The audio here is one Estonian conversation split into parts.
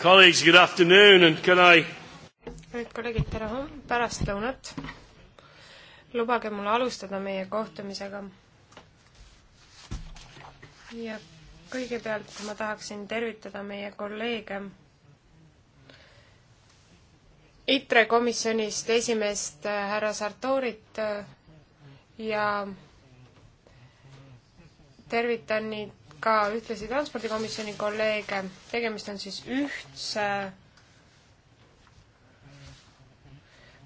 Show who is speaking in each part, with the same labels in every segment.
Speaker 1: Colleagues, good afternoon and can I...
Speaker 2: nüüd kolleegid, tere pärastlõunat. lubage mul alustada meie kohtumisega. ja kõigepealt ma tahaksin tervitada meie kolleege ITRE komisjonist esimeest äh, härra Sartorit äh, ja tervitan nii ka ühtlasi Transpordikomisjoni kolleege, tegemist on siis ühtse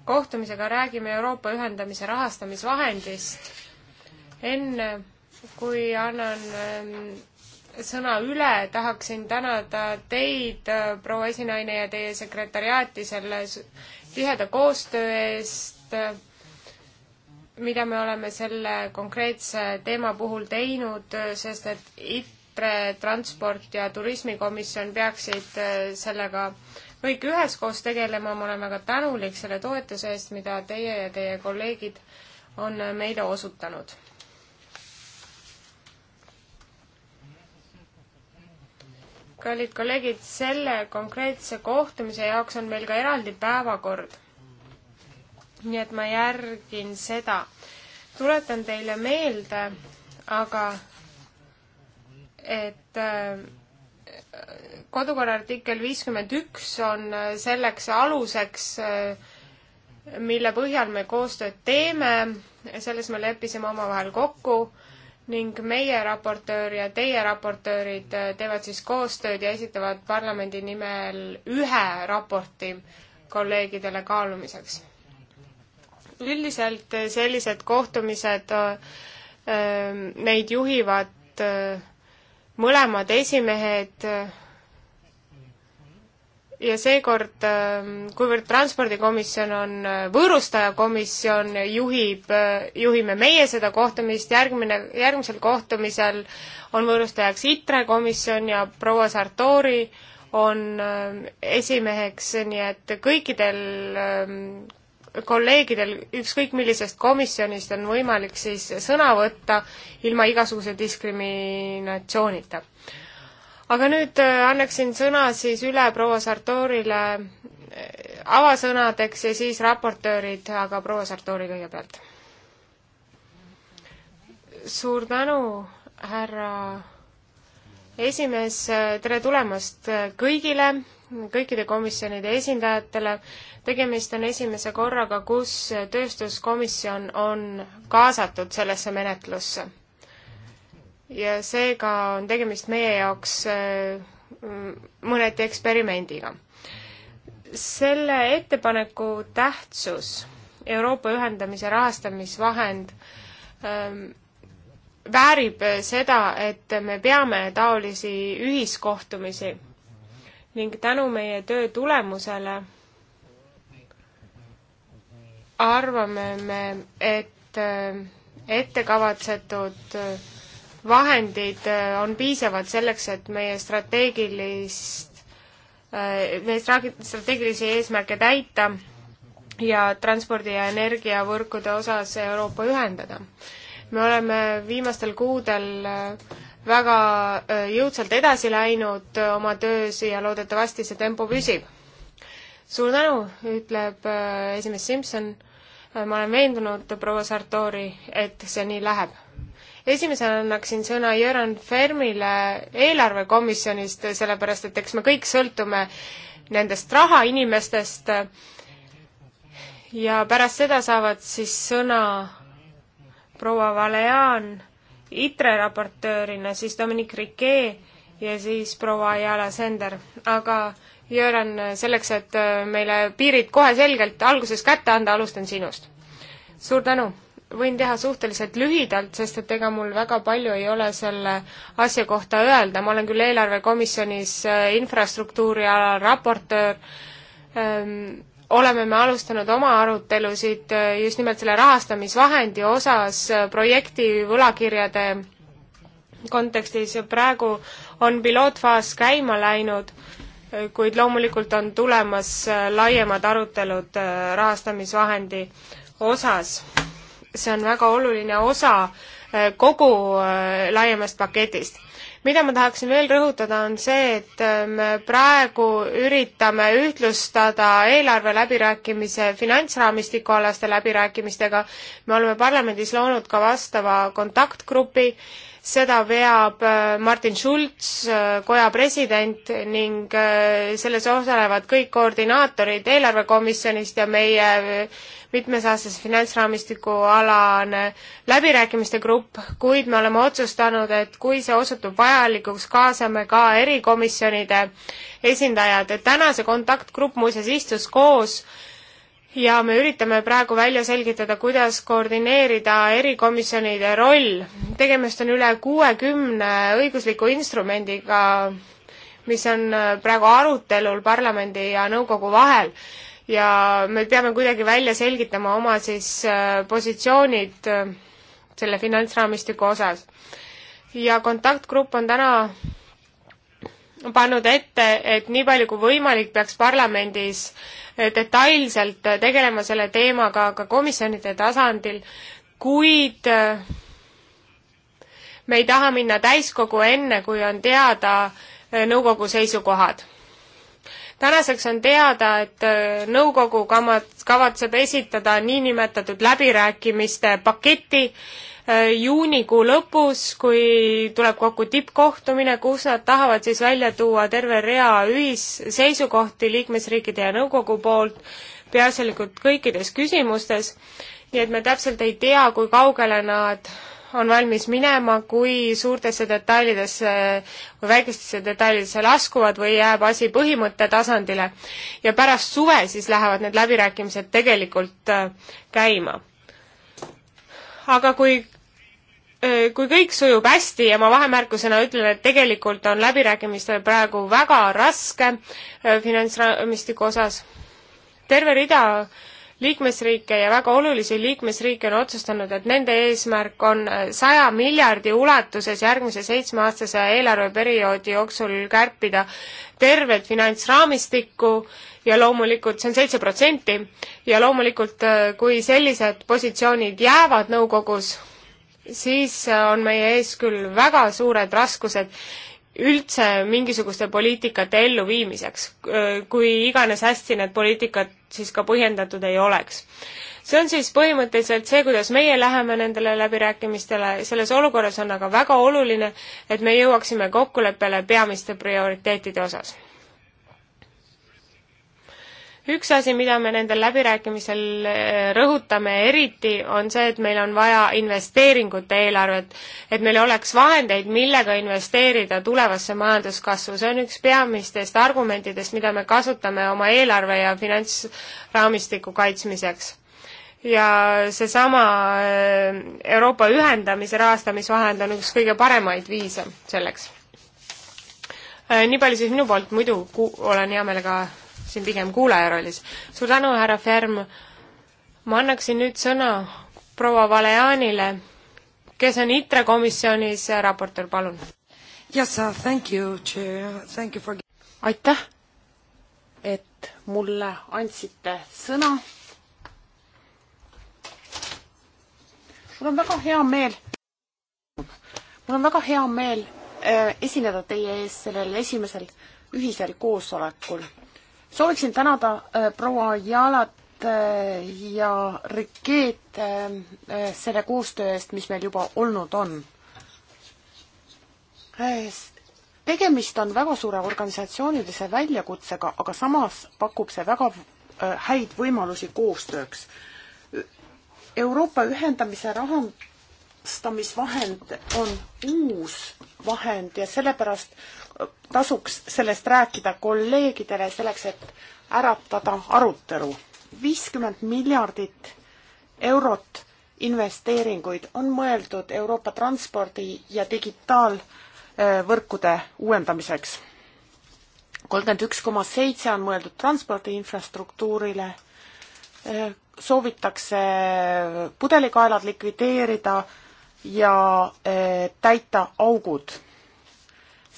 Speaker 2: kohtumisega, räägime Euroopa ühendamise rahastamisvahendist. enne kui annan ähm, sõna üle, tahaksin tänada teid, äh, proua esinaine ja teie sekretäriaati selle tiheda koostöö eest mida me oleme selle konkreetse teema puhul teinud, sest et IPRE, transport ja turismikomisjon peaksid äh, sellega kõik üheskoos tegelema, ma olen väga tänulik selle toetuse eest, mida teie ja teie kolleegid on äh, meile osutanud. kallid kolleegid, selle konkreetse kohtumise jaoks on meil ka eraldi päevakord nii et ma järgin seda. tuletan teile meelde, aga et äh, kodukorra artikkel viiskümmend üks on äh, selleks aluseks, äh, mille põhjal me koostööd teeme, selles me leppisime omavahel kokku ning meie raportöör ja teie raportöörid teevad siis koostööd ja esitavad parlamendi nimel ühe raporti kolleegidele kaalumiseks üldiselt äh, sellised kohtumised, neid äh, ähm, juhivad äh, mõlemad esimehed ja seekord, kuivõrd Transpordikomisjon on võõrustajakomisjon, juhib, juhime meie seda kohtumist, järgmine, järgmisel kohtumisel on võõrustajaks ITRE komisjon ja proua Sartori on esimeheks, nii et kõikidel ähm, kolleegidel ükskõik millisest komisjonist on võimalik siis sõna võtta ilma igasuguse diskriminatsioonita. aga nüüd äh, annaksin sõna siis üle proua Sartorile äh, avasõnadeks ja siis raportöörid, aga proua Sartori kõigepealt. suur tänu, härra esimees, äh, tere tulemast kõigile kõikide komisjonide esindajatele. tegemist on esimese korraga, kus tööstuskomisjon on kaasatud sellesse menetlusse. ja seega on tegemist meie jaoks äh, mõneti eksperimendiga. selle ettepaneku tähtsus, Euroopa ühendamise rahastamisvahend, ähm, väärib seda, et me peame taolisi ühiskohtumisi ning tänu meie töö tulemusele arvame me, et äh, ettekavatsetud äh, vahendid äh, on piisavad selleks, et meie strateegilist, meie strateegilisi eesmärke täita ja transpordi- ja energiavõrkude osas Euroopa ühendada. me oleme viimastel kuudel äh, väga äh, jõudsalt edasi läinud äh, oma töös ja loodetavasti see tempo püsib. suur tänu, ütleb äh, esimees Simson. ma olen veendunud, proua Sartori, et see nii läheb. esimesena annaksin sõna Jüran Fermile eelarvekomisjonist, sellepärast et eks me kõik sõltume nendest rahainimestest ja pärast seda saavad siis sõna proua Valean ITRE raportöörina, siis Dominic Riquet ja siis proua Ayala Sender, aga Jüran, selleks, et äh, meile piirid kohe selgelt alguses kätte anda, alustan sinust. suur tänu! võin teha suhteliselt lühidalt, sest et ega mul väga palju ei ole selle asja kohta öelda, ma olen küll eelarvekomisjonis äh, infrastruktuuri alal raportöör ähm,, oleme me alustanud oma arutelusid äh, just nimelt selle rahastamisvahendi osas äh, projekti võlakirjade kontekstis ja praegu on pilootfaas käima läinud, äh, kuid loomulikult on tulemas laiemad arutelud rahastamisvahendi osas. see on väga oluline osa kogu laiemast paketist mida ma tahaksin veel rõhutada, on see, et äh, me praegu üritame ühtlustada eelarve läbirääkimise finantsraamistiku alaste läbirääkimistega. me oleme parlamendis loonud ka vastava kontaktgrupi, seda veab äh, Martin Schulz, äh, koja president ning selles osalevad kõik koordinaatorid eelarvekomisjonist ja meie mitmesaastase finantsraamistiku alane läbirääkimiste grupp, kuid me oleme otsustanud, et kui see osutub vajalikuks, kaasame ka erikomisjonide esindajad. tänase kontaktgrupp muuseas istus koos ja me üritame praegu välja selgitada, kuidas koordineerida erikomisjonide roll. tegemist on üle kuuekümne õigusliku instrumendiga, mis on praegu arutelul parlamendi ja nõukogu vahel ja me peame kuidagi välja selgitama oma siis äh, positsioonid äh, selle finantsraamistiku osas. ja kontaktgrupp on täna pannud ette, et nii palju kui võimalik, peaks parlamendis äh, detailselt tegelema selle teemaga ka komisjonide tasandil, kuid me ei taha minna täiskogu enne, kui on teada nõukogu seisukohad tänaseks on teada, et äh, nõukogu kavatseb esitada niinimetatud läbirääkimiste paketi äh, juunikuu lõpus, kui tuleb kokku tippkohtumine, kus nad tahavad siis välja tuua terve rea ühisseisukohti liikmesriikide ja nõukogu poolt, peaasjalikult kõikides küsimustes, nii et me täpselt ei tea, kui kaugele nad on valmis minema, kui suurtesse detailidesse või väikestesse detailidesse laskuvad või jääb asi põhimõtte tasandile. ja pärast suve siis lähevad need läbirääkimised tegelikult äh, käima. aga kui äh, kui kõik sujub hästi ja ma vahemärkusena ütlen, et tegelikult on läbirääkimistel praegu väga raske äh, finantsraamistiku osas, terve rida äh, liikmesriike ja väga olulisi liikmesriike on otsustanud, et nende eesmärk on äh, saja miljardi ulatuses järgmise seitsmeaastase eelarveperioodi jooksul kärpida tervet finantsraamistikku ja loomulikult see on seitse protsenti ja loomulikult, äh, kui sellised positsioonid jäävad nõukogus, siis äh, on meie ees küll väga suured raskused üldse mingisuguste poliitikate elluviimiseks, kui iganes hästi need poliitikad siis ka põhjendatud ei oleks. see on siis põhimõtteliselt see, kuidas meie läheme nendele läbirääkimistele, selles olukorras on aga väga oluline, et me jõuaksime kokkuleppele peamiste prioriteetide osas üks asi, mida me nendel läbirääkimisel eh, rõhutame eriti, on see, et meil on vaja investeeringute eelarvet, et meil oleks vahendeid, millega investeerida tulevasse majanduskasvu, see on üks peamistest argumentidest, mida me kasutame oma eelarve ja finantsraamistiku kaitsmiseks ja seesama eh, Euroopa ühendamise rahastamisvahend on üks kõige paremaid viise selleks. Eh, nii palju siis minu poolt, muidu ku-, olen hea meelega siin pigem kuulaja rollis. suur tänu, härra Ferm. ma annaksin nüüd sõna proua Valeanile, kes on ITRE komisjonis raportöör, palun.
Speaker 3: Yes, sir, thank you, chair, thank you for aitäh, et mulle andsite sõna. mul on väga hea meel, mul on väga hea meel äh, esineda teie ees sellel esimesel ühisel koosolekul sooviksin tänada äh, proua Jalat äh, ja Rikeet äh, äh, selle koostöö eest, mis meil juba olnud on äh,. tegemist on väga suure organisatsioonilise väljakutsega, aga samas pakub see väga äh, häid võimalusi koostööks. Euroopa ühendamise rahastamisvahend on uus vahend ja sellepärast tasuks sellest rääkida kolleegidele selleks, et äratada arutelu. viiskümmend miljardit eurot investeeringuid on mõeldud Euroopa transpordi ja digitaalvõrkude uuendamiseks. kolmkümmend üks koma seitse on mõeldud transpordi infrastruktuurile, soovitakse pudelikaelad likvideerida ja eh, täita augud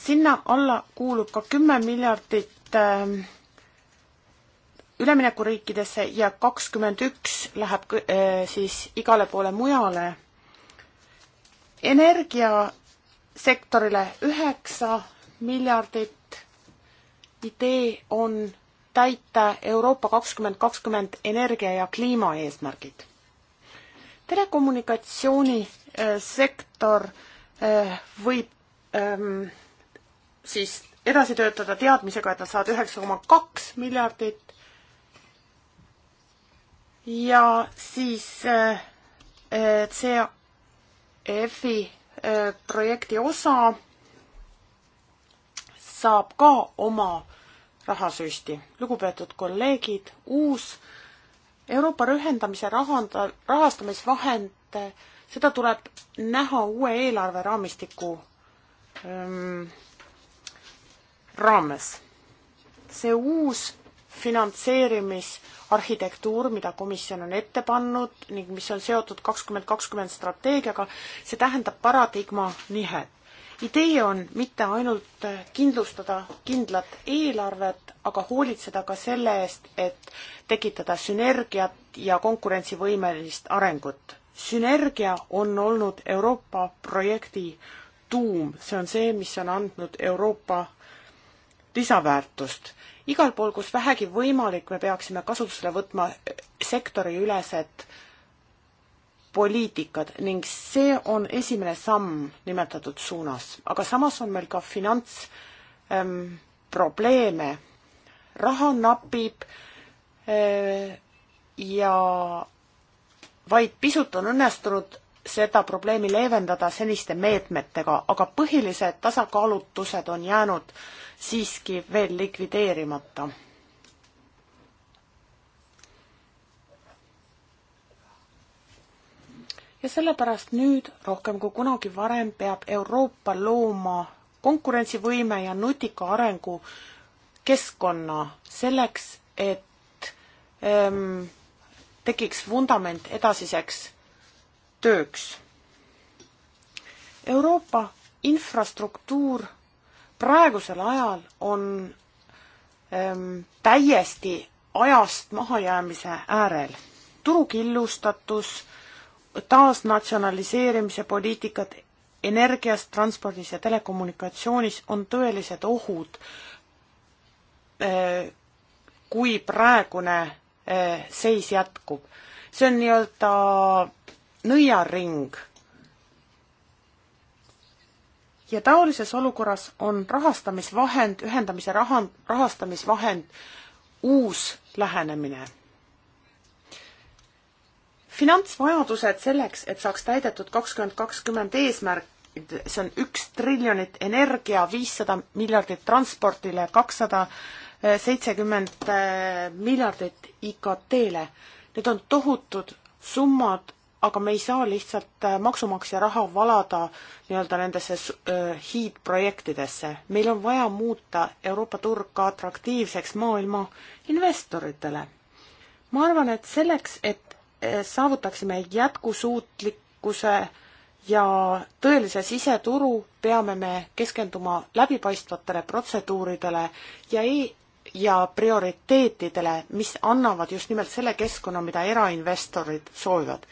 Speaker 3: sinna alla kuulub ka kümme miljardit ähm, üleminekuriikidesse ja kakskümmend üks läheb äh, siis igale poole mujale. energiasektorile üheksa miljardit. idee on täita Euroopa kakskümmend kakskümmend energia ja kliimaeesmärgid. telekommunikatsioonisektor äh, äh, võib ähm, siis edasi töötada teadmisega, et nad saavad üheksa koma kaks miljardit. ja siis eh, eh, CF-i eh, projekti osa saab ka oma rahasüsti. lugupeetud kolleegid, uus Euroopa rühendamise rahanda, rahastamisvahend, seda tuleb näha uue eelarveraamistiku ehm, raames. see uus finantseerimisarhitektuur, mida komisjon on ette pannud ning mis on seotud kakskümmend kakskümmend strateegiaga, see tähendab paradigma nihet. idee on mitte ainult kindlustada kindlat eelarvet, aga hoolitseda ka selle eest, et tekitada sünergiat ja konkurentsivõimelist arengut. sünergia on olnud Euroopa projekti tuum, see on see, mis on andnud Euroopa lisaväärtust. igal pool, kus vähegi võimalik, me peaksime kasutusele võtma sektoriülesed poliitikad ning see on esimene samm nimetatud suunas, aga samas on meil ka finantsprobleeme ähm,. raha napib äh, ja vaid pisut on õnnestunud seda probleemi leevendada seniste meetmetega, aga põhilised tasakaalutused on jäänud siiski veel likvideerimata ja sellepärast nüüd rohkem kui kunagi varem peab Euroopa looma konkurentsivõime ja nutika arengu keskkonna selleks, et ähm, tekiks vundament edasiseks tööks. Euroopa infrastruktuur praegusel ajal on ähm, täiesti ajast mahajäämise äärel. turu killustatus, taasnatsionaliseerimise poliitikad energias, transpordis ja telekommunikatsioonis on tõelised ohud, äh, kui praegune äh, seis jätkub. see on nii-öelda nõiaring. ja taolises olukorras on rahastamisvahend, ühendamise raha, rahastamisvahend uus lähenemine. finantsvajadused selleks, et saaks täidetud kakskümmend kakskümmend eesmärk, see on üks triljonit energia, viissada miljardit transpordile, kakssada eh, seitsekümmend eh, miljardit IKT-le. Need on tohutud summad aga me ei saa lihtsalt äh, maksumaksja raha valada nii-öelda nendesse äh, hiidprojektidesse. meil on vaja muuta Euroopa turg ka atraktiivseks maailma investoritele. ma arvan, et selleks, et äh, saavutaksime jätkusuutlikkuse ja tõelise siseturu, peame me keskenduma läbipaistvatele protseduuridele ja ei ja prioriteetidele, mis annavad just nimelt selle keskkonna, mida erainvestorid soovivad.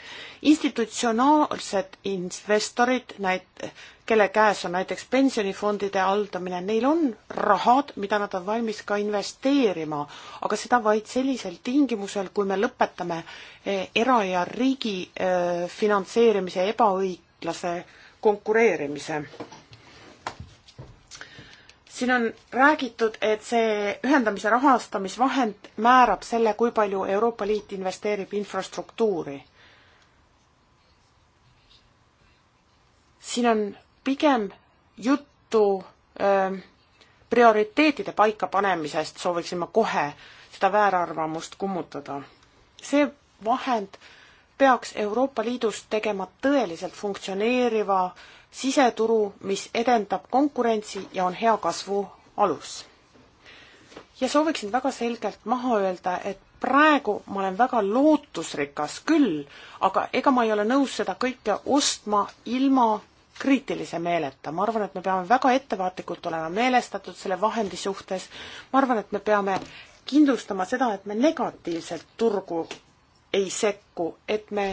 Speaker 3: institutsionaalsed investorid, näit-, kelle käes on näiteks pensionifondide haldamine, neil on rahad, mida nad on valmis ka investeerima, aga seda vaid sellisel tingimusel, kui me lõpetame eh, era- ja riigi eh, finantseerimise ebaõiglase konkureerimise siin on räägitud, et see ühendamise rahastamisvahend määrab selle, kui palju Euroopa Liit investeerib infrastruktuuri. siin on pigem juttu öö, ähm, prioriteetide paikapanemisest, sooviksin ma kohe seda väärarvamust kummutada. see vahend peaks Euroopa Liidus tegema tõeliselt funktsioneeriva öö, siseturu, mis edendab konkurentsi ja on hea kasvu alus. ja sooviksin väga selgelt maha öelda, et praegu ma olen väga lootusrikas küll, aga ega ma ei ole nõus seda kõike ostma ilma kriitilise meeleta, ma arvan, et me peame väga ettevaatlikult olema meelestatud selle vahendi suhtes, ma arvan, et me peame kindlustama seda, et me negatiivselt turgu ei sekku, et me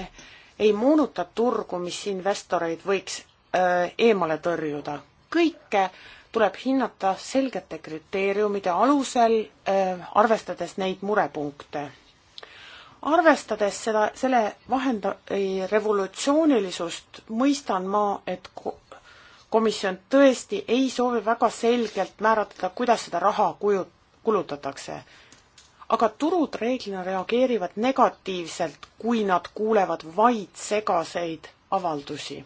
Speaker 3: ei moonuta turgu, mis investoreid võiks Äh, eemale tõrjuda. kõike tuleb hinnata selgete kriteeriumide alusel, äh, arvestades neid murepunkte. arvestades seda, selle vahenda-, revolutsioonilisust, mõistan ma, et komisjon tõesti ei soovi väga selgelt määratleda, kuidas seda raha kuju-, kulutatakse. aga turud reeglina reageerivad negatiivselt, kui nad kuulevad vaid segaseid avaldusi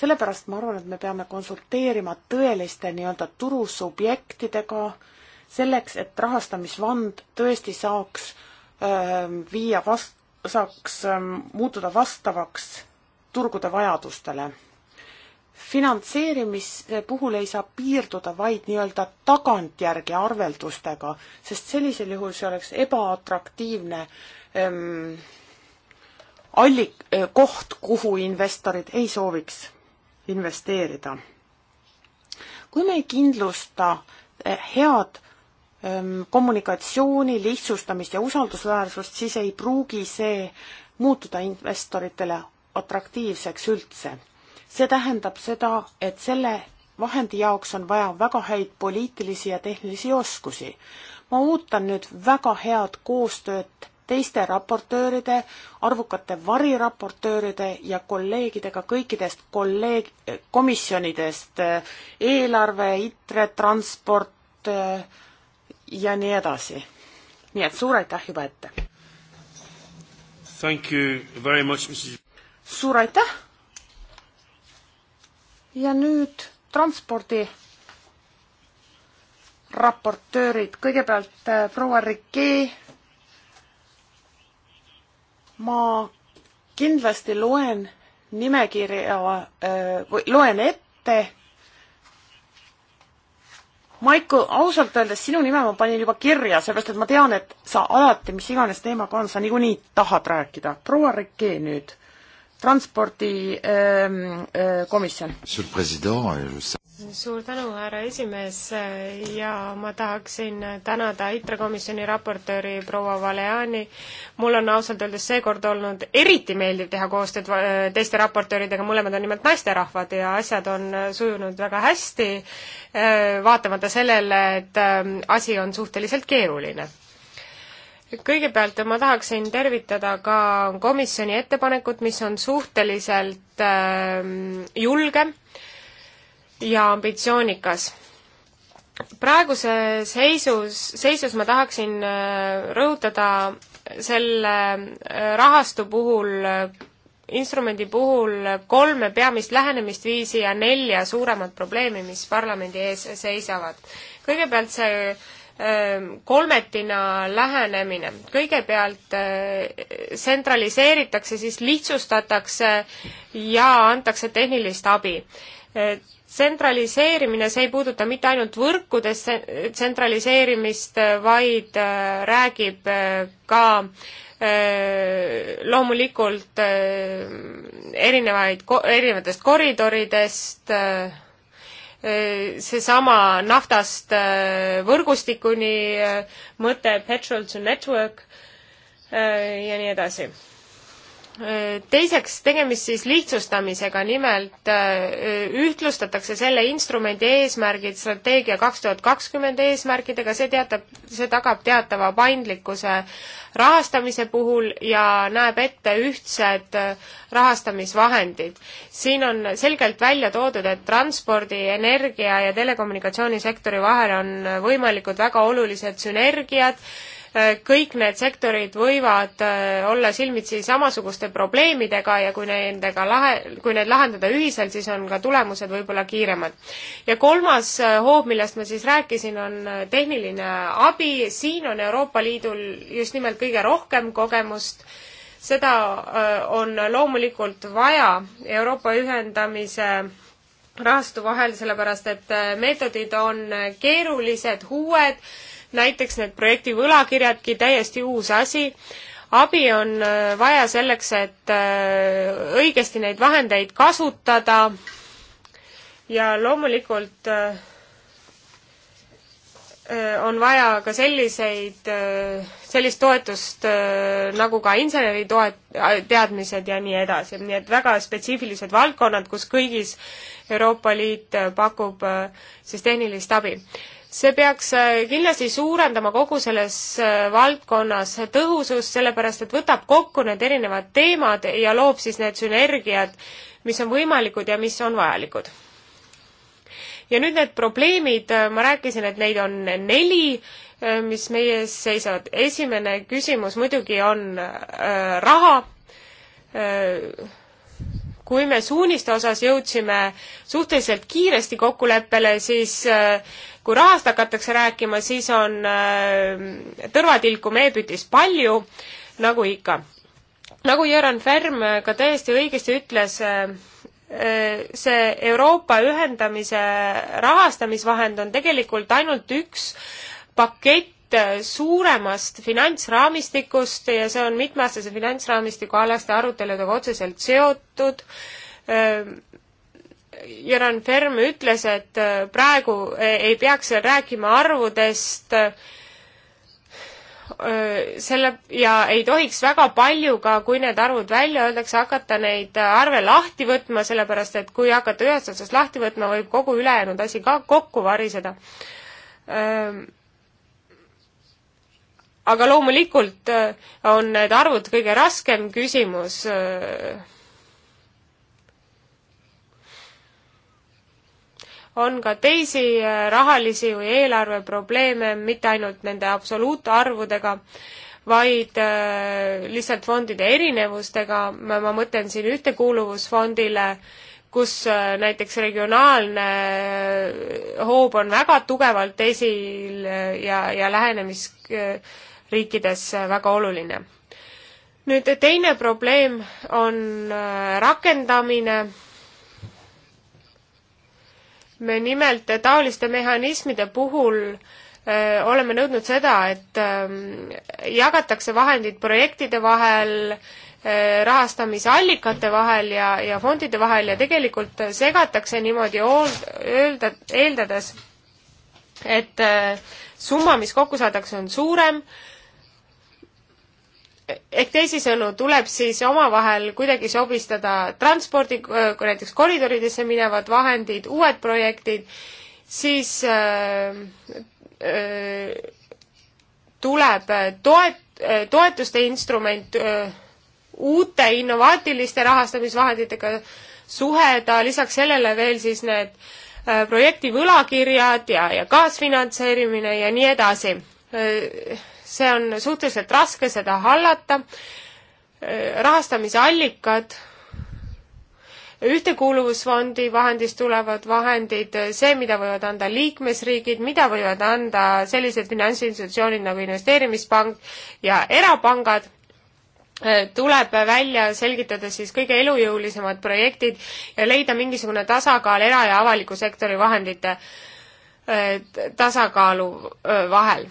Speaker 3: sellepärast ma arvan, et me peame konsulteerima tõeliste nii-öelda turusubjektidega, selleks, et rahastamisfond tõesti saaks öö, ähm, viia vast-, saaks öö, ähm, muutuda vastavaks turgude vajadustele. finantseerimise puhul ei saa piirduda vaid nii-öelda tagantjärgi arveldustega, sest sellisel juhul see oleks ebaatraktiivne öö, ähm, allik-, äh, koht, kuhu investorid ei sooviks investeerida. kui me ei kindlusta eh, head ehm, kommunikatsiooni lihtsustamist ja usaldusväärsust, siis ei pruugi see muutuda investoritele atraktiivseks üldse. see tähendab seda, et selle vahendi jaoks on vaja väga häid poliitilisi ja tehnilisi oskusi. ma ootan nüüd väga head koostööd teiste raportööride, arvukate variraportööride ja kolleegidega kõikidest kolleeg-, komisjonidest, eh, eelarve, ITRE, transport eh, ja nii edasi. nii et suur aitäh juba ette! suur aitäh! ja nüüd transpordi raportöörid, kõigepealt eh, proua Rikee ma kindlasti loen nimekirja äh, või loen ette. Maiko, ausalt öeldes sinu nime ma panin juba kirja, sellepärast et ma tean, et sa alati, mis iganes teemaga on, sa niikuinii tahad rääkida. proua Reke nüüd, transpordikomisjon ähm,
Speaker 4: äh,
Speaker 3: suur
Speaker 2: tänu, härra esimees ja ma tahaksin tänada ITRE komisjoni raportööri proua Valeani. mul on ausalt öeldes seekord olnud eriti meeldiv teha koostööd äh, teiste raportööridega, mõlemad on nimelt naisterahvad ja asjad on äh, sujunud väga hästi, äh, vaatamata sellele, et asi on suhteliselt keeruline kõigepealt ma tahaksin tervitada ka komisjoni ettepanekut, mis on suhteliselt julge äh, ja ambitsioonikas. praeguses seisus, seisus ma tahaksin äh, rõhutada selle äh, rahastu puhul, äh, instrumendi puhul kolme peamist lähenemisviisi ja nelja suuremat probleemi, mis parlamendi ees seisavad. kõigepealt see kolmetina lähenemine. kõigepealt tsentraliseeritakse, siis lihtsustatakse ja antakse tehnilist abi tsentraliseerimine, see ei puuduta mitte ainult võrkude tsentraliseerimist, vaid äh, räägib äh, ka äh, loomulikult erinevaid, erinevatest koridoridest, seesama naftast võrgustikuni mõte, petrol to network ja nii edasi teiseks tegemist siis lihtsustamisega, nimelt äh, ühtlustatakse selle instrumendi eesmärgid strateegia kaks tuhat kakskümmend eesmärkidega, see teatab, see tagab teatava paindlikkuse rahastamise puhul ja näeb ette ühtsed äh, rahastamisvahendid. siin on selgelt välja toodud, et transpordi, energia ja telekommunikatsioonisektori vahel on võimalikud väga olulised sünergiad Äh, kõik need sektorid võivad äh, olla silmitsi samasuguste probleemidega ja kui nendega lahe, kui need lahendada ühiselt, siis on ka tulemused võib-olla kiiremad. ja kolmas äh, hoob, millest ma siis rääkisin, on tehniline abi, siin on Euroopa Liidul just nimelt kõige rohkem kogemust, seda on loomulikult vaja Euroopa ühendamise rahastu vahel, sellepärast et meetodid on keerulised, uued, näiteks need projekti võlakirjadki, täiesti uus asi, abi on äh, vaja selleks, et äh, õigesti neid vahendeid kasutada ja loomulikult äh, on vaja ka selliseid, sellist toetust nagu ka inseneritoet-, teadmised ja nii edasi, nii et väga spetsiifilised valdkonnad, kus kõigis Euroopa Liit pakub siis tehnilist abi see peaks äh, kindlasti suurendama kogu selles äh, valdkonnas tõhusust, sellepärast et võtab kokku need erinevad teemad ja loob siis need sünergiad, mis on võimalikud ja mis on vajalikud. ja nüüd need probleemid, äh, ma rääkisin, et neid on neli, mis meie ees seisavad. esimene küsimus muidugi on äh, raha äh, kui me suuniste osas jõudsime suhteliselt kiiresti kokkuleppele, siis äh, kui rahast hakatakse rääkima, siis on äh, tõrvatilku meepütis palju, nagu ikka. nagu Jüran Färm äh, ka täiesti õigesti ütles, äh, see Euroopa ühendamise rahastamisvahend on tegelikult ainult üks pakett suuremast finantsraamistikust ja see on mitmeaastase finantsraamistiku alaste aruteludega otseselt seotud Jüran Ferm ütles, et äh, praegu äh, ei peaks rääkima arvudest äh, selle ja ei tohiks väga palju ka, kui need arvud välja öeldakse, hakata neid arve lahti võtma, sellepärast et kui hakata ühest otsast lahti võtma, võib kogu ülejäänud asi ka kokku variseda ähm, aga loomulikult on need arvud kõige raskem küsimus on ka teisi äh, rahalisi või eelarveprobleeme, mitte ainult nende absoluutarvudega, vaid äh, lihtsalt fondide erinevustega, ma mõtlen siin ühtekuuluvusfondile, kus äh, näiteks regionaalne hoob on väga tugevalt esil ja, ja lähenemisriikides väga oluline. nüüd teine probleem on rakendamine me nimelt taoliste mehhanismide puhul öö, äh, oleme nõudnud seda, et öö, ähm, jagatakse vahendid projektide vahel, äh, rahastamisallikate vahel ja, ja fondide vahel ja tegelikult segatakse niimoodi ool-, öelda, eeldades, et öö, äh, summa, mis kokku saadakse, on suurem öö, ehk teisisõnu, tuleb siis omavahel kuidagi sobistada transpordi, äh, näiteks koridoridesse minevad vahendid, uued projektid, siis äh, äh, tuleb toet-, äh, toetuste instrument äh, uute innovaatiliste rahastamisvahenditega suheda, lisaks sellele veel siis need äh, projekti võlakirjad ja, ja kaasfinantseerimine ja nii edasi äh, see on suhteliselt raske seda hallata, rahastamise allikad, ühtekuuluvusfondi vahendist tulevad vahendid, see, mida võivad anda liikmesriigid, mida võivad anda sellised finantsinstitutsioonid nagu investeerimispank ja erapangad, tuleb välja selgitada siis kõige elujõulisemad projektid ja leida mingisugune tasakaal era- ja avaliku sektori vahendite eh, tasakaalu eh, vahel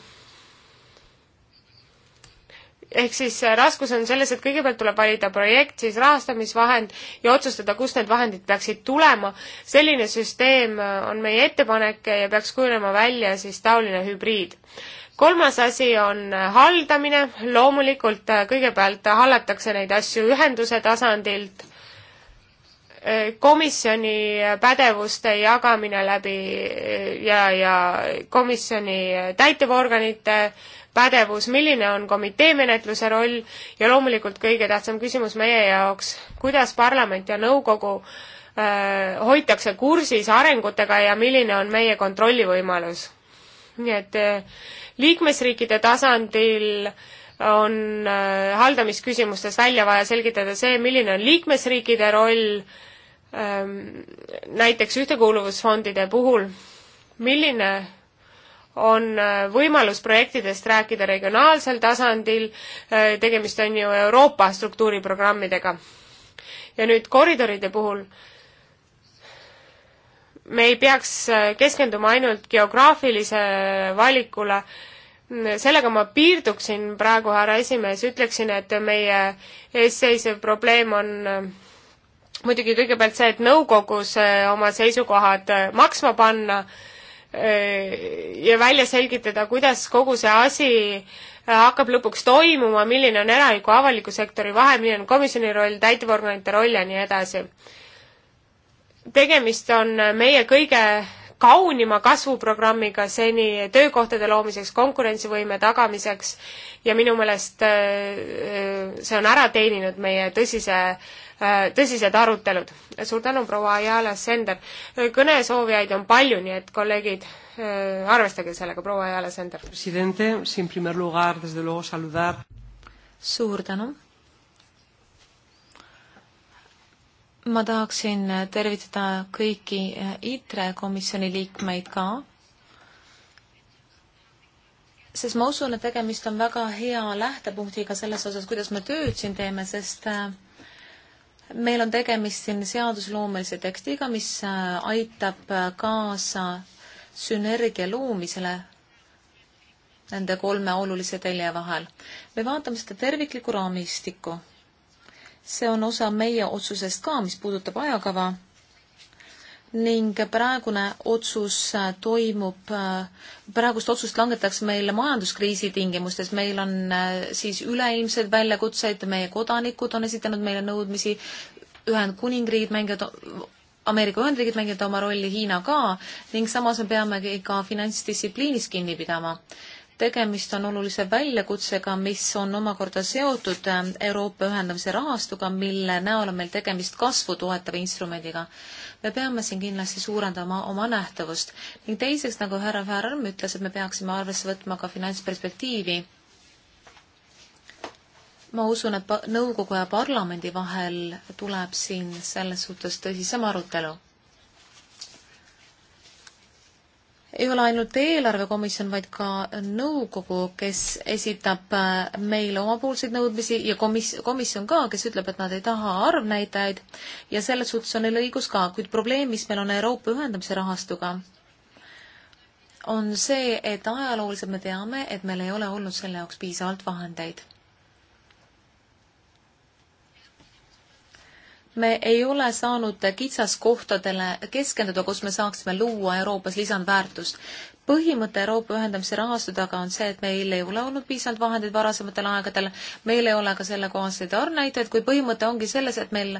Speaker 2: ehk siis äh, raskus on selles, et kõigepealt tuleb valida projekt, siis rahastamisvahend ja otsustada, kust need vahendid peaksid tulema. selline süsteem äh, on meie ettepanek ja peaks kujunema välja siis taoline hübriid kolmas asi on äh, haldamine, loomulikult kõigepealt hallatakse neid asju ühenduse tasandilt, komisjoni pädevuste jagamine läbi ja, ja komisjoni täitevorganite äh, pädevus, milline on komitee menetluse roll ja loomulikult kõige tähtsam küsimus meie jaoks, kuidas parlament ja nõukogu äh, hoitakse kursis arengutega ja milline on meie kontrollivõimalus. nii et äh, liikmesriikide tasandil on äh, haldamisküsimustes välja vaja selgitada see, milline on liikmesriikide roll ähm, näiteks ühtekuuluvusfondide puhul, milline on äh, võimalus projektidest rääkida regionaalsel tasandil, äh, tegemist on ju Euroopa struktuuriprogrammidega. ja nüüd koridoride puhul me ei peaks äh, keskenduma ainult geograafilise valikule, sellega ma piirduksin praegu, härra esimees, ütleksin, et meie ees seisev probleem on muidugi kõigepealt see, et nõukogus oma seisukohad maksma panna Äh, ja välja selgitada, kuidas kogu see asi äh, hakkab lõpuks toimuma, milline on eraliku avaliku sektori vahe, milline on komisjoni roll, täitevorganite roll ja nii edasi. tegemist on äh, meie kõige kaunima kasvuprogrammiga seni töökohtade loomiseks, konkurentsivõime tagamiseks ja minu meelest see on ära teeninud meie tõsise äh, Äh, tõsised arutelud. suur tänu, proua Ayala Sender. Äh, kõnesoovijaid on palju, nii et kolleegid, äh, arvestage sellega, proua Ayala Sender.
Speaker 3: suur tänu.
Speaker 4: ma tahaksin tervitada kõiki ITRE komisjoni liikmeid ka, sest ma usun, et tegemist on väga hea lähtepunktiga selles osas, kuidas me tööd siin teeme, sest äh, meil on tegemist siin seadusloomelise tekstiga, mis äh, aitab äh, kaasa sünergia loomisele nende kolme olulise telje vahel. me vaatame seda terviklikku raamistikku. see on osa meie otsusest ka, mis puudutab ajakava ning praegune otsus äh, toimub, äh, praegust otsust langetatakse meil majanduskriisi tingimustes, meil on äh, siis üleilmsed väljakutsed, meie kodanikud on esitanud meile nõudmisi, Ühendkuningriigid mängivad, Ameerika Ühendriigid mängivad oma rolli, Hiina ka, ning samas me peame ka finantsdistsipliinist kinni pidama tegemist on olulise väljakutsega, mis on omakorda seotud Euroopa ühendamise rahastuga, mille näol on meil tegemist kasvu toetava instrumendiga. me peame siin kindlasti suurendama oma nähtavust ning teiseks, nagu härra Färm ütles, et me peaksime arvesse võtma ka finantsperspektiivi. ma usun, et nõukogu ja parlamendi vahel tuleb siin selles suhtes tõsisem arutelu ei ole ainult eelarvekomisjon, vaid ka nõukogu, kes esitab äh, meile omapoolseid nõudmisi ja komis-, komisjon ka, kes ütleb, et nad ei taha arvnäitajaid ja selles suhtes on neil õigus ka, kuid probleem, mis meil on Euroopa ühendamise rahastuga, on see, et ajalooliselt me teame, et meil ei ole olnud selle jaoks piisavalt vahendeid me ei ole saanud kitsaskohtadele keskenduda, kus me saaksime luua Euroopas lisandväärtust. põhimõte Euroopa ühendamise rahastu taga on see, et meil ei ole olnud piisavalt vahendeid varasematel aegadel, meil ei ole ka sellekohaseid arvnäitajaid, kui põhimõte ongi selles, et meil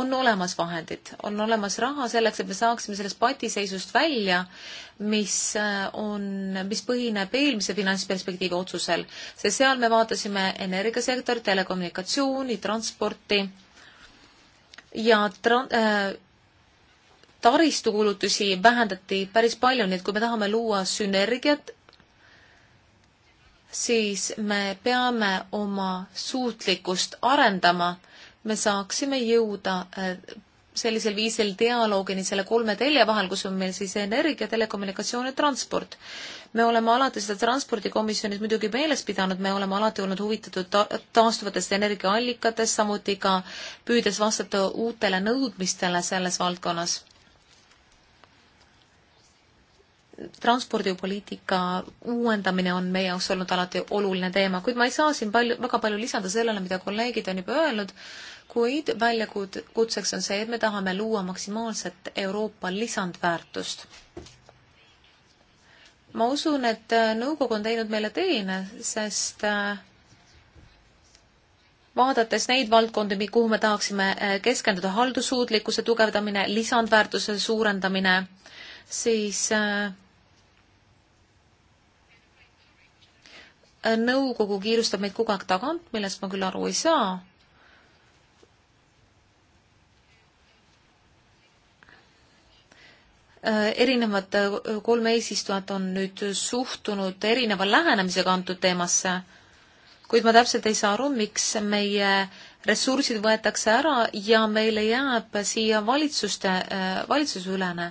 Speaker 4: on olemas vahendid, on olemas raha selleks, et me saaksime sellest patiseisust välja, mis äh, on, mis põhineb eelmise finantsperspektiivi otsusel, sest seal me vaatasime energiasektorit, telekommunikatsiooni, transporti ja äh, taristukulutusi vähendati päris palju, nii et kui me tahame luua sünergiat, siis me peame oma suutlikkust arendama, me saaksime jõuda äh, sellisel viisil dialoogini selle kolme telje vahel, kus on meil siis energia, telekommunikatsioon ja transport. me oleme alati seda transpordikomisjonis muidugi meeles pidanud, me oleme alati olnud huvitatud ta taastuvatest energiaallikatest, samuti ka püüdes vastata uutele nõudmistele selles valdkonnas. transpordipoliitika uuendamine on meie jaoks olnud alati oluline teema, kuid ma ei saa siin palju, väga palju lisada sellele, mida kolleegid on juba öelnud kuid väljakutseks on see, et me tahame luua maksimaalset Euroopa lisandväärtust. ma usun, et äh, nõukogu on teinud meile teene, sest äh, vaadates neid valdkondi, kuhu me tahaksime äh, keskenduda, haldussuutlikkuse tugevdamine, lisandväärtuse suurendamine, siis nõukogu kiirustab meid kogu aeg tagant, millest ma küll aru ei saa Äh, erinevad äh, kolm eesistujat on nüüd suhtunud erineva lähenemisega antud teemasse, kuid ma täpselt ei saa aru, miks meie ressursid võetakse ära ja meile jääb siia valitsuste, äh, valitsusülene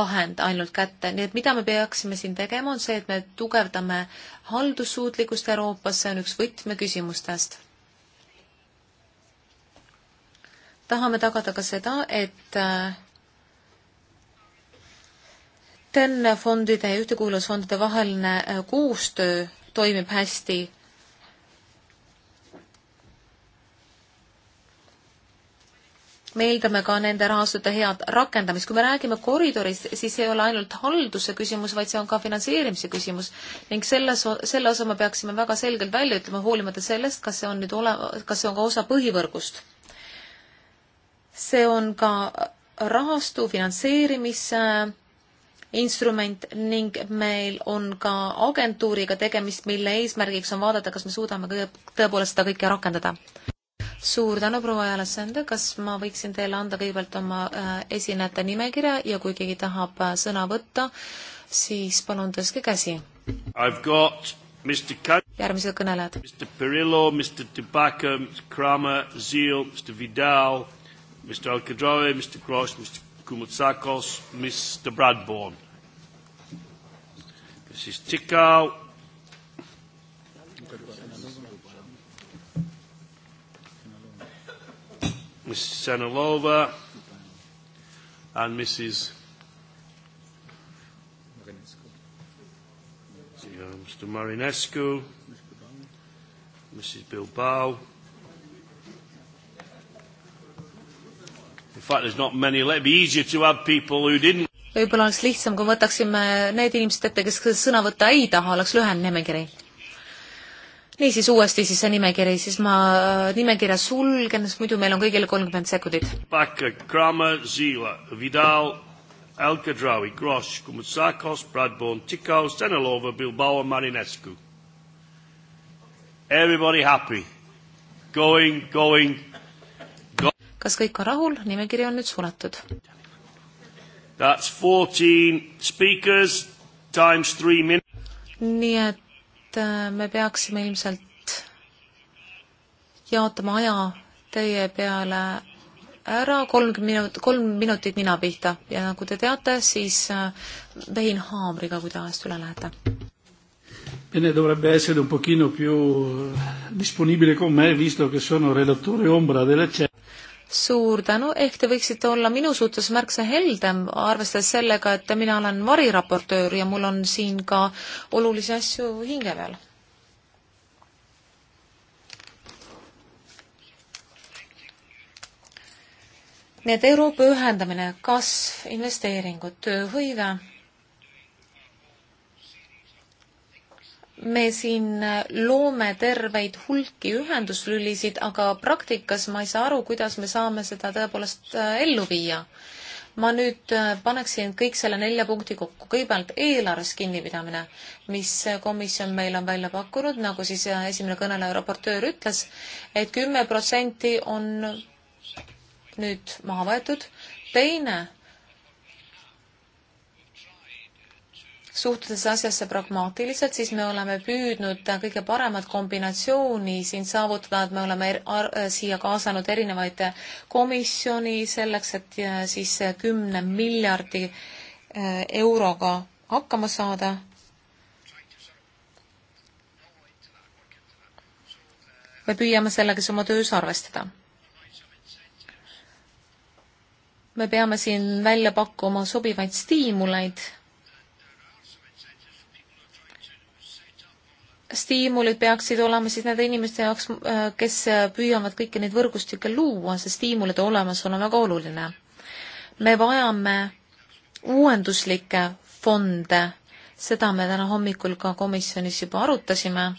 Speaker 4: vahend ainult kätte, nii et mida me peaksime siin tegema, on see, et me tugevdame haldussuutlikkust Euroopas, see on üks võtmeküsimustest tahame tagada ka seda, et TEN-fondide ja ühtekuuluvusfondide vaheline äh, koostöö toimib hästi. me eeldame ka nende rahastute head rakendamist. kui me räägime koridorist, siis ei ole ainult halduse küsimus, vaid see on ka finantseerimise küsimus. ning selles, selle osa me peaksime väga selgelt välja ütlema, hoolimata sellest, kas see on nüüd ole-, kas see on ka osa põhivõrgust. see on ka rahastu finantseerimise äh, instrument ning meil on ka agentuuriga tegemist, mille eesmärgiks on vaadata, kas me suudame kõige, tõepoolest seda kõike rakendada. suur tänu, proua Jalasende, kas ma võiksin teile anda kõigepealt oma äh, esinejate nimekirja ja kui keegi tahab äh, sõna võtta, siis palun tõstke käsi.
Speaker 1: järgmised kõnelejad. Mr Pirillo, Mr Tobacco, Mr Kramer, Zeal, Mr Vidal, Mr Alcadrave, Mr Gross, Mr Koumoutsakos, Mr Bradbourne siis Tsikau. Mrs. Senilova and Mrs. Mr. Marinescu, Mrs. Bilbao. In fact, there's not many. It'd be easier to have people who didn't
Speaker 4: võib-olla oleks lihtsam, kui võtaksime need inimesed ette, kes sõna võtta ei taha, oleks lühem nimekiri. niisiis uuesti siis see nimekiri, siis ma äh, nimekirja sulgen, sest muidu meil on kõigil kolmkümmend
Speaker 1: sekundit. Baka, Kramer, Zila, Vidal, Alcadrawi, Grosh, Kumutsakos, Bradbourne, Tikau, Senelova, Bilbao, Marinescu. Everybody happy? Going, going go. kas kõik on rahul, nimekiri on nüüd suletud. That's 14 speakers times 3 minutes.
Speaker 4: nii et äh, me peaksime ilmselt jaotama aja teie peale ära, kolmkümmend minut-, kolm minutit mina pihta ja nagu te teate, siis äh, vein haamriga, kui te ajast üle lähete.
Speaker 1: Bene, dovrebbe essere un pochino più äh, disponibile con me, visto che sono relatore ombra della CE suur
Speaker 4: tänu, ehk te võiksite olla minu suhtes märksa heldem, arvestades sellega, et mina olen variraportöör ja mul on siin ka olulisi asju hinge peal. nii et Euroopa ühendamine, kasv, investeeringud, tööhõive me siin loome terveid hulki ühenduslülisid, aga praktikas ma ei saa aru, kuidas me saame seda tõepoolest äh, ellu viia. ma nüüd äh, paneksin kõik selle nelja punkti kokku. kõigepealt eelarves kinnipidamine, mis komisjon meil on välja pakkunud, nagu siis äh, esimene kõneleja raportöör ütles et, et kümme protsenti on nüüd maha võetud. teine suhtudes asjasse pragmaatiliselt, siis me oleme püüdnud kõige paremat kombinatsiooni siin saavutada, et me oleme er siia kaasanud erinevaid komisjoni selleks, et äh, siis kümne miljardi äh, euroga hakkama saada me püüame sellega siis oma töös arvestada. me peame siin välja pakkuma sobivaid stiimuleid stiimulid peaksid olema siis nende inimeste jaoks, äh, kes äh, püüavad kõiki neid võrgustikke luua, see stiimulide olemasolu on väga oluline. me vajame uuenduslikke fonde, seda me täna hommikul ka komisjonis juba arutasime.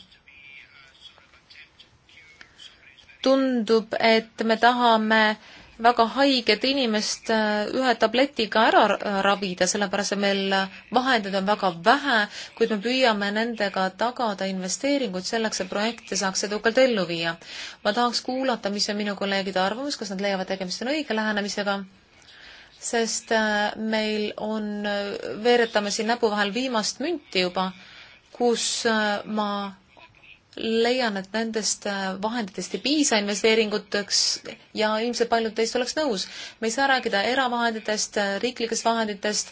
Speaker 4: tundub, et me tahame äh, väga haiget inimest äh, ühe tabletiga ära ravida, sellepärast et meil vahendeid on väga vähe, kuid me püüame nendega tagada investeeringuid selleks, et projekte saaks edukalt ellu viia. ma tahaks kuulata, mis on minu kolleegide arvamus, kas nad leiavad, tegemist on õige lähenemisega, sest äh, meil on, äh, veeretame siin näpu vahel viimast münti juba, kus ma leian, et nendest äh, vahenditest ei piisa investeeringuteks ja ilmselt paljud teist oleks nõus. me ei saa rääkida eravahenditest, äh, riiklikest vahenditest,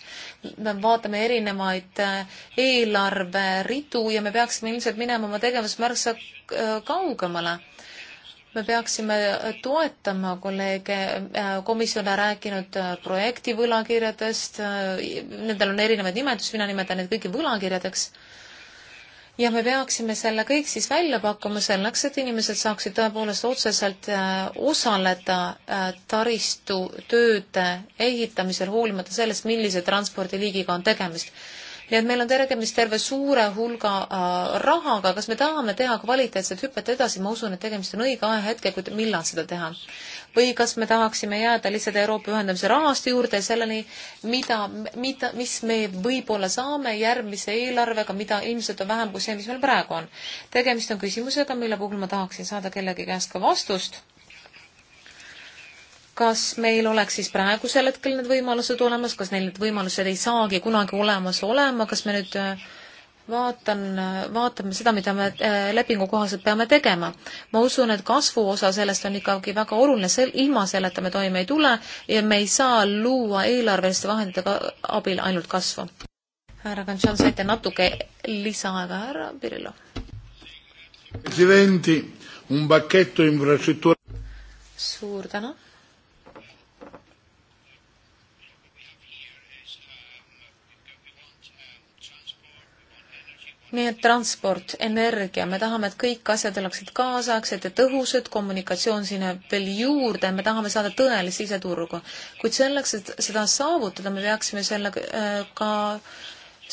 Speaker 4: me vaatame erinevaid äh, eelarveridu ja me peaksime ilmselt minema oma tegevust märksa kaugemale me peaksime toetama kolleege, komisjon on rääkinud projekti võlakirjadest, nendel on erinevaid nimetusi, mina nimetan neid kõiki võlakirjadeks ja me peaksime selle kõik siis välja pakkuma selleks, et inimesed saaksid tõepoolest otseselt äh, osaleda äh, taristutööde ehitamisel, hoolimata sellest, millise transpordiliigiga on tegemist. nii et meil on tegemist terve suure hulga äh, rahaga, kas me tahame teha kvaliteetset hüpet edasi, ma usun, et tegemist on õige ajahetke, millal seda teha või kas me tahaksime jääda lihtsalt Euroopa ühendamise rahastu juurde selleni, mida, mida, mis me võib-olla saame järgmise eelarvega, mida ilmselt on vähem kui see, mis meil praegu on. tegemist on küsimusega, mille puhul ma tahaksin saada kellegi käest ka vastust kas meil oleks siis praegusel hetkel need võimalused olemas, kas neil need võimalused ei saagi kunagi olemas olema, kas me nüüd äh, vaatan, vaatame seda, mida me äh, lepingu kohaselt peame tegema. ma usun, et kasvu osa sellest on ikkagi väga oluline, sel-, ilma selleta me toime ei tule ja me ei saa luua eelarveliste vahendite abil ainult kasvu. härra Kantšan, saite natuke lisaaega, härra Pirillo? suur tänu nii et transport, energia, me tahame, et kõik asjad oleksid kaasaegsed ja tõhusad, kommunikatsioon sinna veel juurde, me tahame saada tõelist siseturgu. kuid selleks, et seda saavutada, me peaksime selle äh, ka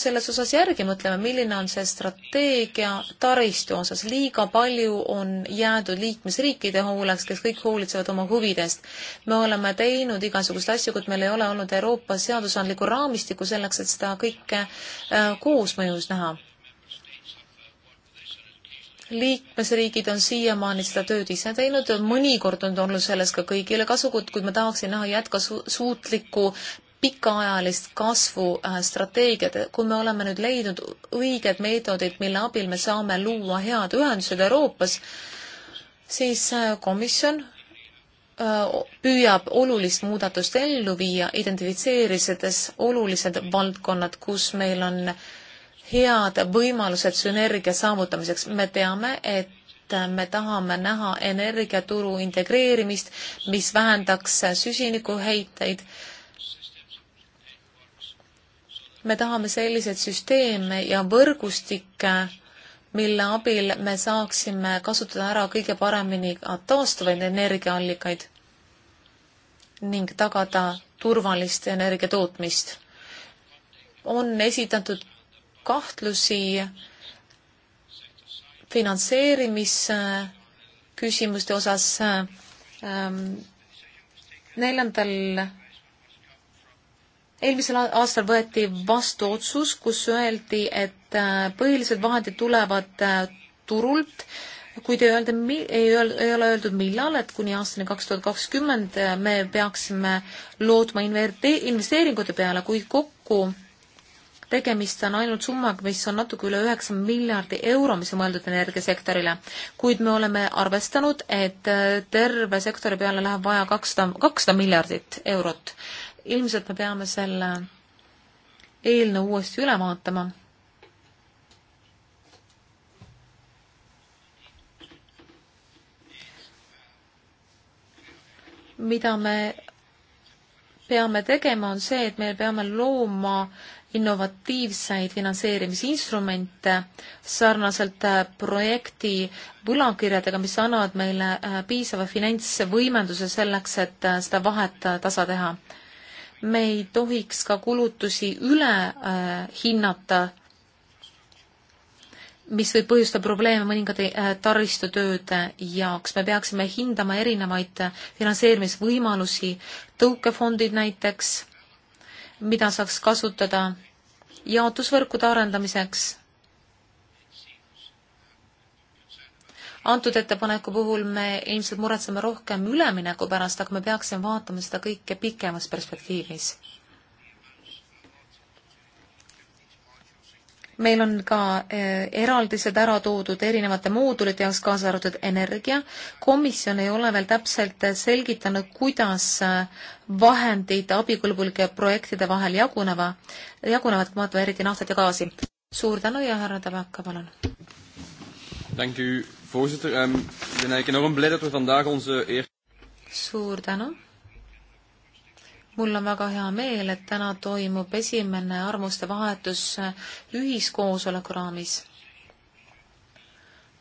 Speaker 4: selles osas järgi mõtlema, milline on see strateegia taristu osas. liiga palju on jäädud liikmesriikide hooleks, kes kõik hoolitsevad oma huvidest. me oleme teinud igasuguseid asju, kuid meil ei ole olnud Euroopa seadusandlikku raamistikku selleks, et seda kõike äh, koosmõjus näha liikmesriigid on siiamaani seda tööd ise teinud, mõnikord on olnud sellest ka kõigile kasu, kuid ma tahaksin näha jätkasuutlikku pikaajalist kasvu äh, strateegiad, kui me oleme nüüd leidnud õiged meetodid, mille abil me saame luua head ühendused Euroopas, siis äh, komisjon äh, püüab olulist muudatust ellu viia, identifitseerides olulised valdkonnad, kus meil on äh, head võimalused sünergia saavutamiseks. me teame, et me tahame näha energiaturu integreerimist, mis vähendaks süsinikuheiteid. me tahame selliseid süsteeme ja võrgustikke, mille abil me saaksime kasutada ära kõige paremini taastuvaid energiaallikaid ning tagada turvalist energiatootmist. on esitatud kahtlusi finantseerimisküsimuste osas ähm, neljandal eelmisel aastal võeti vastu otsus, kus öeldi, et äh, põhilised vahendid tulevad äh, turult, kuid ei öelda, ei ole öeldud, millal, et kuni aastani kaks tuhat kakskümmend äh, me peaksime lootma investeeringute peale, kuid kokku tegemist on ainult summaga, mis on natuke üle üheksa miljardi euro, mis on mõeldud energiasektorile. kuid me oleme arvestanud, et äh, terve sektori peale läheb vaja kakssada, kakssada miljardit eurot. ilmselt me peame selle eelnõu uuesti üle vaatama mida me peame tegema, on see, et me peame looma innovatiivseid finantseerimisinstrumente sarnaselt äh, projekti võlakirjadega, mis annavad meile äh, piisava finantsvõimenduse selleks, et äh, seda vahet tasa teha. me ei tohiks ka kulutusi üle hinnata, mis võib põhjustada probleeme mõningate taristutööde jaoks. me peaksime hindama erinevaid finantseerimisvõimalusi, tõukefondid näiteks mida saaks kasutada jaotusvõrkude arendamiseks. antud ettepaneku puhul me ilmselt muretseme rohkem ülemineku pärast, aga me peaksime vaatama seda kõike pikemas perspektiivis. meil on ka eh, eraldised ära toodud erinevate moodulite jaoks, kaasa arvatud energia. komisjon ei ole veel täpselt selgitanud, kuidas eh, vahendid abikõlbulike projektide vahel jaguneva, jagunevad, kui vaatame eriti naftat ja gaasi. suur tänu ja härra Tabaka, palun.
Speaker 3: Dank u, voorzitter. Um, ik ben eigenlijk enorm blij dat we vandaag onze eer...
Speaker 4: Suur tänu mul on väga hea meel, et täna toimub esimene armuste vahetus ühiskoosoleku raamis.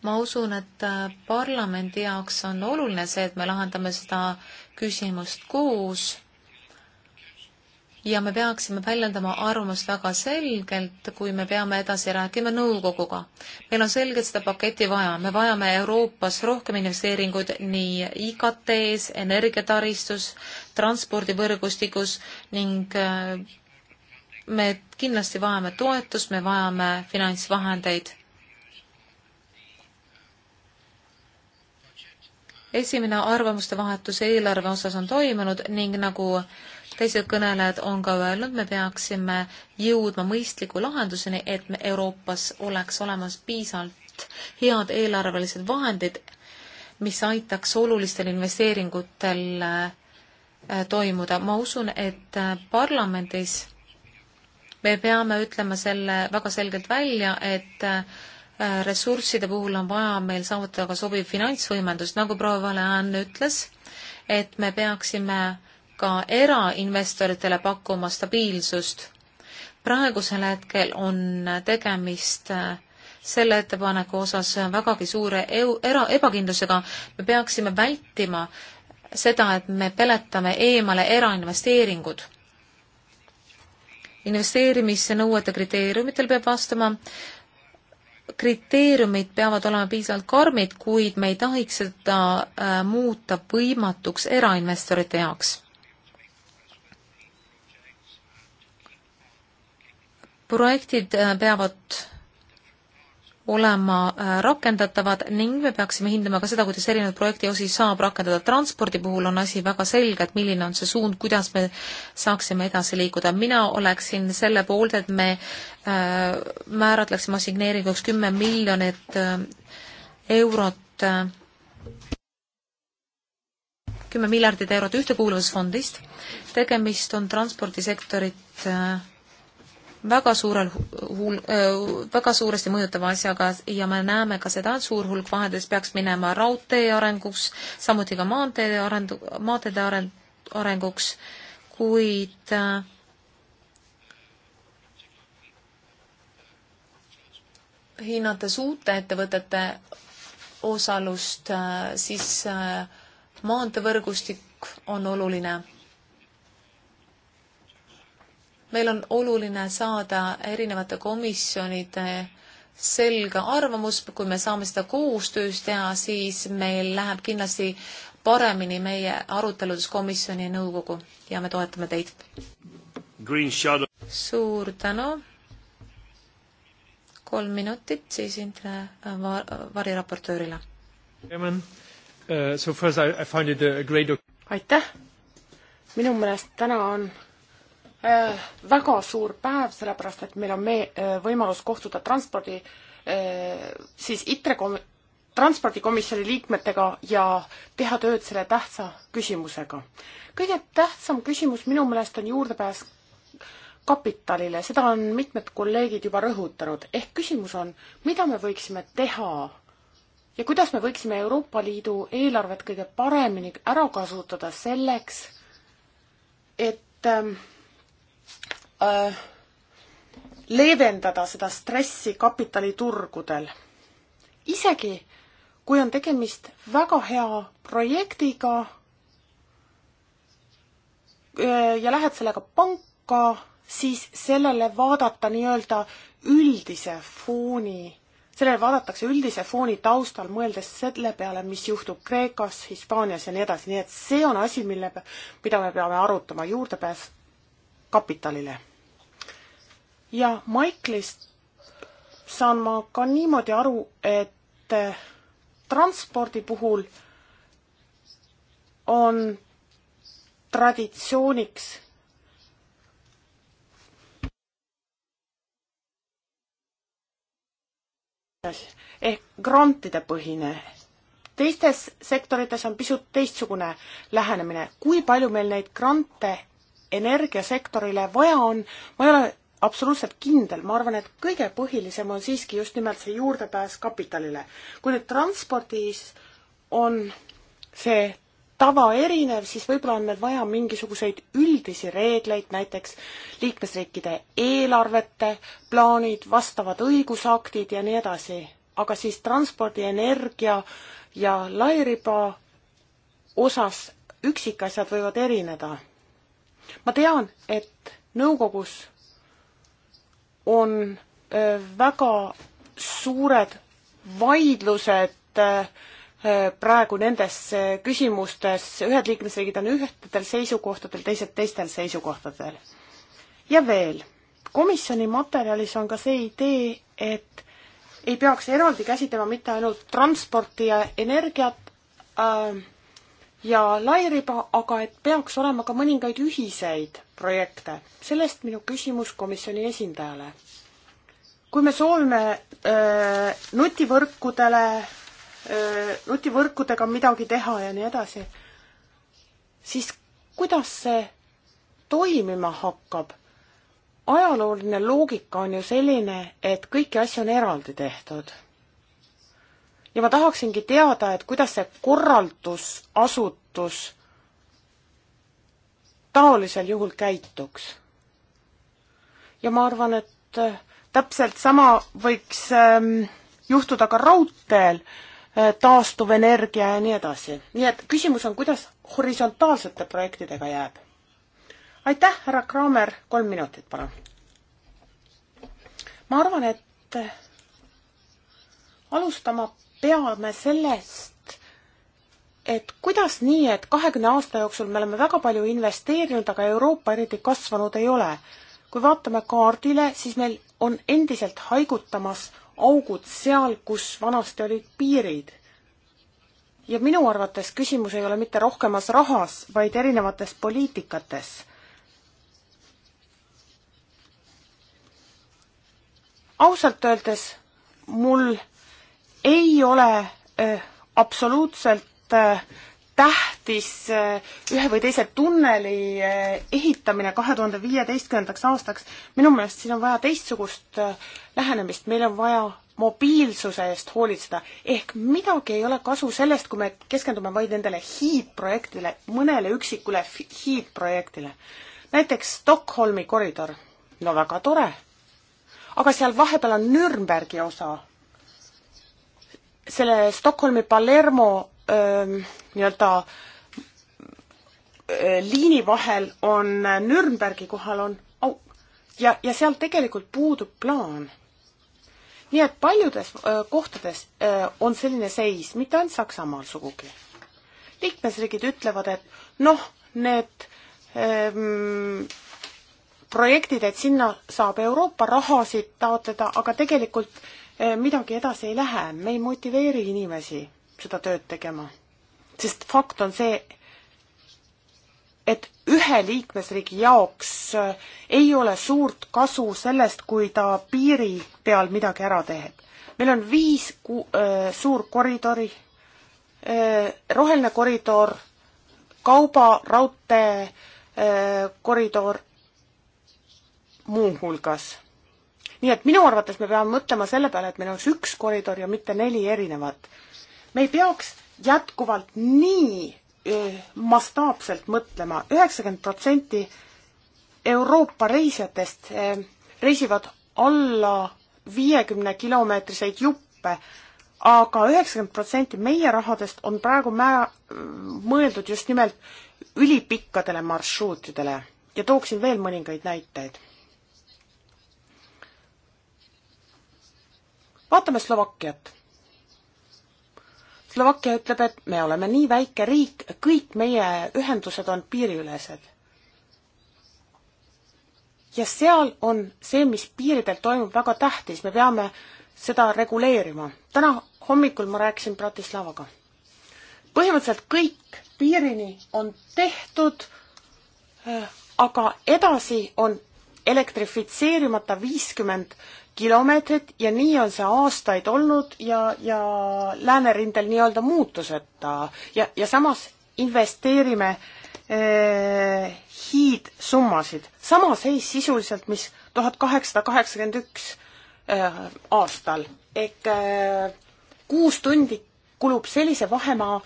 Speaker 4: ma usun, et parlamendi jaoks on oluline see, et me lahendame seda küsimust koos ja me peaksime väljendama arvamust väga selgelt, kui me peame edasi rääkima nõukoguga. meil on selgelt seda paketti vaja, me vajame Euroopas rohkem investeeringuid nii IKT-s, energiataristus, transpordivõrgustikus ning äh, me kindlasti vajame toetust, me vajame finantsvahendeid. esimene arvamuste vahetus eelarve osas on toimunud ning nagu teised kõnelejad on ka öelnud, me peaksime jõudma mõistliku lahenduseni, et me Euroopas oleks olemas piisavalt head eelarvelised vahendid, mis aitaks olulistel investeeringutel äh, Äh, toimuda. ma usun, et äh, parlamendis me peame ütlema selle väga selgelt välja, et äh, ressursside puhul on vaja meil saavutada ka sobiv finantsvõimendus, nagu proua Valean ütles, et me peaksime ka erainvestoritele pakkuma stabiilsust. praegusel hetkel on tegemist selle ettepaneku osas vägagi suure eu-, era-, ebakindlusega, me peaksime vältima äh, seda, et me peletame eemale erainvesteeringud. investeerimisnõuete kriteeriumitel peab vastama, kriteeriumid peavad olema piisavalt karmid, kuid me ei tohiks seda äh, muuta võimatuks erainvestorite jaoks projektid äh, peavad olema äh, rakendatavad ning me peaksime hindama ka seda, kuidas erinevaid projekti osi saab rakendada. transpordi puhul on asi väga selge, et milline on see suund, kuidas me saaksime edasi liikuda. mina oleksin selle poolt, et me äh, määratleksime assigneeringuks kümme miljonit äh, eurot äh, kümme miljardit eurot ühtekuuluvusfondist. tegemist on transpordisektorit äh, väga suurel huul, väga suuresti mõjutava asjaga ja me näeme ka seda, et suur hulk vahenditest peaks minema raudtee arenguks, samuti ka maanteede arendu-, maanteede arend-, arenguks, kuid äh, hinnates uute ettevõtete osalust, äh, siis äh, maanteevõrgustik on oluline meil on oluline saada erinevate komisjonide selge arvamus, kui me saame seda koostöös teha, siis meil läheb kindlasti paremini meie aruteludes komisjoni ja nõukogu ja me toetame teid. suur tänu. kolm minutit siis Indre var, variraportöörile.
Speaker 3: Uh, aitäh. minu meelest täna on Äh, väga suur päev, sellepärast et meil on me-, äh, võimalus kohtuda transpordi, äh, siis ITRE kom-, transpordikomisjoni liikmetega ja teha tööd selle tähtsa küsimusega. kõige tähtsam küsimus minu meelest on juurdepääs kapitalile, seda on mitmed kolleegid juba rõhutanud, ehk küsimus on, mida me võiksime teha ja kuidas me võiksime Euroopa Liidu eelarvet kõige paremini ära kasutada selleks, et ähm, äh, leevendada seda stressi kapitaliturgudel. isegi kui on tegemist väga hea projektiga äh, ja lähed sellega panka, siis sellele vaadata nii-öelda üldise fooni, sellele vaadatakse üldise fooni taustal, mõeldes selle peale, mis juhtub Kreekas, Hispaanias ja nii edasi, nii et see on asi, mille, mida me peame arutama, juurdepääs kapitalile. ja Maiklist saan ma ka niimoodi aru, et eh, transpordi puhul on traditsiooniks ehk grantide põhine. teistes sektorites on pisut teistsugune lähenemine, kui palju meil neid grante energiasektorile vaja on, ma ei ole absoluutselt kindel, ma arvan, et kõige põhilisem on siiski just nimelt see juurdepääs kapitalile. kui nüüd transpordis on see tava erinev, siis võib-olla on meil vaja mingisuguseid üldisi reegleid, näiteks liikmesriikide eelarvete plaanid, vastavad õigusaktid ja nii edasi. aga siis transpordi, energia ja lairiba osas üksikasjad võivad erineda ma tean, et nõukogus on väga suured vaidlused praegu nendes küsimustes, ühed liikmesriigid on ühtedel seisukohtadel, teised teistel seisukohtadel. ja veel, komisjoni materjalis on ka see idee, et ei peaks eraldi käsitlema mitte ainult transporti ja energiat äh,, ja lairiba, aga et peaks olema ka mõningaid ühiseid projekte. sellest minu küsimus komisjoni esindajale. kui me soovime öö, nutivõrkudele, nutivõrkudega midagi teha ja nii edasi, siis kuidas see toimima hakkab? ajalooline loogika on ju selline, et kõiki asju on eraldi tehtud ja ma tahaksingi teada, et kuidas see korraldusasutus taolisel juhul käituks. ja ma arvan, et äh, täpselt sama võiks ähm, juhtuda ka raudteel, äh, taastuvenergia ja nii edasi. nii et küsimus on, kuidas horisontaalsete projektidega jääb? aitäh, härra Kraamer, kolm minutit, palun. ma arvan, et äh, alustama peame sellest, et kuidas nii, et kahekümne aasta jooksul me oleme väga palju investeerinud, aga Euroopa eriti kasvanud ei ole. kui vaatame kaardile, siis meil on endiselt haigutamas augud seal, kus vanasti olid piirid. ja minu arvates küsimus ei ole mitte rohkemas rahas, vaid erinevates poliitikates ausalt öeldes mul ei ole äh, absoluutselt äh, tähtis ühe või teise tunneli ehitamine kahe tuhande viieteistkümnendaks aastaks. minu meelest siin on vaja teistsugust lähenemist, meil on vaja mobiilsuse eest hoolitseda, ehk midagi ei ole kasu sellest, kui me keskendume vaid nendele hiidprojektile, mõnele üksikule hiidprojektile. näiteks Stockholmi koridor, no väga tore, aga seal vahepeal on Nürnbergi osa selle Stockholmi Palermo ähm, nii-öelda äh, liini vahel on äh, Nürnbergi kohal on au ja, ja seal tegelikult puudub plaan. nii et paljudes öö, äh, kohtades öö, on selline seis, mitte ainult Saksamaal sugugi. liikmesriigid ütlevad, et noh, need öö, ähm, projektid, et sinna saab Euroopa rahasid taotleda, aga tegelikult öö, Eh, midagi edasi ei lähe, me ei motiveeri inimesi seda tööd tegema. sest fakt on see, et ühe liikmesriigi jaoks eh, ei ole suurt kasu sellest, kui ta piiri peal midagi ära teeb. meil on viis ku-, äh, eh, suurkoridori äh,, roheline koridor, kaubaraudtee äh, koridor muuhulgas nii et minu arvates me peame mõtlema selle peale, et meil oleks üks koridor ja mitte neli erinevat. me ei peaks jätkuvalt nii e, mastaapselt mõtlema, üheksakümmend protsenti Euroopa reisijatest e, reisivad alla viiekümne kilomeetriseid juppe, aga üheksakümmend protsenti meie rahadest on praegu määr-, mõeldud just nimelt ülipikkadele marsruutidele ja tooksin veel mõningaid näiteid vaatame Slovakkiat. Slovakkia ütleb, et me oleme nii väike riik, kõik meie ühendused on piiriülesed. ja seal on see, mis piiridel toimub, väga tähtis, me peame seda reguleerima. täna hommikul ma rääkisin Bratislavaga. põhimõtteliselt kõik piirini on tehtud, äh, aga edasi on elektrifitseerimata viiskümmend kilomeetrit ja nii on see aastaid olnud ja, ja läänerindel nii-öelda muutuseta ja, ja samas investeerime eh, hiidsummasid. sama seis sisuliselt, mis tuhat kaheksasada kaheksakümmend üks eh, aastal ehk eh, kuus tundi kulub sellise vahemaa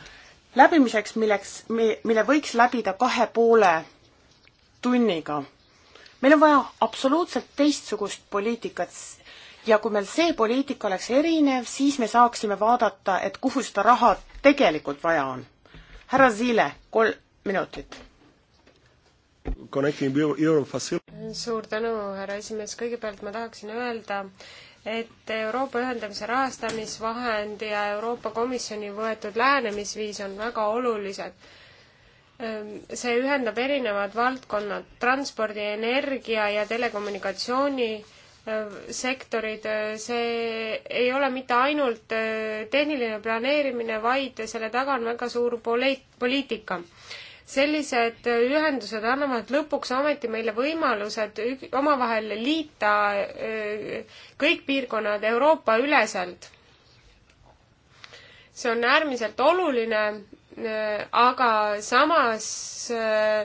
Speaker 3: läbimiseks, milleks, mille võiks läbida kahe poole tunniga meil on vaja absoluutselt teistsugust poliitikat, ja kui meil see poliitika oleks erinev, siis me saaksime vaadata, et kuhu seda raha tegelikult vaja on. härra Zile, kolm minutit. suur tänu, härra esimees,
Speaker 2: kõigepealt ma tahaksin öelda, et Euroopa ühendamise rahastamisvahend ja Euroopa Komisjoni võetud lähenemisviis on väga olulised. Ehm, see ühendab erinevad valdkonnad, transpordi, energia ja telekommunikatsiooni sektorid, see ei ole mitte ainult äh, tehniline planeerimine, vaid selle taga on väga suur poliitika. sellised ühendused annavad lõpuks ometi meile võimalused omavahel liita äh, kõik piirkonnad Euroopa üleselt. see on äärmiselt oluline, äh, aga samas äh,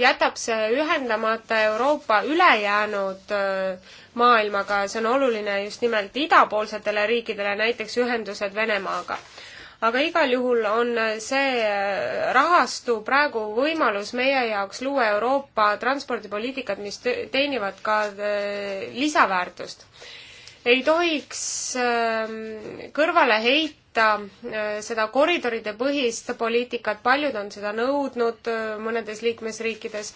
Speaker 2: jätab see ühendamata Euroopa ülejäänud äh, maailmaga, see on oluline just nimelt idapoolsetele riikidele, näiteks ühendused Venemaaga. aga igal juhul on see äh, rahastu praegu võimalus meie jaoks luua Euroopa transpordipoliitikat, mis teenivad ka äh, lisaväärtust ei tohiks ähm, kõrvale heita äh, seda koridoride põhist poliitikat, paljud on seda nõudnud äh, mõnedes liikmesriikides.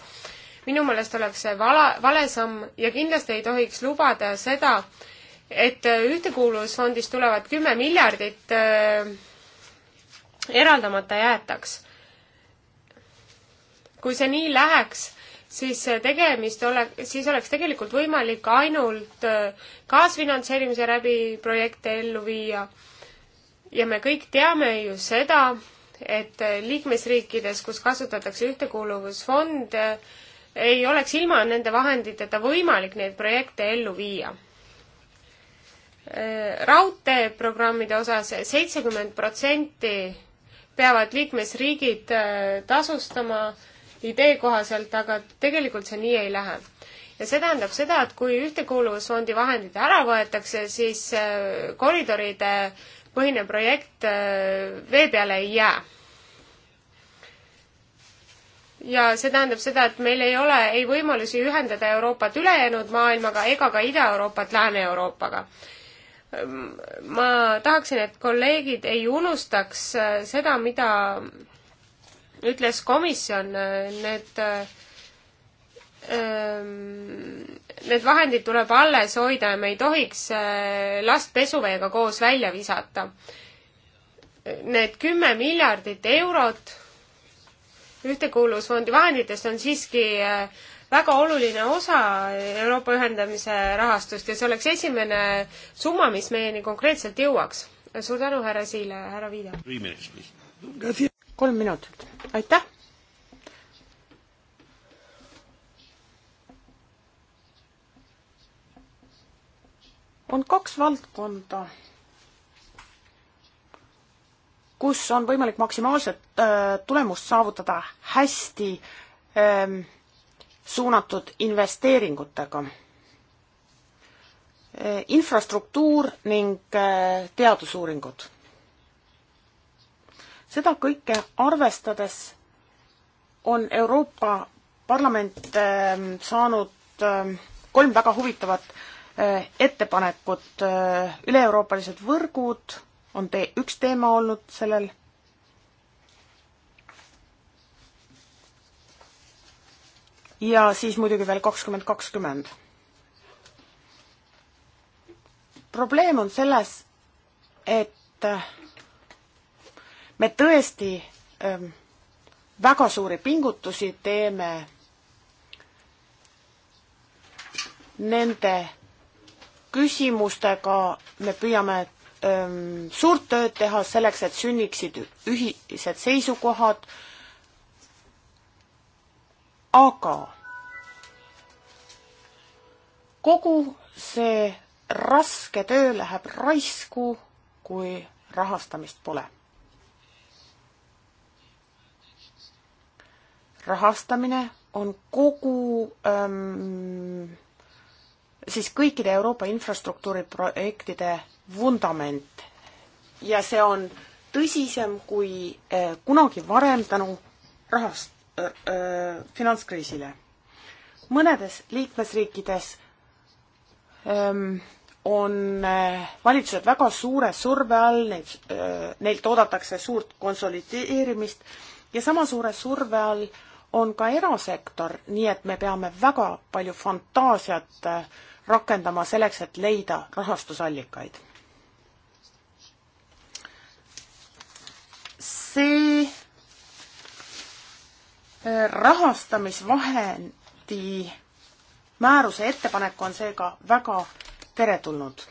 Speaker 2: minu meelest oleks see vala, vale samm ja kindlasti ei tohiks lubada seda, et äh, Ühtekuuluvusfondist tulevad kümme miljardit eraldamata jäetaks. kui see nii läheks siis tegemist ole, siis oleks tegelikult võimalik ainult äh, kaasfinantseerimise läbi projekte ellu viia. ja me kõik teame ju seda, et äh, liikmesriikides, kus kasutatakse ühtekuuluvusfonde, ei oleks ilma nende vahenditeta võimalik neid projekte ellu viia äh, raudteeprogrammide osas seitsekümmend protsenti peavad liikmesriigid tasustama äh, idee kohaselt, aga tegelikult see nii ei lähe. ja see tähendab seda, et kui Ühtekuuluvusfondi vahendid ära võetakse, siis äh, koridoride põhine projekt äh, vee peale ei jää ja see tähendab seda, et meil ei ole ei võimalusi ühendada Euroopat ülejäänud maailmaga ega ka Ida-Euroopat Lääne-Euroopaga. Ähm, ma tahaksin, et kolleegid ei unustaks äh, seda, mida ütles komisjon, need ähm, Need vahendid tuleb alles hoida ja me ei tohiks äh, last pesuveega koos välja visata. Need kümme miljardit eurot ühtekuuluvusfondi vahenditest on siiski äh, väga oluline osa Euroopa ühendamise rahastust ja see oleks esimene summa, mis meieni konkreetselt jõuaks. suur tänu, härra Siile, härra Viida.
Speaker 3: kolm minutit aitäh! on kaks valdkonda, kus on võimalik maksimaalset äh, tulemust saavutada hästi ähm, suunatud investeeringutega äh,. infrastruktuur ning äh, teadusuuringud seda kõike arvestades on Euroopa Parlament ähm, saanud ähm, kolm väga huvitavat äh, ettepanekut, äh, üle-euroopalised võrgud on tee, üks teema olnud sellel ja siis muidugi veel kakskümmend kakskümmend. probleem on selles, et äh, me tõesti ähm, väga suuri pingutusi teeme nende küsimustega, me püüame ähm, suurt tööd teha selleks, et sünniksid ühised seisukohad, aga kogu see raske töö läheb raisku, kui rahastamist pole rahastamine on kogu ähm, siis kõikide Euroopa infrastruktuuriprojektide vundament ja see on tõsisem kui äh, kunagi varem tänu rahast äh, äh, finantskriisile. mõnedes liikmesriikides ähm, on äh, valitsused väga suure surve all, neid, äh, neilt oodatakse suurt konsolideerimist ja sama suure surve all on ka erasektor, nii et me peame väga palju fantaasiat äh, rakendama selleks, et leida rahastusallikaid. see äh, rahastamisvahendi määruse ettepanek on seega väga teretulnud.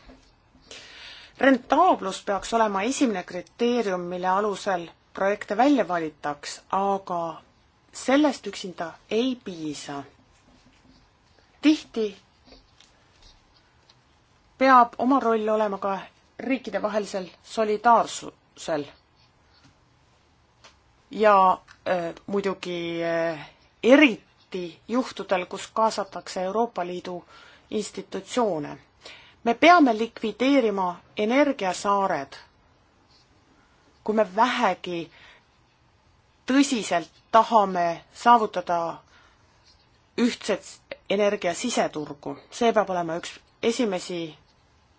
Speaker 3: rentaablus peaks olema esimene kriteerium, mille alusel projekte välja valitaks, aga sellest üksinda ei piisa. tihti peab oma roll olema ka riikidevahelisel solidaarsusel. ja äh, muidugi äh, eriti juhtudel, kus kaasatakse Euroopa Liidu institutsioone. me peame likvideerima energiasaared, kui me vähegi tõsiselt tahame saavutada ühtset energia siseturgu, see peab olema üks esimesi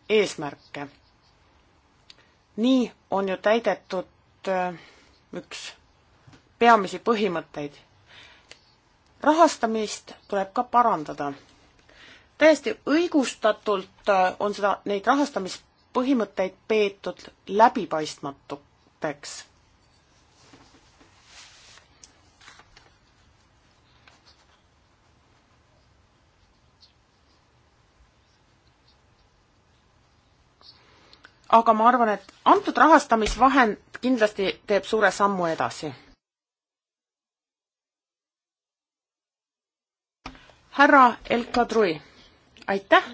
Speaker 3: eesmärke. nii on ju täidetud äh, üks peamisi põhimõtteid. rahastamist tuleb ka parandada. täiesti õigustatult äh, on seda, neid rahastamispõhimõtteid peetud läbipaistmatuteks aga ma arvan, et antud rahastamisvahend kindlasti teeb suure sammu edasi. härra Elka Trui, aitäh!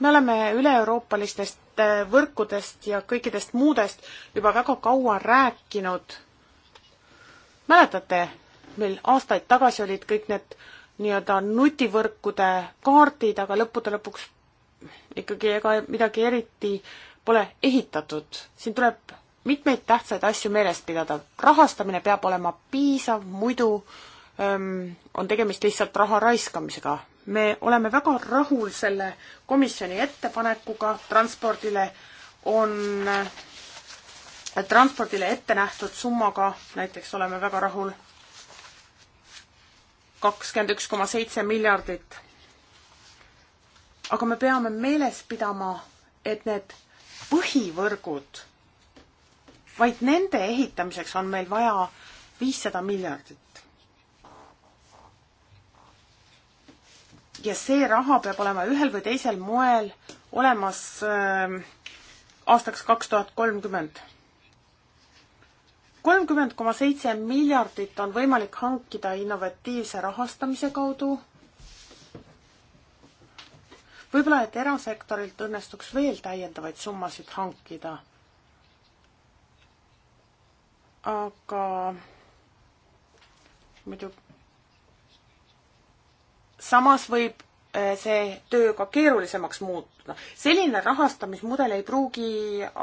Speaker 3: me oleme üle-euroopalistest äh, võrkudest ja kõikidest muudest juba väga kaua rääkinud. mäletate, meil aastaid tagasi olid kõik need nii-öelda nutivõrkude kaardid, aga lõppude lõpuks ikkagi ega midagi eriti pole ehitatud. siin tuleb mitmeid tähtsaid asju meeles pidada. rahastamine peab olema piisav, muidu öö, ähm, on tegemist lihtsalt raha raiskamisega. me oleme väga rahul selle komisjoni ettepanekuga transpordile on äh, transpordile ette nähtud summaga näiteks oleme väga rahul kakskümmend üks koma seitse miljardit. aga me peame meeles pidama, et need põhivõrgud, vaid nende ehitamiseks on meil vaja viissada miljardit. ja see raha peab olema ühel või teisel moel olemas äh, aastaks kaks tuhat kolmkümmend kolmkümmend koma seitse miljardit on võimalik hankida innovatiivse rahastamise kaudu. võib-olla, et erasektorilt õnnestuks veel täiendavaid summasid hankida. aga muidu samas võib eh, see töö ka keerulisemaks muutuda. selline rahastamismudel ei pruugi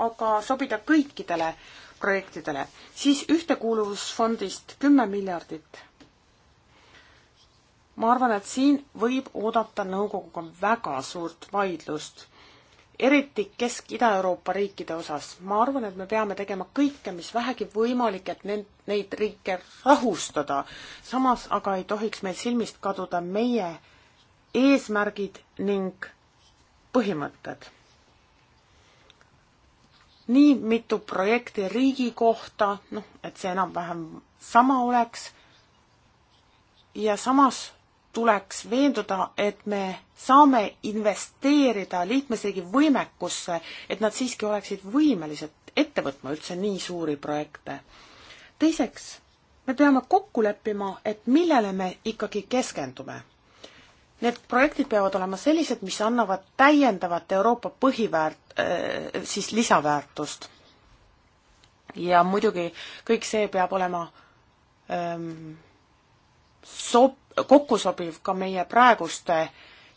Speaker 3: aga sobida kõikidele projektidele, siis ühtekuuluvusfondist kümme miljardit. ma arvan, et siin võib oodata nõukoguga väga suurt vaidlust, eriti Kesk-Ida-Euroopa riikide osas. ma arvan, et me peame tegema kõike, mis vähegi võimalik, et need, neid riike rahustada. samas aga ei tohiks meil silmist kaduda meie eesmärgid ning põhimõtted nii mitu projekti riigi kohta, noh, et see enam-vähem sama oleks. ja samas tuleks veenduda, et me saame investeerida liikmesriigi võimekusse, et nad siiski oleksid võimelised ette võtma üldse nii suuri projekte. teiseks, me peame kokku leppima, et millele me ikkagi keskendume Need projektid peavad olema sellised, mis annavad täiendavat Euroopa põhiväärt- äh,, siis lisaväärtust. ja muidugi kõik see peab olema ähm, sob-, kokkusobiv ka meie praeguste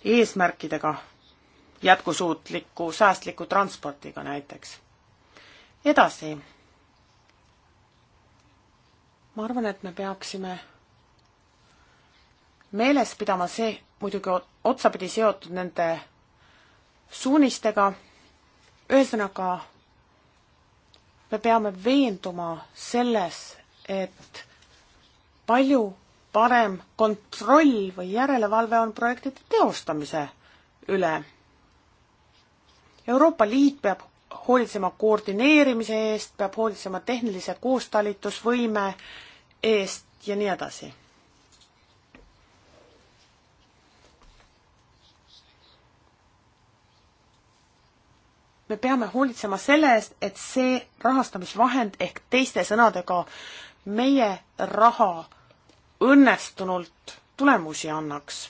Speaker 3: eesmärkidega, jätkusuutliku säästliku transpordiga näiteks. edasi. ma arvan, et me peaksime meeles pidama, see muidugi otsapidi seotud nende suunistega, ühesõnaga me peame veenduma selles, et palju parem kontroll või järelevalve on projektide teostamise üle. Euroopa Liit peab hoolitsema koordineerimise eest, peab hoolitsema tehnilise koostalitusvõime eest ja nii edasi me peame hoolitsema selle eest, et see rahastamisvahend ehk teiste sõnadega meie raha õnnestunult tulemusi annaks,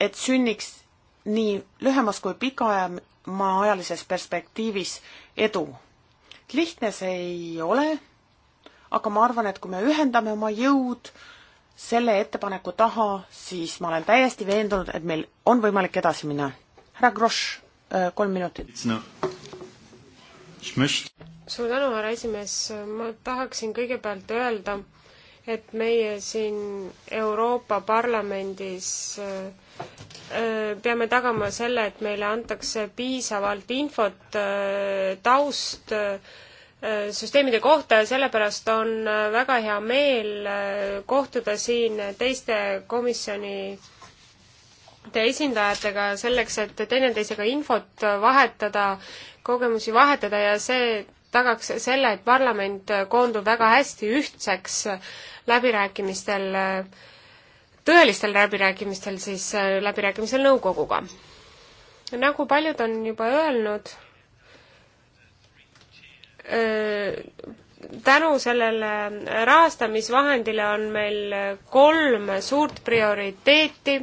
Speaker 3: et sünniks nii lühemas kui pikemaajalises perspektiivis edu. lihtne see ei ole, aga ma arvan, et kui me ühendame oma jõud selle ettepaneku taha, siis ma olen täiesti veendunud, et meil on võimalik edasi minna. härra Grosch, kolm minutit no
Speaker 2: suur tänu, härra esimees, ma tahaksin kõigepealt öelda, et meie siin Euroopa Parlamendis äh, äh, peame tagama selle, et meile antakse piisavalt infot, äh, taust süsteemide kohta ja sellepärast on väga hea meel kohtuda siin teiste komisjoni teie esindajatega selleks, et teineteisega infot vahetada, kogemusi vahetada ja see tagaks selle, et parlament koondub väga hästi ühtseks läbirääkimistel, tõelistel läbirääkimistel siis äh, läbirääkimisel nõukoguga. nagu paljud on juba öelnud, äh, tänu sellele rahastamisvahendile on meil kolm suurt prioriteeti,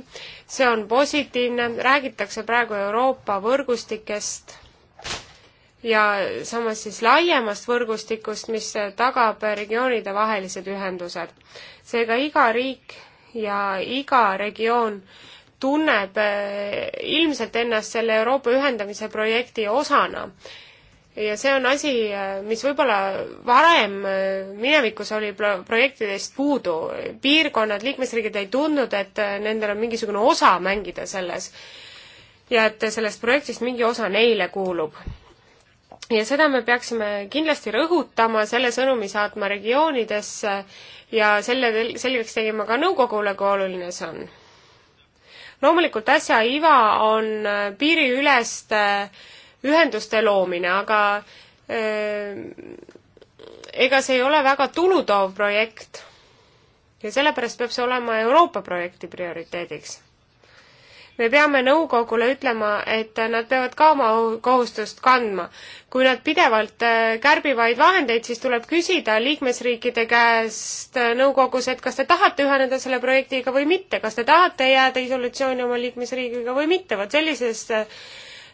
Speaker 2: see on positiivne, räägitakse praegu Euroopa võrgustikest ja samas siis laiemast võrgustikust, mis tagab regioonide vahelised ühendused. seega iga riik ja iga regioon tunneb eh, ilmselt ennast selle Euroopa ühendamise projekti osana ja see on asi, mis võib-olla varem äh, minevikus oli pro-, projektidest puudu. piirkonnad, liikmesriigid ei tundnud, et äh, nendel on mingisugune osa mängida selles. ja et sellest projektist mingi osa neile kuulub. ja seda me peaksime kindlasti rõhutama, selle sõnumi saatma regioonidesse ja selle selgeks tegema ka nõukogule, kui oluline see on loomulikult äsja iva on piiriüleste äh, äh ühenduste loomine, aga ega see ei ole väga tulutoov projekt. ja sellepärast peab see olema Euroopa projekti prioriteediks. me peame nõukogule ütlema, et nad peavad ka oma kohustust kandma. kui nad pidevalt kärbivad vahendeid, siis tuleb küsida liikmesriikide käest nõukogus, et kas te tahate üheneda selle projektiga või mitte, kas te tahate jääda isolatsiooni oma liikmesriigiga või mitte, vot sellisesse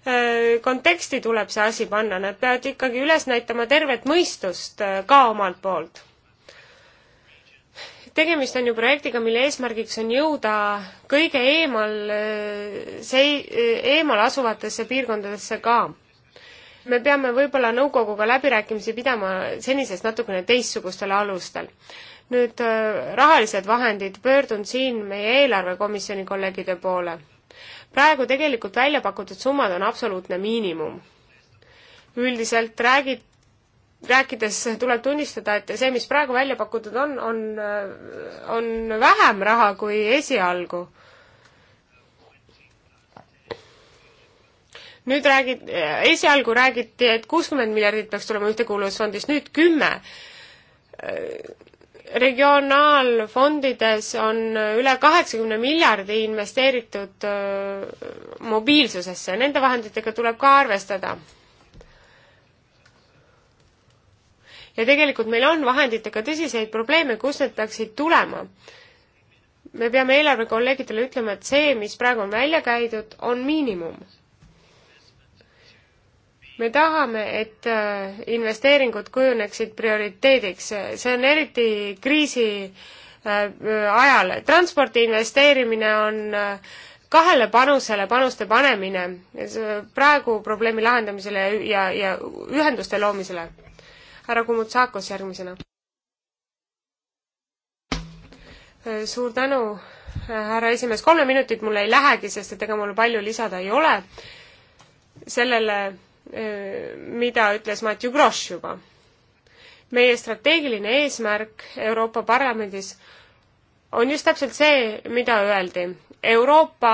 Speaker 2: Äh, konteksti tuleb see asi panna, nad peavad ikkagi üles näitama tervet mõistust äh, ka omalt poolt. tegemist on ju projektiga, mille eesmärgiks on jõuda kõige eemal, äh, sei-, eemal asuvatesse piirkondadesse ka. me peame võib-olla nõukoguga läbirääkimisi pidama senisest natukene teistsugustel alustel nüüd rahalised vahendid, pöördun siin meie eelarvekomisjoni kolleegide poole praegu tegelikult välja pakutud summad on absoluutne miinimum. üldiselt räägid, rääkides tuleb tunnistada, et see, mis praegu välja pakutud on, on, on vähem raha kui esialgu nüüd räägid, esialgu räägiti, et kuuskümmend miljardit peaks tulema ühtekuuluvusfondist, nüüd kümme regionaalfondides on üle kaheksakümne miljardi investeeritud mobiilsusesse, nende vahenditega tuleb ka arvestada. ja tegelikult meil on vahenditega tõsiseid probleeme, kust need peaksid tulema. me peame eelarvekolleegidele ütlema, et see, mis praegu on välja käidud, on miinimum me tahame, et äh, investeeringud kujuneksid prioriteediks, see on eriti kriisi äh, ajal, transporti investeerimine on äh, kahele panusele panuste panemine praegu probleemi lahendamisele ja, ja ühenduste loomisele. härra Kumutsakos järgmisena. suur tänu, härra esimees, kolme minutit mul ei lähegi, sest et ega mul palju lisada ei ole sellele Äh, mida ütles Matju Grosch juba. meie strateegiline eesmärk Euroopa Parlamendis on just täpselt see, mida öeldi. Euroopa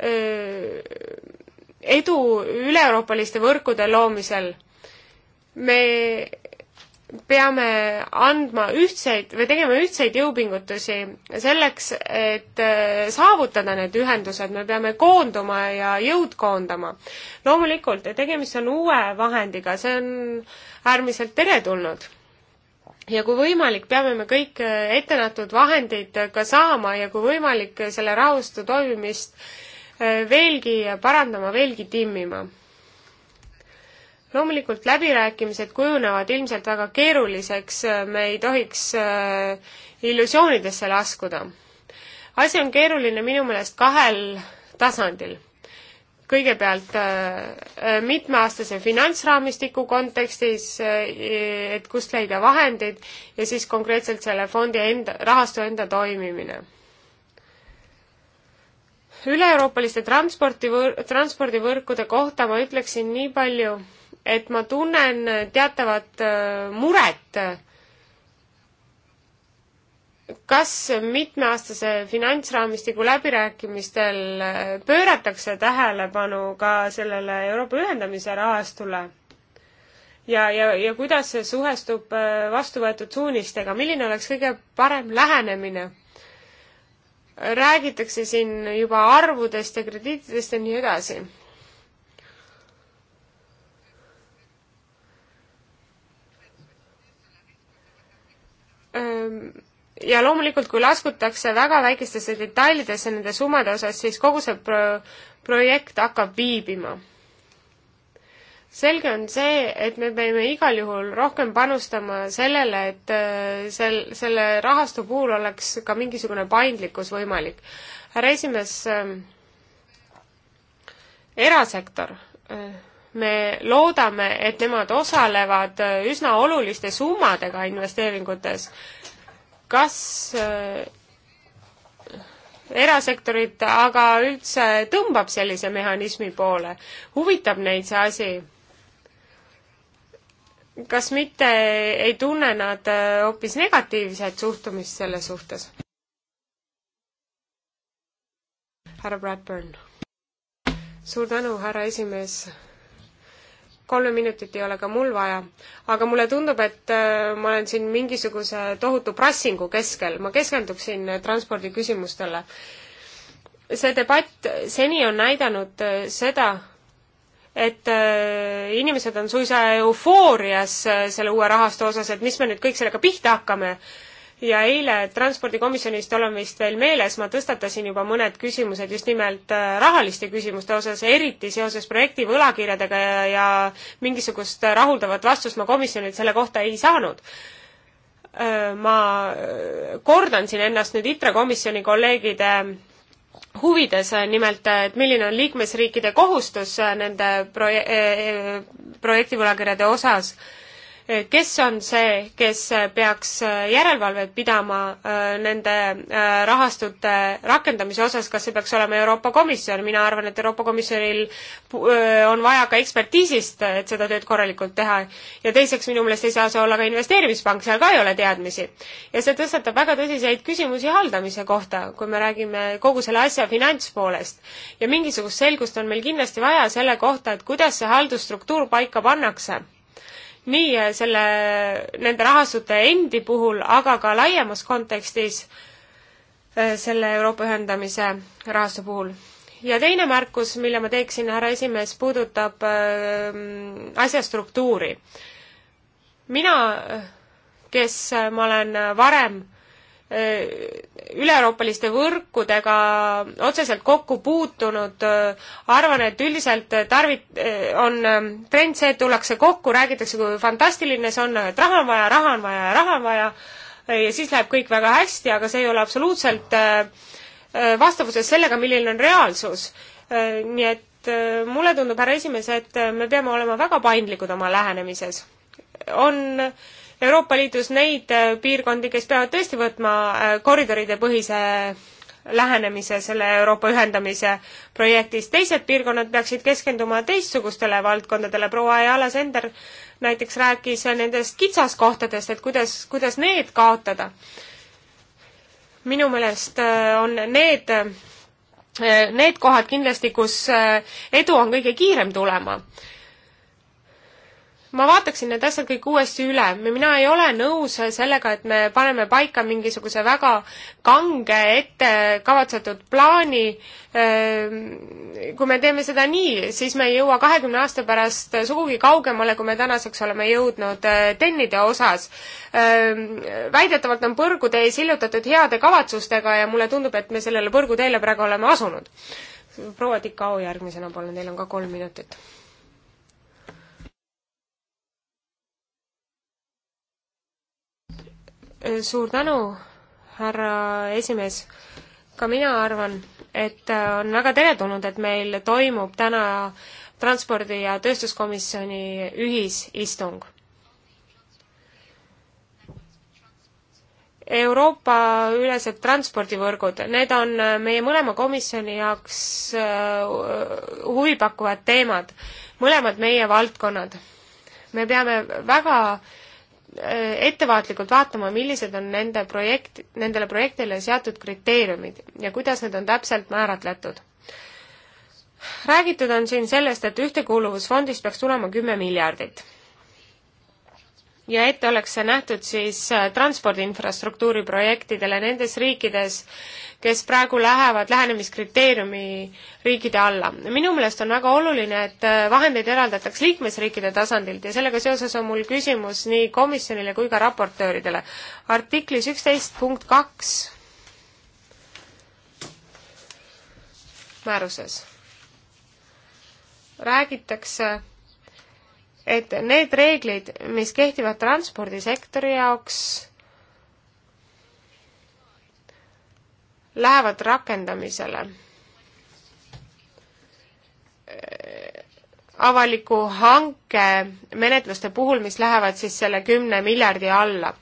Speaker 2: äh, edu üle-euroopaliste võrkude loomisel me peame andma ühtseid või tegema ühtseid jõupingutusi selleks, et äh, saavutada need ühendused, me peame koonduma ja jõud koondama. loomulikult, tegemist on uue vahendiga, see on äärmiselt teretulnud. ja kui võimalik, peame me kõik äh, ettenähtud vahendid äh, ka saama ja kui võimalik, selle rahastu toimimist veelgi parandama, veelgi timmima loomulikult läbirääkimised kujunevad ilmselt väga keeruliseks, äh, me ei tohiks äh, illusioonidesse laskuda. asi on keeruline minu meelest kahel tasandil. kõigepealt äh, mitmeaastase finantsraamistiku kontekstis, et kust leida vahendid ja siis konkreetselt selle fondi enda, rahastu enda toimimine üle-euroopaliste transporti, transpordivõrkude kohta ma ütleksin nii palju, et ma tunnen teatavat äh, muret. kas mitmeaastase finantsraamistiku läbirääkimistel äh, pööratakse tähelepanu ka sellele Euroopa ühendamise rahastule? ja, ja, ja kuidas see suhestub äh, vastu võetud suunistega, milline oleks kõige parem lähenemine? räägitakse siin juba arvudest ja krediitidest ja nii edasi ja loomulikult, kui laskutakse väga väikestesse detailidesse nende summade osas, siis kogu see pro-, projekt hakkab viibima. selge on see, et me peame igal juhul rohkem panustama sellele, et sel-, selle rahastu puhul oleks ka mingisugune paindlikkus võimalik. härra esimees äh,, erasektor äh, me loodame, et nemad osalevad äh, üsna oluliste summadega investeeringutes. kas äh, erasektorit aga üldse tõmbab sellise mehhanismi poole, huvitab neid see asi? kas mitte ei tunne nad äh, hoopis negatiivset suhtumist selle suhtes? härra Bradburn. suur tänu, härra esimees kolme minutit ei ole ka mul vaja. aga mulle tundub, et äh, ma olen siin mingisuguse tohutu prassingu keskel, ma keskenduksin äh, transpordiküsimustele. see debatt seni on näidanud äh, seda, et inimesed on suisa eufoorias selle uue rahastu osas, et mis me nüüd kõik sellega pihta hakkame ja eile Transpordikomisjonist olen vist veel meeles, ma tõstatasin juba mõned küsimused just nimelt äh, rahaliste küsimuste osas, eriti seoses projekti võlakirjadega ja, ja mingisugust rahuldavat vastust ma komisjonilt selle kohta ei saanud äh, ma äh, kordan siin ennast nüüd ITRE komisjoni kolleegide huvides, nimelt et milline on liikmesriikide kohustus nende proje-, projektivõlakirjade osas äh, kes on see, kes peaks järelevalvet pidama äh, nende äh, rahastute rakendamise osas, kas see peaks olema Euroopa Komisjon, mina arvan, et Euroopa Komisjonil äh, on vaja ka ekspertiisist, et seda tööd korralikult teha. ja teiseks, minu meelest ei saa see olla ka investeerimispank, seal ka ei ole teadmisi. ja see tõstatab väga tõsiseid küsimusi haldamise kohta, kui me räägime kogu selle asja finantspoolest. ja mingisugust selgust on meil kindlasti vaja selle kohta, et kuidas see haldusstruktuur paika pannakse nii äh, selle, nende rahastute endi puhul, aga ka laiemas kontekstis äh, selle Euroopa ühendamise rahastu puhul. ja teine märkus, mille ma teeksin, härra esimees, puudutab äh, asja struktuuri. mina, kes ma olen varem üle-euroopaliste võrkudega otseselt kokku puutunud, arvan, et üldiselt tarvit-, on trend see, et tullakse kokku, räägitakse, kui fantastiline see on, et raha on vaja, raha on vaja ja raha on vaja, ja siis läheb kõik väga hästi, aga see ei ole absoluutselt äh, vastavuses sellega, milline on reaalsus. Äh, nii et äh, mulle tundub, härra esimees, et me peame olema väga paindlikud oma lähenemises. on äh, Euroopa Liidus neid äh, piirkondi, kes peavad tõesti võtma äh, koridoride põhise äh, lähenemise selle Euroopa ühendamise projektis. teised piirkonnad peaksid keskenduma teistsugustele valdkondadele. proua Ayala Sender näiteks rääkis nendest kitsaskohtadest, et kuidas, kuidas need kaotada. minu meelest on need, need kohad kindlasti, kus edu on kõige kiirem tulema ma vaataksin need asjad kõik uuesti üle. mina ei ole nõus sellega, et me paneme paika mingisuguse väga kange ettekavatsetud plaani. Ehm, kui me teeme seda nii, siis me ei jõua kahekümne aasta pärast sugugi kaugemale, kui me tänaseks oleme jõudnud eh, tennide osas. Ehm, väidetavalt on põrgutees hillutatud heade kavatsustega ja mulle tundub, et me sellele põrguteele praegu oleme asunud. proua Tikao järgmisena, palun, teil on ka kolm minutit suur tänu, härra esimees. ka mina arvan, et äh, on väga teretulnud, et meil toimub täna transpordi- ja tööstuskomisjoni ühisistung. Euroopa-ülesed transpordivõrgud, need on äh, meie mõlema komisjoni jaoks äh, huvipakkuvad teemad, mõlemad meie valdkonnad. me peame väga äh, Äh, ettevaatlikult vaatama, millised on nende projekt, nendele projektile seatud kriteeriumid ja kuidas need on täpselt määratletud. räägitud on siin sellest, et Ühtekuuluvusfondist peaks tulema kümme miljardit ja ette oleks see nähtud siis äh, transpordiinfrastruktuuri projektidele nendes riikides, kes praegu lähevad lähenemiskriteeriumi riikide alla. minu meelest on väga oluline, et äh, vahendeid eraldataks liikmesriikide tasandilt ja sellega seoses on mul küsimus nii komisjonile kui ka raportööridele. artiklis üksteist punkt kaks määruses räägitakse et need reeglid, mis kehtivad transpordisektori jaoks, lähevad rakendamisele. avaliku hanke menetluste puhul, mis lähevad siis selle kümne miljardi alla.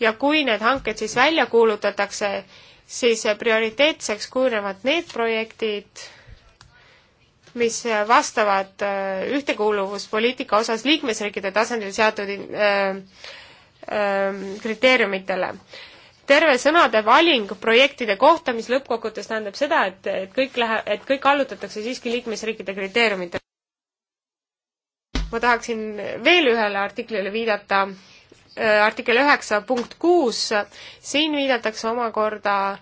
Speaker 2: ja kui need hanked siis välja kuulutatakse, siis prioriteetseks kujunevad need projektid, mis vastavad äh, ühtekuuluvuspoliitika osas liikmesriikide tasandil seatud äh, äh, kriteeriumitele. terve sõnade valing projektide kohta, mis lõppkokkuvõttes tähendab seda, et, et kõik läheb, et kõik allutatakse siiski liikmesriikide kriteeriumitele. ma tahaksin veel ühele artiklile viidata, artikkel üheksa punkt kuus, siin viidatakse omakorda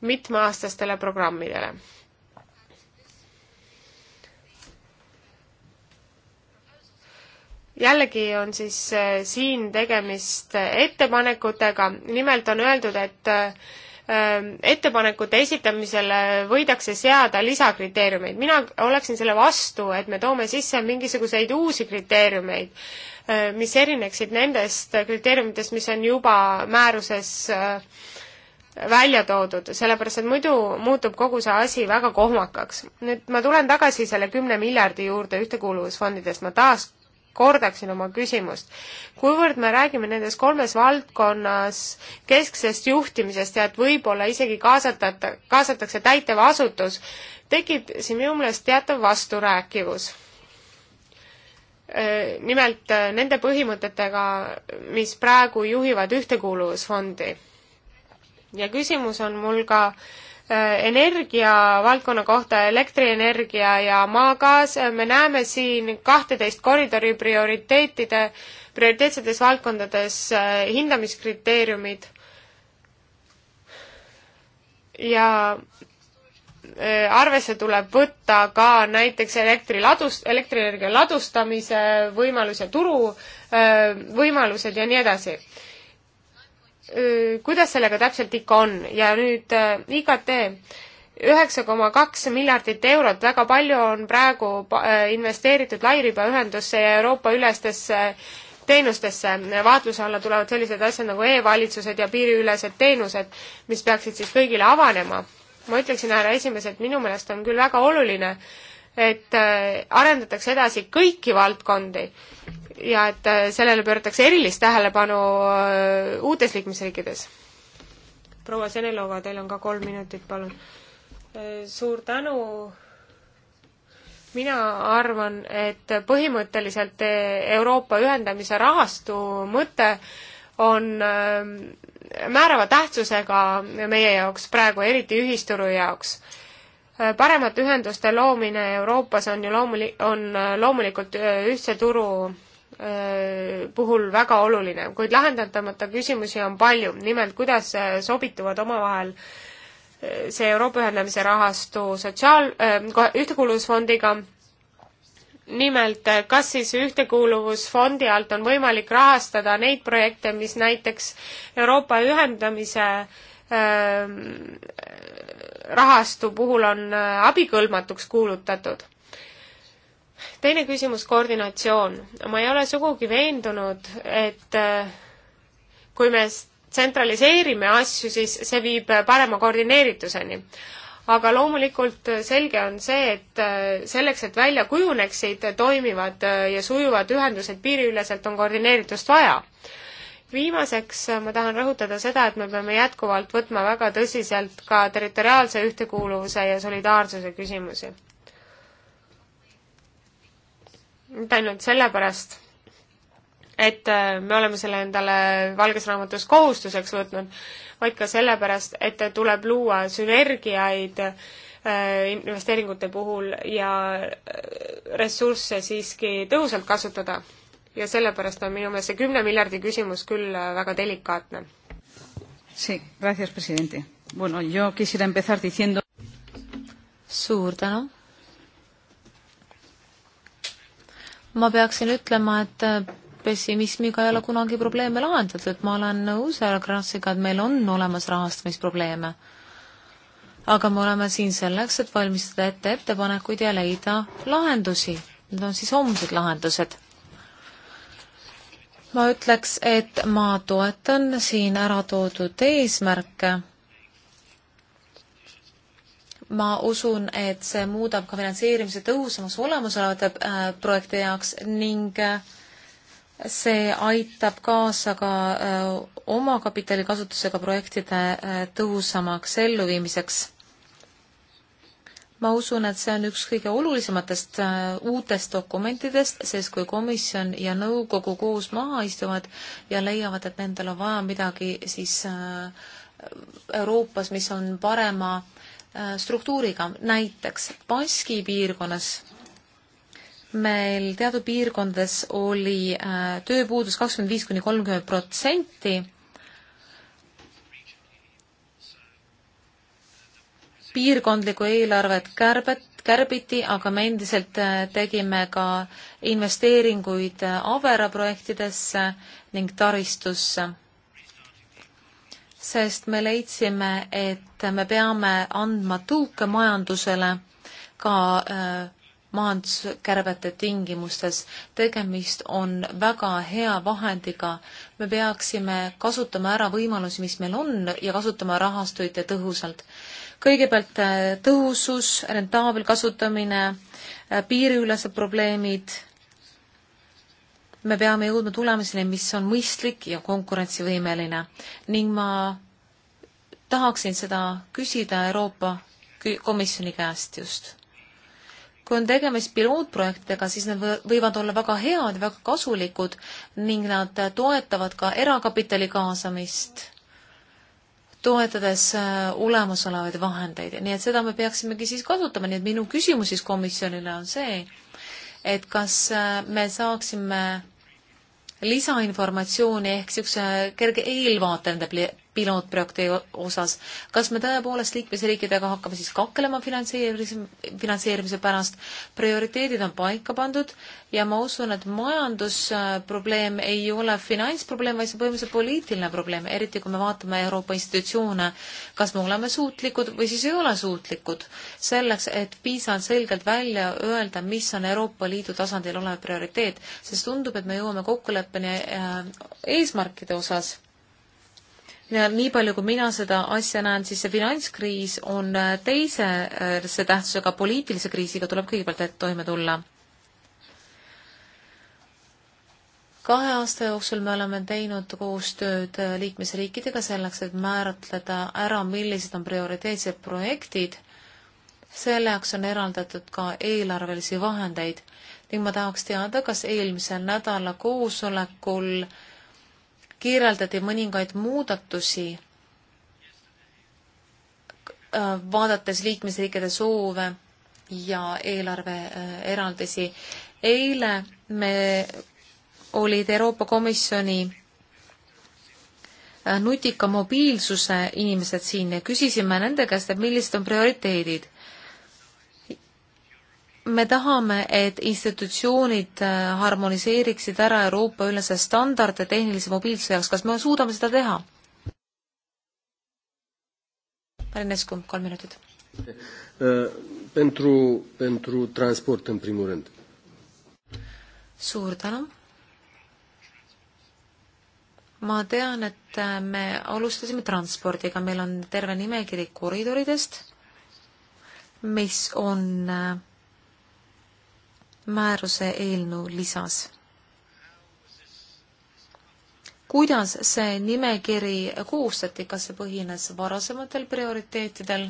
Speaker 2: mitmeaastastele programmidele jällegi on siis äh, siin tegemist äh, ettepanekutega, nimelt on öeldud, et äh, ähm, ettepanekute esitamisele võidakse seada lisakriteeriumeid. mina oleksin selle vastu, et me toome sisse mingisuguseid uusi kriteeriumeid, mis erineksid nendest kriteeriumitest, mis on juba määruses välja toodud, sellepärast et muidu muutub kogu see asi väga kohmakaks. nüüd ma tulen tagasi selle kümne miljardi juurde ühtekuuluvusfondidest, ma taas kordaksin oma küsimust. kuivõrd me räägime nendes kolmes valdkonnas kesksest juhtimisest ja et võib-olla isegi kaasatata, kaasatakse täitev asutus, tekib siin minu meelest teatav vasturääkivus. Äh, nimelt äh, nende põhimõtetega, mis praegu juhivad Ühtekuuluvusfondi. ja küsimus on mul ka äh, Äh, energia valdkonna kohta, elektrienergia ja maagaas, me näeme siin kahteteist koridori prioriteetide, prioriteetsetes valdkondades äh, hindamiskriteeriumid ja äh, arvesse tuleb võtta ka näiteks elektri ladus, elektrienergia ladustamise võimalus ja turu võimalused ja nii edasi kuidas sellega täpselt ikka on ja nüüd IKT, üheksa koma kaks miljardit eurot, väga palju on praegu investeeritud lairibaühendusse ja Euroopa-ülestesse teenustesse, vaatluse alla tulevad sellised asjad nagu e-valitsused ja piiriülesed teenused, mis peaksid siis kõigile avanema. ma ütleksin, härra esimees, et minu meelest on küll väga oluline, et arendatakse edasi kõiki valdkondi ja et äh, sellele pööratakse erilist tähelepanu äh, uutes liikmesriikides. proua Senelova, teil on ka kolm minutit, palun. Äh, suur tänu. mina arvan, et põhimõtteliselt Euroopa ühendamise rahastu mõte on määrava tähtsusega meie jaoks praegu, eriti ühisturu jaoks paremate ühenduste loomine Euroopas on ju loomuli-, on loomulikult ühtse turu Äh, puhul väga oluline, kuid lahendamata küsimusi on palju, nimelt kuidas äh, sobituvad omavahel äh, see Euroopa ühendamise rahastu sotsiaal-, ühtekuuluvusfondiga, nimelt kas siis ühtekuuluvusfondi alt on võimalik rahastada neid projekte, mis näiteks Euroopa ühendamise ähm, rahastu puhul on abikõlbmatuks kuulutatud teine küsimus, koordinatsioon. ma ei ole sugugi veendunud, et äh, kui me tsentraliseerime asju, siis see viib äh, parema koordineerituseni. aga loomulikult äh, selge on see, et selleks, et välja kujuneksid toimivad ja sujuvad ühendused piiriüleselt, on koordineeritust vaja. viimaseks ma tahan rõhutada seda, et me peame jätkuvalt võtma väga tõsiselt ka territoriaalse ühtekuuluvuse ja solidaarsuse küsimusi mitte ainult sellepärast, et äh, me oleme selle endale Valges Raamatus kohustuseks võtnud, vaid ka sellepärast, et tuleb luua sünergiaid äh, investeeringute puhul ja äh, ressursse siiski tõhusalt kasutada. ja sellepärast on minu meelest see kümne miljardi küsimus küll väga delikaatne.
Speaker 4: Sí, gracias, presidente. Bueno, yo quisiera empezar diciendo... Suur tänu ma peaksin ütlema, et äh, pessimismiga ei ole kunagi probleeme lahendatud, ma olen nõus härra Krasiga, et meil on olemas rahastamisprobleeme. aga me oleme siin selleks, et valmistada ette ettepanekuid ja leida lahendusi. Need on siis homsed lahendused. ma ütleks, et ma toetan siin ära toodud eesmärke ma usun, et see muudab ka finantseerimise tõhusamaks olemasolevate äh, projekti jaoks ning äh, see aitab kaasa ka äh, omakapitali kasutusega projektide tõhusamaks elluviimiseks. ma usun, et see on üks kõige olulisematest uutest dokumentidest, sest kui komisjon ja nõukogu koos maha istuvad ja leiavad, et nendel on vaja midagi siis Euroopas, mis on parema äh, Äh, struktuuriga, näiteks Baski piirkonnas meil teatud piirkondades oli äh, tööpuudus kakskümmend viis kuni kolmkümmend protsenti. piirkondlikku eelarvet kärbet, kärbiti, aga me endiselt äh, tegime ka investeeringuid Avera projektidesse ning taristusse sest me leidsime, et me peame andma tuuke majandusele ka äh, majanduskärbete tingimustes. tegemist on väga hea vahendiga. me peaksime kasutama ära võimalusi, mis meil on ja kasutama rahastuid tõhusalt. kõigepealt äh, tõhusus, rentaabel kasutamine, äh, piiriülesed probleemid me peame jõudma tulemuseni, mis on mõistlik ja konkurentsivõimeline ning ma tahaksin seda küsida Euroopa Komisjoni käest just. kui on tegemist pilootprojektidega, siis need võivad olla väga head, väga kasulikud ning nad toetavad ka erakapitali kaasamist, toetades äh, olemasolevaid vahendeid, nii et seda me peaksimegi siis kasutama, nii et minu küsimus siis komisjonile on see, et kas äh, me saaksime lisainformatsiooni ehk niisuguse kerge eelvaate nende pilootprojekti osas. kas me tõepoolest liikmesriikidega hakkame siis kaklema finantseerimise, finantseerimise pärast? prioriteedid on paika pandud ja ma usun, et majandusprobleem ei ole finantsprobleem, vaid see on põhimõtteliselt poliitiline probleem, eriti kui me vaatame Euroopa institutsioone, kas me oleme suutlikud või siis ei ole suutlikud selleks, et piisavalt selgelt välja öelda, mis on Euroopa Liidu tasandil olev prioriteet, sest tundub, et me jõuame kokkuleppeni äh, eesmärkide osas ja nii palju, kui mina seda asja näen, siis see finantskriis on äh, teisese äh, tähtsusega poliitilise kriisiga, tuleb kõigepealt toime tulla. kahe aasta jooksul me oleme teinud koostööd äh, liikmesriikidega selleks, et määratleda ära, millised on prioriteetsed projektid. selleks on eraldatud ka eelarvelisi vahendeid ning ma tahaks teada, kas eelmisel nädala koosolekul äh, kirjeldati mõningaid muudatusi, äh, vaadates liikmesriikide soove ja eelarveeraldisi. Äh, eile me olid Euroopa Komisjoni äh, nutika mobiilsuse inimesed siin ja küsisime nende käest, et millised on prioriteedid me tahame, et institutsioonid äh, harmoniseeriksid ära Euroopa-ülese standarde tehnilise mobiilsuse jaoks, kas me suudame seda teha? Marin Escu, kolm minutit.
Speaker 1: Äh, pentru, pentru transport, în primul rând.
Speaker 4: suur tänu. ma tean, et äh, me alustasime transpordiga, meil on terve nimekiri koridoridest, mis on äh, määruse eelnõu lisas. kuidas see nimekiri koostati, kas see põhines varasematel prioriteetidel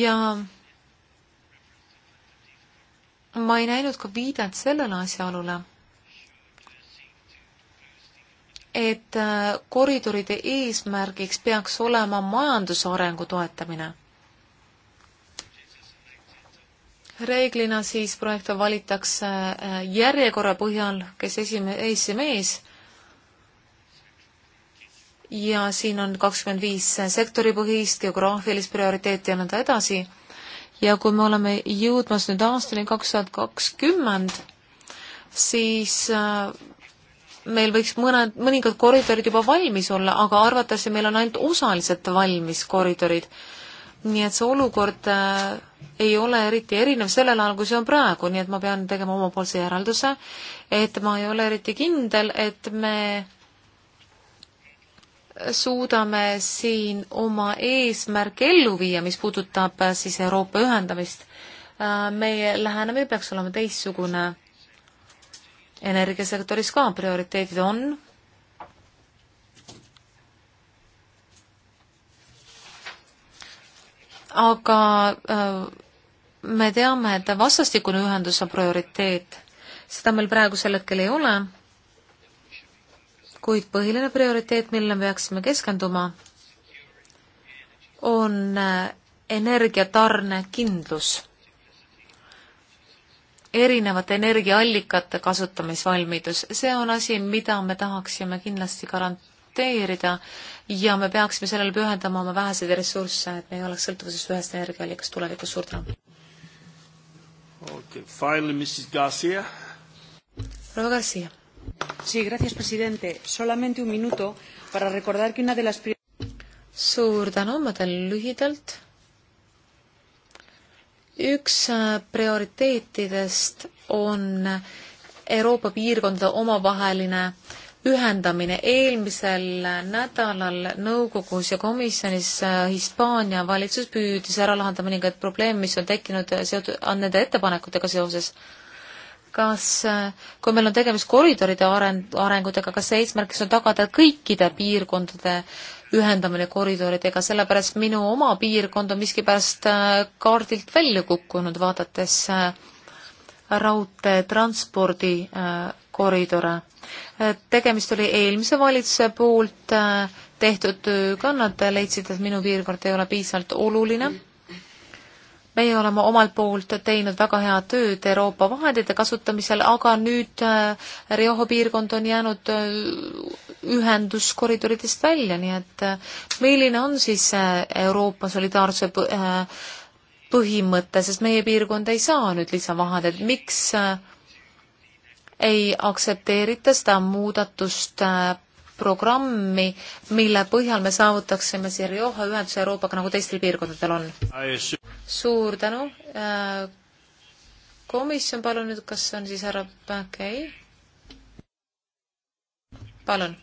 Speaker 4: ja ma ei näinud ka viidet sellele asjaolule, et koridoride eesmärgiks peaks olema majanduse arengu toetamine reeglina siis projekte valitakse äh, järjekorra põhjal, kes esime-, esimees ja siin on kakskümmend viis sektoripõhist, geograafilist prioriteeti ja nõnda edasi. ja kui me oleme jõudmas nüüd aastani kaks tuhat kakskümmend, siis äh, meil võiks mõned, mõningad koridorid juba valmis olla, aga arvatavasti meil on ainult osaliselt valmis koridorid nii et see olukord äh, ei ole eriti erinev sellel ajal, kui see on praegu, nii et ma pean tegema omapoolse järelduse, et ma ei ole eriti kindel, et me suudame siin oma eesmärke ellu viia, mis puudutab äh, siis Euroopa ühendamist. Äh, meie lähenemine peaks olema teistsugune. energiasektoris ka prioriteedid on aga äh, me teame, et vastastikune ühendus on prioriteet. seda meil praegusel hetkel ei ole, kuid põhiline prioriteet, millele me peaksime keskenduma, on äh, energiatarnekindlus, erinevate energiaallikate kasutamisvalmidus, see on asi, mida me tahaksime kindlasti garant-, adapteerida ja me peaksime sellele pühendama oma väheseid ressursse, et me ei oleks sõltuvuses ühest energiaallikast tulevikus. suur tänu!
Speaker 1: Okay, finally, Mrs. Garcia.
Speaker 4: Rosa Garcia. Sí, gracias, presidente. Solamente un minuto para recordar que una de las suur tänu, ma teen lühidalt. üks äh, prioriteetidest on Euroopa piirkondade omavaheline äh, ühendamine. eelmisel nädalal nõukogus ja komisjonis äh, Hispaania valitsus püüdis ära lahendada mõningaid probleeme, mis on tekkinud äh, seotud nende ettepanekutega seoses. kas, äh, kui meil on tegemist koridoride areng, arengutega, kas see eesmärgiks on tagada kõikide piirkondade ühendamine koridoridega, sellepärast minu oma piirkond on miskipärast kaardilt välja kukkunud, vaadates äh, raudteetranspordi äh, koridore. Äh, tegemist oli eelmise valitsuse poolt äh, tehtud tööga, nad leidsid, et minu piirkond ei ole piisavalt oluline. meie oleme omalt poolt teinud väga head tööd Euroopa vahendite kasutamisel, aga nüüd Rioho piirkond on jäänud ühenduskoridoridest välja, nii et milline on siis Euroopa solidaarsuse põhimõte, sest meie piirkond ei saa nüüd lisavahendeid, miks äh, ei aktsepteerita seda muudatust äh, programmi, mille põhjal me saavutaksime siia Rioja ühenduse Euroopaga, nagu teistel piirkondadel on. suur tänu. Äh, komisjon, palun nüüd, kas on siis härra Päkei okay.? palun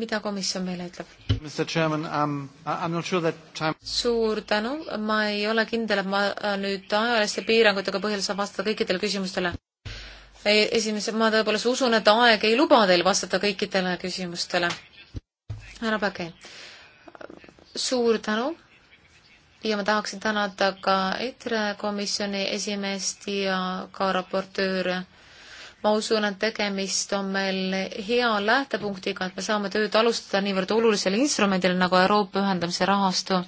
Speaker 4: mida komisjon meile ütleb?
Speaker 3: Um, sure time...
Speaker 4: suur tänu, ma ei ole kindel, et ma nüüd ajaliste piirangutega põhjal saan vastata kõikidele küsimustele. esimese, ma tõepoolest usun, et aeg ei luba teil vastata kõikidele küsimustele. härra Päke, suur tänu ja ma tahaksin tänada ka EKRE komisjoni esimeest ja ka raportööre ma usun, et tegemist on meil hea lähtepunktiga, et me saame tööd alustada niivõrd olulisel instrumendil nagu Euroopa ühendamise rahastu.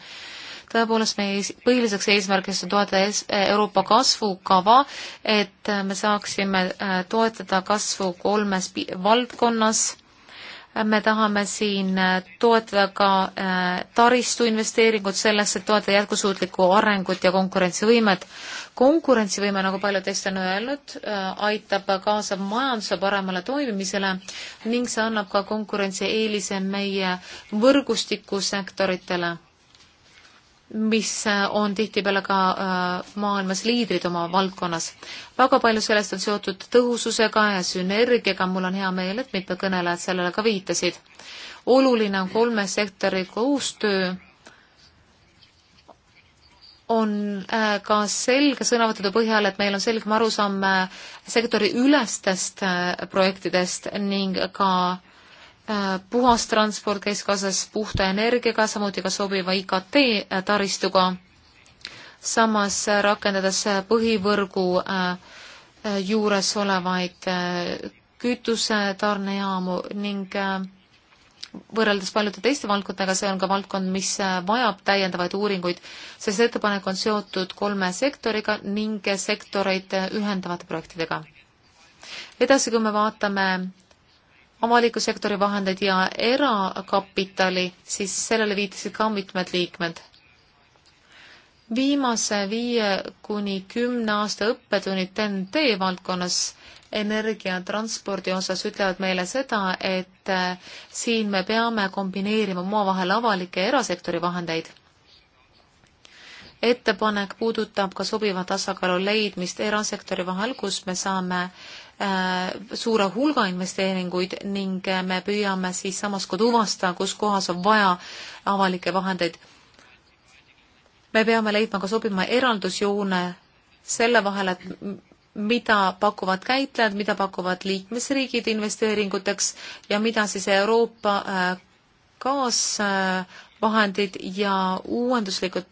Speaker 4: tõepoolest, meie põhiliseks eesmärgiks on toetada Euroopa kasvukava, et me saaksime äh, toetada kasvu kolmes valdkonnas me tahame siin äh, toetada ka äh, taristuinvesteeringut sellesse, et toetada jätkusuutlikku arengut ja konkurentsivõimet. konkurentsivõime, nagu paljud teist on öelnud, äh, aitab kaasa majanduse paremale toimimisele ning see annab ka konkurentsieelise meie võrgustikusektoritele mis äh, on tihtipeale ka äh, maailmas liidrid oma valdkonnas. väga palju sellest on seotud tõhususega ja sünergiaga, mul on hea meel, et mitmed kõnelejad sellele ka viitasid. oluline on kolme sektori koostöö, on äh, ka selge sõnavõttude põhjal, et meil on selgem arusaam sektori ülestest projektidest ning ka Äh, puhas transport keskasas puhta energiaga, samuti ka sobiva IKT äh, taristuga, samas äh, rakendades põhivõrgu juures olevaid kütusetarnejaamu ning võrreldes paljude teiste valdkondadega, see on ka valdkond, mis vajab täiendavaid uuringuid, sest ettepanek on seotud kolme sektoriga ning sektoreid ühendavate projektidega. edasi, kui me vaatame avaliku sektori vahendeid ja erakapitali, siis sellele viitasid ka mitmed liikmed. viimase viie kuni kümne aasta õppetunnid TEN-T valdkonnas energia transpordi osas ütlevad meile seda, et eh, siin me peame kombineerima omavahel avalikke ja erasektori vahendeid. ettepanek puudutab ka sobiva tasakaalu leidmist erasektori vahel, kus me saame äh, Äh, suure hulga investeeringuid ning äh, me püüame siis samas ka tuvastada, kus kohas on vaja avalikke vahendeid. me peame leidma ka sobima eraldusjoone selle vahel, et mida pakuvad käitlejad, mida pakuvad liikmesriigid investeeringuteks ja mida siis Euroopa äh, kaasvahendid ja uuenduslikud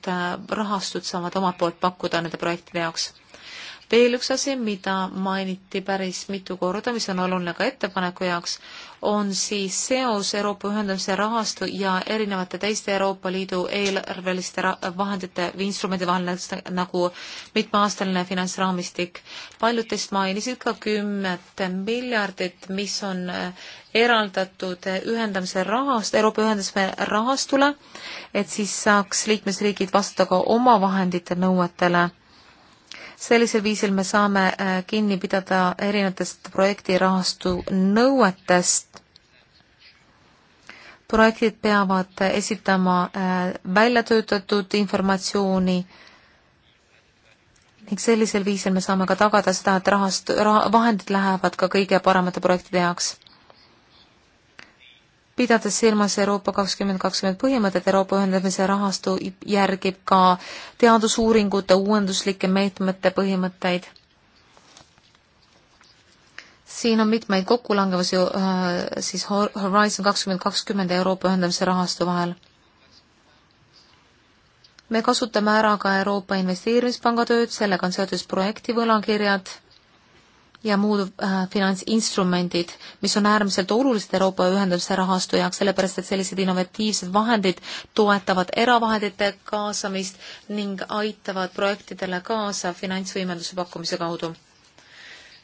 Speaker 4: rahastud saavad omalt poolt pakkuda nende projektide jaoks veel üks asi, mida mainiti päris mitu korda, mis on oluline ka ettepaneku jaoks, on siis seos Euroopa ühendamise rahastu ja erinevate teiste Euroopa Liidu eelarveliste vahendite või instrumendi vahel, nagu mitmeaastaline finantsraamistik. paljud teist mainisid ka kümmet miljardit, mis on äh, eraldatud äh, ühendamise rahast, Euroopa ühendamise rahastule, et siis saaks liikmesriigid vastata ka oma vahendite nõuetele sellisel viisil me saame äh, kinni pidada erinevatest projektirahastu nõuetest. projektid peavad esitama äh, välja töötatud informatsiooni ning sellisel viisil me saame ka tagada seda, et rahast, raha, vahendid lähevad ka kõige paremate projektide jaoks pidades silmas Euroopa kakskümmend kakskümmend põhimõtet, Euroopa ühendamise rahastu järgib ka teadusuuringute uuenduslike meetmete põhimõtteid. siin on mitmeid kokkulangevusi äh, siis Horizon kakskümmend kakskümmend ja Euroopa ühendamise rahastu vahel me kasutame ära ka Euroopa Investeerimispanga tööd, sellega on seotud projekti võlakirjad ja muud äh, finantsinstrumendid, mis on äärmiselt olulised Euroopa ühenduse rahastu jaoks, sellepärast et sellised innovatiivsed vahendid toetavad eravahendite kaasamist ning aitavad projektidele kaasa finantsvõimenduse pakkumise kaudu.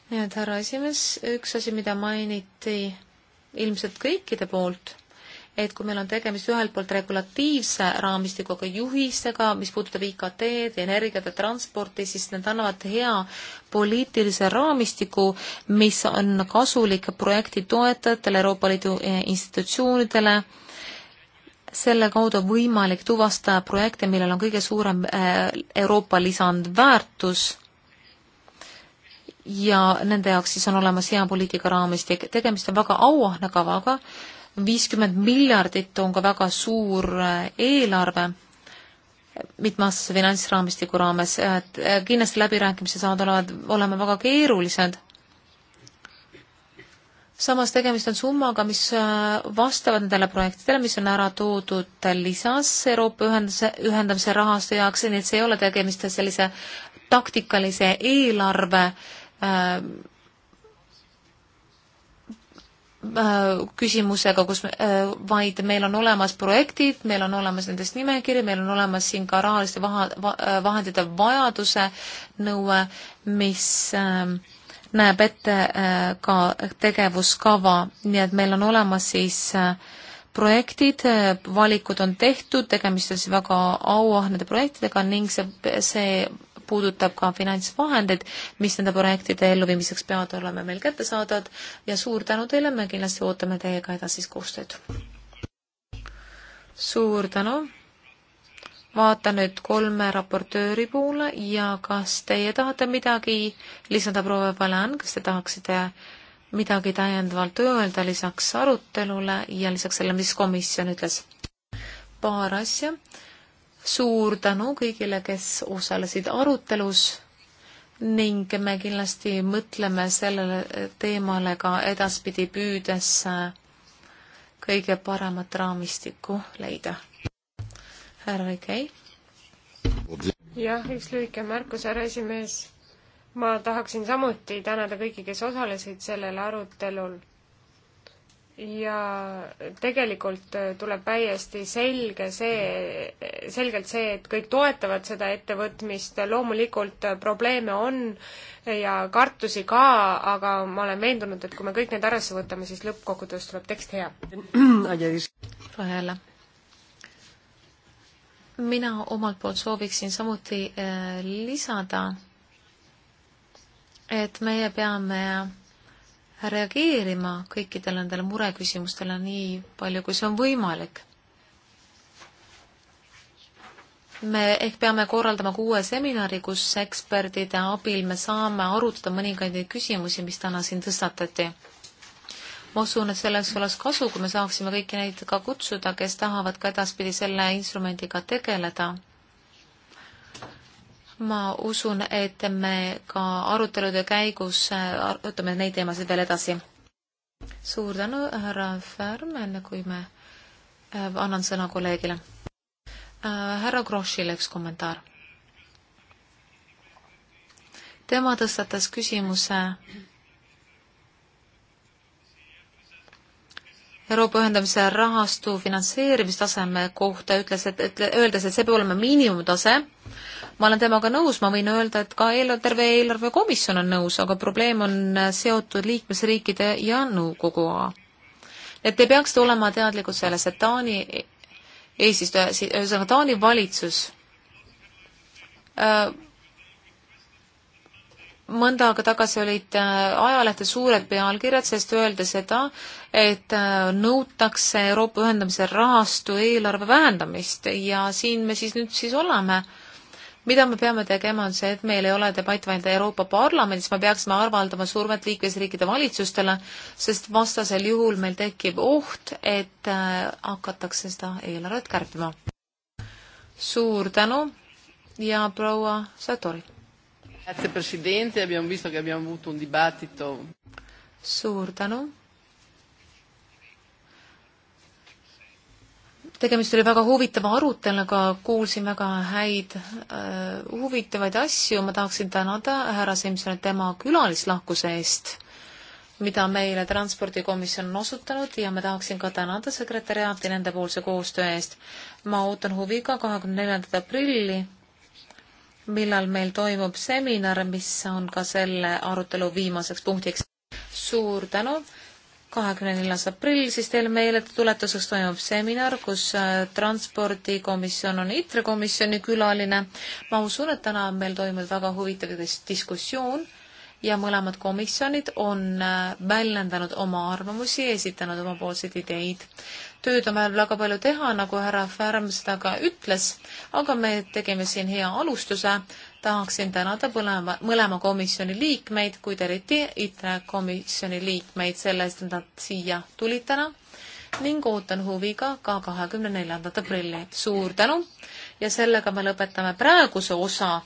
Speaker 4: nii et härra esimees, üks asi, mida mainiti ilmselt kõikide poolt et kui meil on tegemist ühelt poolt regulatiivse raamistikuga, juhisega, mis puudutab IKT-d, energiat ja transporti, siis need annavad hea poliitilise raamistiku, mis on kasulik projekti toetajatele, Euroopa Liidu eh, institutsioonidele, selle kaudu on võimalik tuvastada projekte, millel on kõige suurem eh, Euroopa lisandväärtus ja nende jaoks siis on olemas hea poliitika raamistik. tegemist on väga auahne kavaga, viiskümmend miljardit on ka väga suur äh, eelarve mitmas finantsraamistiku raames, äh, et äh, kindlasti läbirääkimised saavad olevat, olema väga keerulised. samas tegemist on summaga, mis vastavad nendele projektidele, mis on ära toodud lisas Euroopa ühenduse, ühendamise rahastu jaoks, nii et see ei ole tegemist sellise taktikalise eelarve äh, Äh, küsimusega, kus me, äh, vaid meil on olemas projektid, meil on olemas nendest nimekiri, meil on olemas siin ka rahaliste vaha, äh, vahendite vajaduse nõue, mis ähm, näeb ette ka tegevuskava, nii et meil on olemas siis projektid, valikud on tehtud, tegemist on siis väga auahnede projektidega ning see, see puudutab ka finantsvahendeid, mis nende projektide elluviimiseks peavad olema meil kättesaadavad ja suur tänu teile, me kindlasti ootame teiega edasist koostööd. suur tänu! vaatan nüüd kolme raportööri poole ja kas teie tahate midagi lisada, proua Valen, kas te tahaksite midagi täiendavalt öelda lisaks arutelule ja lisaks sellele, mis komisjon ütles? paar asja suur tänu kõigile, kes osalesid arutelus ning me kindlasti mõtleme sellele teemale ka edaspidi, püüdes kõige paremat raamistikku leida. härra Ikei.
Speaker 2: jah, üks lühike märkus, härra esimees. ma tahaksin samuti tänada kõiki, kes osalesid sellel arutelul ja tegelikult tuleb täiesti selge see, selgelt see, et kõik toetavad seda ettevõtmist, loomulikult probleeme on ja kartusi ka, aga ma olen veendunud, et kui me kõik need arvesse võtame, siis lõppkokkuvõttes tuleb tekst
Speaker 4: hea. Rahele. mina omalt poolt sooviksin samuti äh, lisada, et meie peame reageerima kõikidele nendele mureküsimustele nii palju, kui see on võimalik. me ehk peame korraldama ka uue seminari, kus eksperdide abil me saame arutada mõningaid neid küsimusi, mis täna siin tõstatati. ma usun, et selleks oleks kasu, kui me saaksime kõiki neid ka kutsuda, kes tahavad ka edaspidi selle instrumendiga tegeleda ma usun, et me ka arutelude käigus äh, arutame neid teemasid veel edasi. suur tänu, härra Färm, enne kui me äh, annan sõna kolleegile. Äh, härra Groschile üks kommentaar. tema tõstatas küsimuse Euroopa ühendamise rahastu finantseerimistaseme kohta ütles, et, et öeldes, et see peab olema miinimumtase, ma olen temaga nõus, ma võin öelda, et ka eel-, terve eelarvekomisjon on nõus, aga probleem on seotud liikmesriikide ja nõukoguga. et te peaksite olema teadlikud selles, et Taani eesistuja, ühesõnaga Taani valitsus öö, äh, mõnda aega tagasi olid äh, ajalehte suured pealkirjad, sest öeldi seda, et äh, nõutakse Euroopa ühendamise rahastu eelarve vähendamist ja siin me siis nüüd siis oleme. mida me peame tegema, on see, et meil ei ole debatt vaid Euroopa Parlamendis, me peaksime avaldama survet liikmesriikide valitsustele, sest vastasel juhul meil tekib oht, et äh, hakatakse seda eelarvet kärpima. suur tänu ja proua Satori
Speaker 1: Grazie Presidente, abbiamo visto che abbiamo avuto un dibattito.
Speaker 4: suur tänu. tegemist oli väga huvitava aruteluga, kuulsin väga häid äh, huvitavaid asju, ma tahaksin tänada härra Simsonit tema külalislahkuse eest, mida meile Transpordikomisjon on osutanud ja ma tahaksin ka tänada sekretäriaati nendepoolse koostöö eest. ma ootan huviga kahekümne neljandat aprilli millal meil toimub seminar, mis on ka selle arutelu viimaseks punktiks. suur tänu! kahekümne neljas aprill siis teil meeldetuletuseks toimub seminar, kus äh, transpordikomisjon on ITRE komisjoni külaline. ma usun, et täna on meil toimunud väga huvitav diskussioon ja mõlemad komisjonid on äh, väljendanud oma arvamusi, esitanud omapoolseid ideid tööd on veel väga palju teha, nagu härra Färm seda ka ütles, aga me tegime siin hea alustuse. tahaksin tänada mõlema, mõlema komisjoni liikmeid, kuid eriti ITRE komisjoni liikmeid selle eest, et nad siia tulid täna ning ootan huviga ka kahekümne neljandat aprilli. suur tänu ja sellega me lõpetame praeguse osa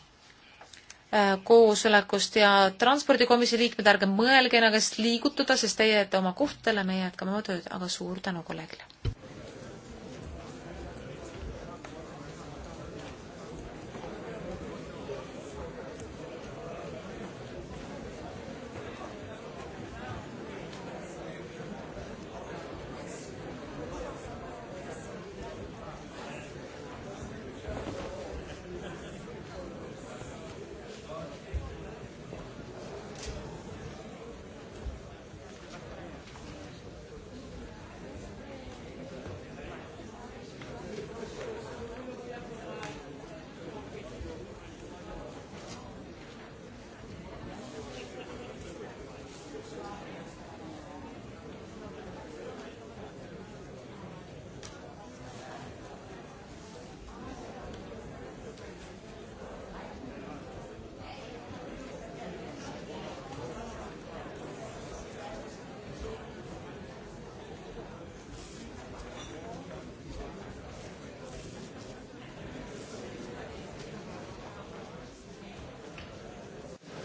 Speaker 4: Äh, koosolekust ja transpordikomisjoni liikmed, ärge mõelge ennast liigutada, sest teie jääte oma kohtadele, me jätkame oma tööd, aga suur tänu kolleegile!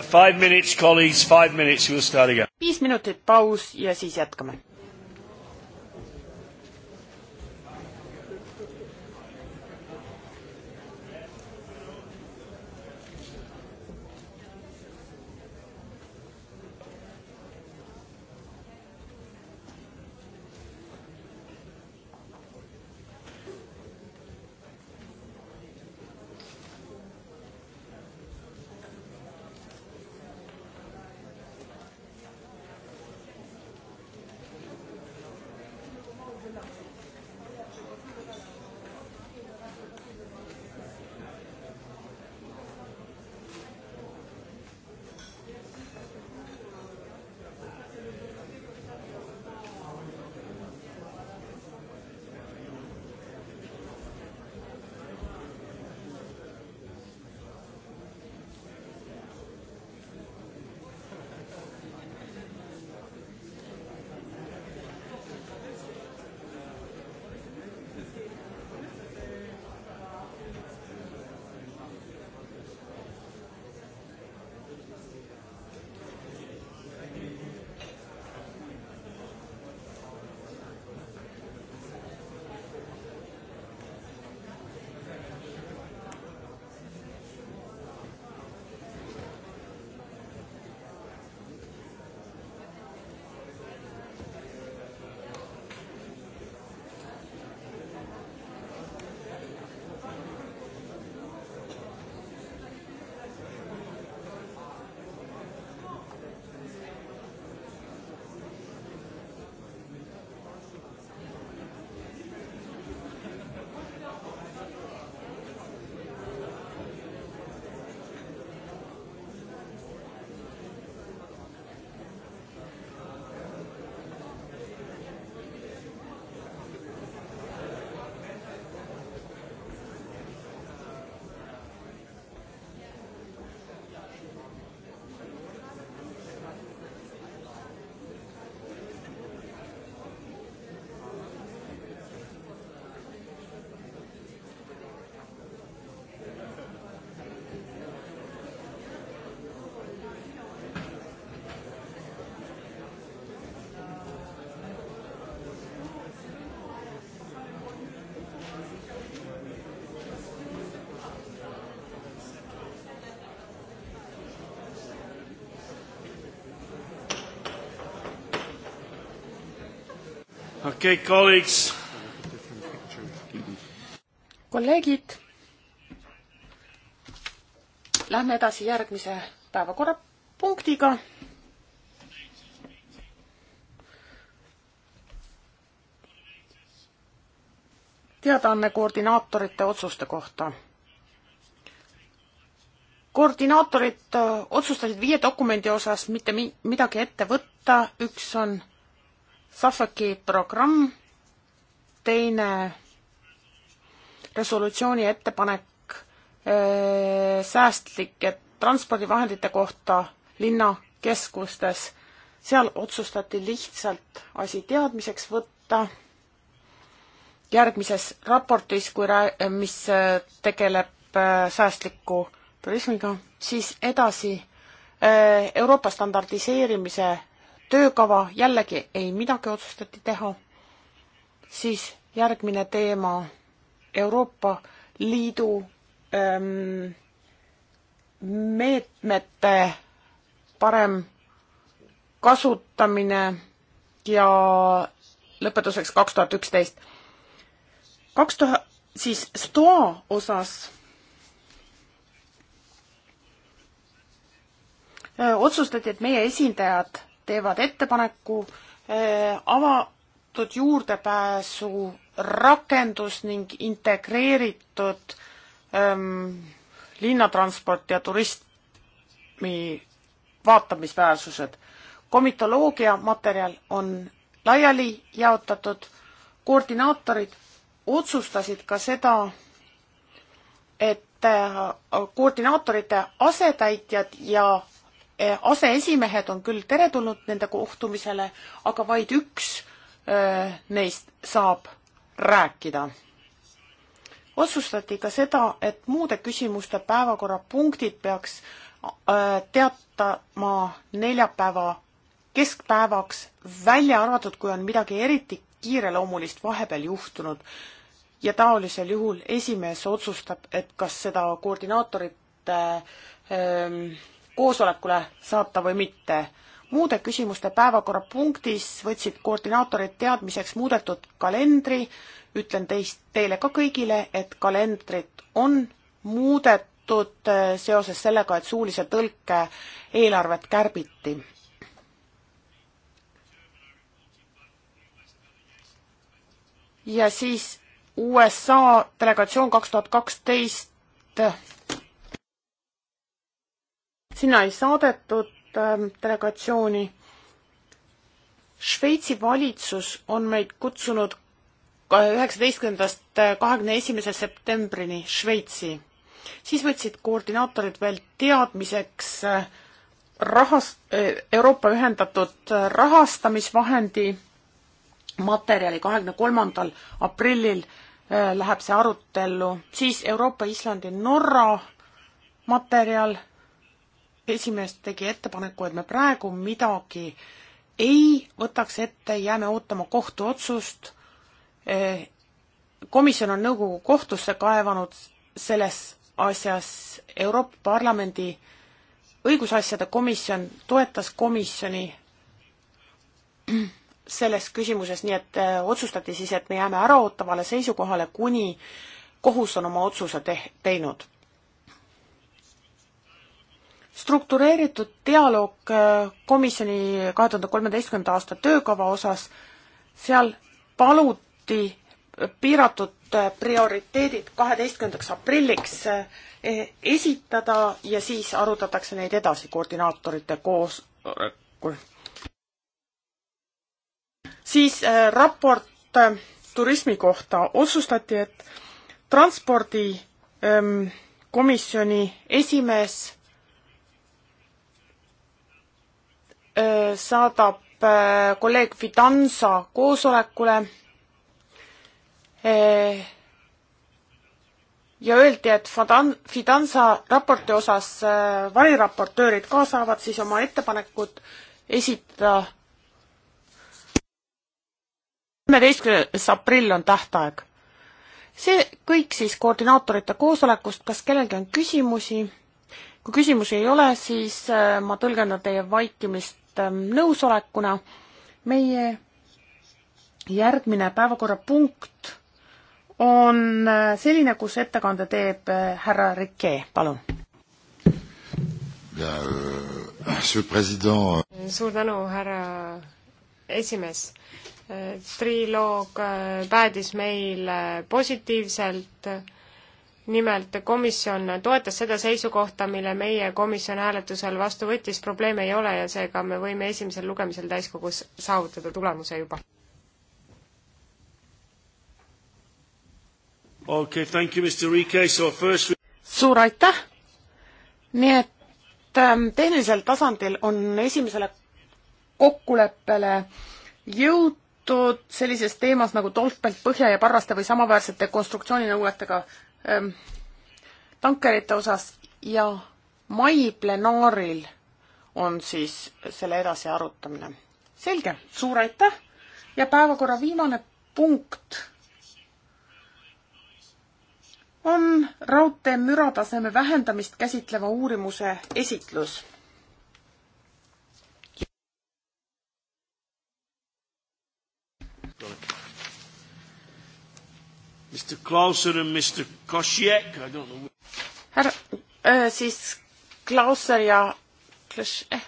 Speaker 1: Five minutes, colleagues, five minutes, we'll start again.
Speaker 3: viis minutit paus ja siis jätkame.
Speaker 1: okei okay,, kolleegid. kolleegid.
Speaker 3: Lähme edasi järgmise päevakorrapunktiga. teadaanne koordinaatorite otsuste kohta. koordinaatorid otsustasid viie dokumendi osas mitte mi midagi ette võtta, üks on Fafaki programm, teine resolutsiooni ettepanek öö, äh, säästlike transpordivahendite kohta linnakeskustes, seal otsustati lihtsalt asi teadmiseks võtta järgmises raportis, kui rää-, äh, mis äh, tegeleb säästliku turismiga, siis edasi Euroopa standardiseerimise töökava, jällegi ei midagi otsustati teha. siis järgmine teema, Euroopa Liidu ähm, meetmete parem kasutamine ja lõpetuseks kaks tuhat üksteist. kaks tuhat, siis STOA osas äh, otsustati, et meie esindajad teevad ettepaneku eh, avatud juurdepääsu rakendus ning integreeritud ähm, linnatransport ja turismi vaatamisväärsused. komitoloogia materjal on laiali jaotatud, koordinaatorid otsustasid ka seda, et eh, koordinaatorite asetäitjad ja Eh, aseesimehed on küll teretulnud nende kohtumisele, aga vaid üks eh, neist saab rääkida. otsustati ka seda, et muude küsimuste päevakorrapunktid peaks eh, teatama neljapäeva keskpäevaks, välja arvatud, kui on midagi eriti kiireloomulist vahepeal juhtunud. ja taolisel juhul esimees otsustab, et kas seda koordinaatorite äh, koosolekule saata või mitte. muude küsimuste päevakorrapunktis võtsid koordinaatorid teadmiseks muudetud kalendri, ütlen teist, teile ka kõigile, et kalendrit on muudetud äh, seoses sellega, et suulise tõlke eelarvet kärbiti ja siis USA delegatsioon kaks tuhat kaksteist sinna ei saadetud ähm, delegatsiooni. Šveitsi valitsus on meid kutsunud üheksateistkümnendast äh, kahekümne esimese septembrini Šveitsi. siis võtsid koordinaatorid veel teadmiseks äh, rahas-, äh, Euroopa ühendatud rahastamisvahendi materjali kahekümne kolmandal aprillil läheb see arutellu, siis Euroopa, Islandi, Norra materjal esimees tegi ettepaneku, et me praegu midagi ei võtaks ette, jääme ootama kohtuotsust. Eh, komisjon on nõukogu kohtusse kaevanud selles asjas Euroopa Parlamendi õigusasjade komisjon toetas komisjoni selles küsimuses, nii et eh, otsustati siis, et me jääme äraootavale seisukohale, kuni kohus on oma otsuse te-, teinud struktureeritud dialoog äh, komisjoni kahe tuhande kolmeteistkümnenda aasta töökava osas, seal paluti piiratud äh, prioriteedid kaheteistkümnendaks aprilliks äh, esitada ja siis arutatakse neid edasi koordinaatorite koos. siis raport turismi kohta otsustati, et transpordikomisjoni ähm, esimees Äh, saadab äh, kolleeg Fidanza koosolekule äh, ja öeldi, et Fadan-, Fidanza raporti osas variraportöörid ka saavad siis oma ettepanekud esitada. kolmeteistkümnes aprill on tähtaeg. see kõik siis koordinaatorite koosolekust, kas kellelgi on küsimusi? kui küsimusi ei ole, siis ma tõlgendan teie vaikimist Ähm, nõusolekuna. meie järgmine päevakorrapunkt on äh, selline, kus ettekande teeb äh, härra Rikke, palun. Äh,
Speaker 2: suur tänu, härra esimees. triloog päädis meil positiivselt nimelt komisjon toetas seda seisukohta, mille meie komisjon hääletusel vastu võttis, probleeme ei ole ja seega me võime esimesel lugemisel täiskogus saavutada tulemuse juba.
Speaker 1: okei okay,, thank you, Mr Rike, so first
Speaker 3: suur aitäh! nii et ähm, tehnilisel tasandil on esimesele kokkuleppele jõutud sellises teemas nagu tolkpelt, põhja ja parraste või samaväärsete konstruktsiooninõuetega Ähm, tankerite osas ja mai plenaaril on siis selle edasi arutamine. selge, suur aitäh ja päevakorra viimane punkt on raudtee mürataseme vähendamist käsitleva uurimuse esitlus
Speaker 1: Mr Clausen and Mr Kosiek, I don't know.
Speaker 3: Härra, äh, siis Klauser ja Klaus- eh..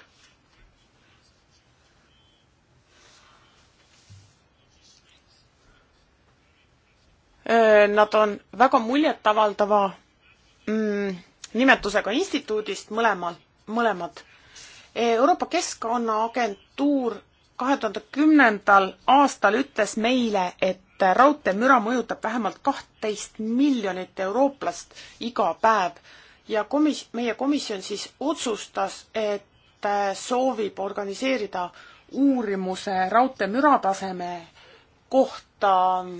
Speaker 3: Äh, nad on väga muljetavaldava mm, nimetusega instituudist mõlemal, mõlemad. Äh, Euroopa Keskkonnaagentuur kahe tuhande kümnendal aastal ütles meile, et et raudteemüra mõjutab vähemalt kahtteist miljonit eurooplast iga päev ja komis-, meie komisjon siis otsustas, et soovib organiseerida uurimuse raudteemüra taseme kohta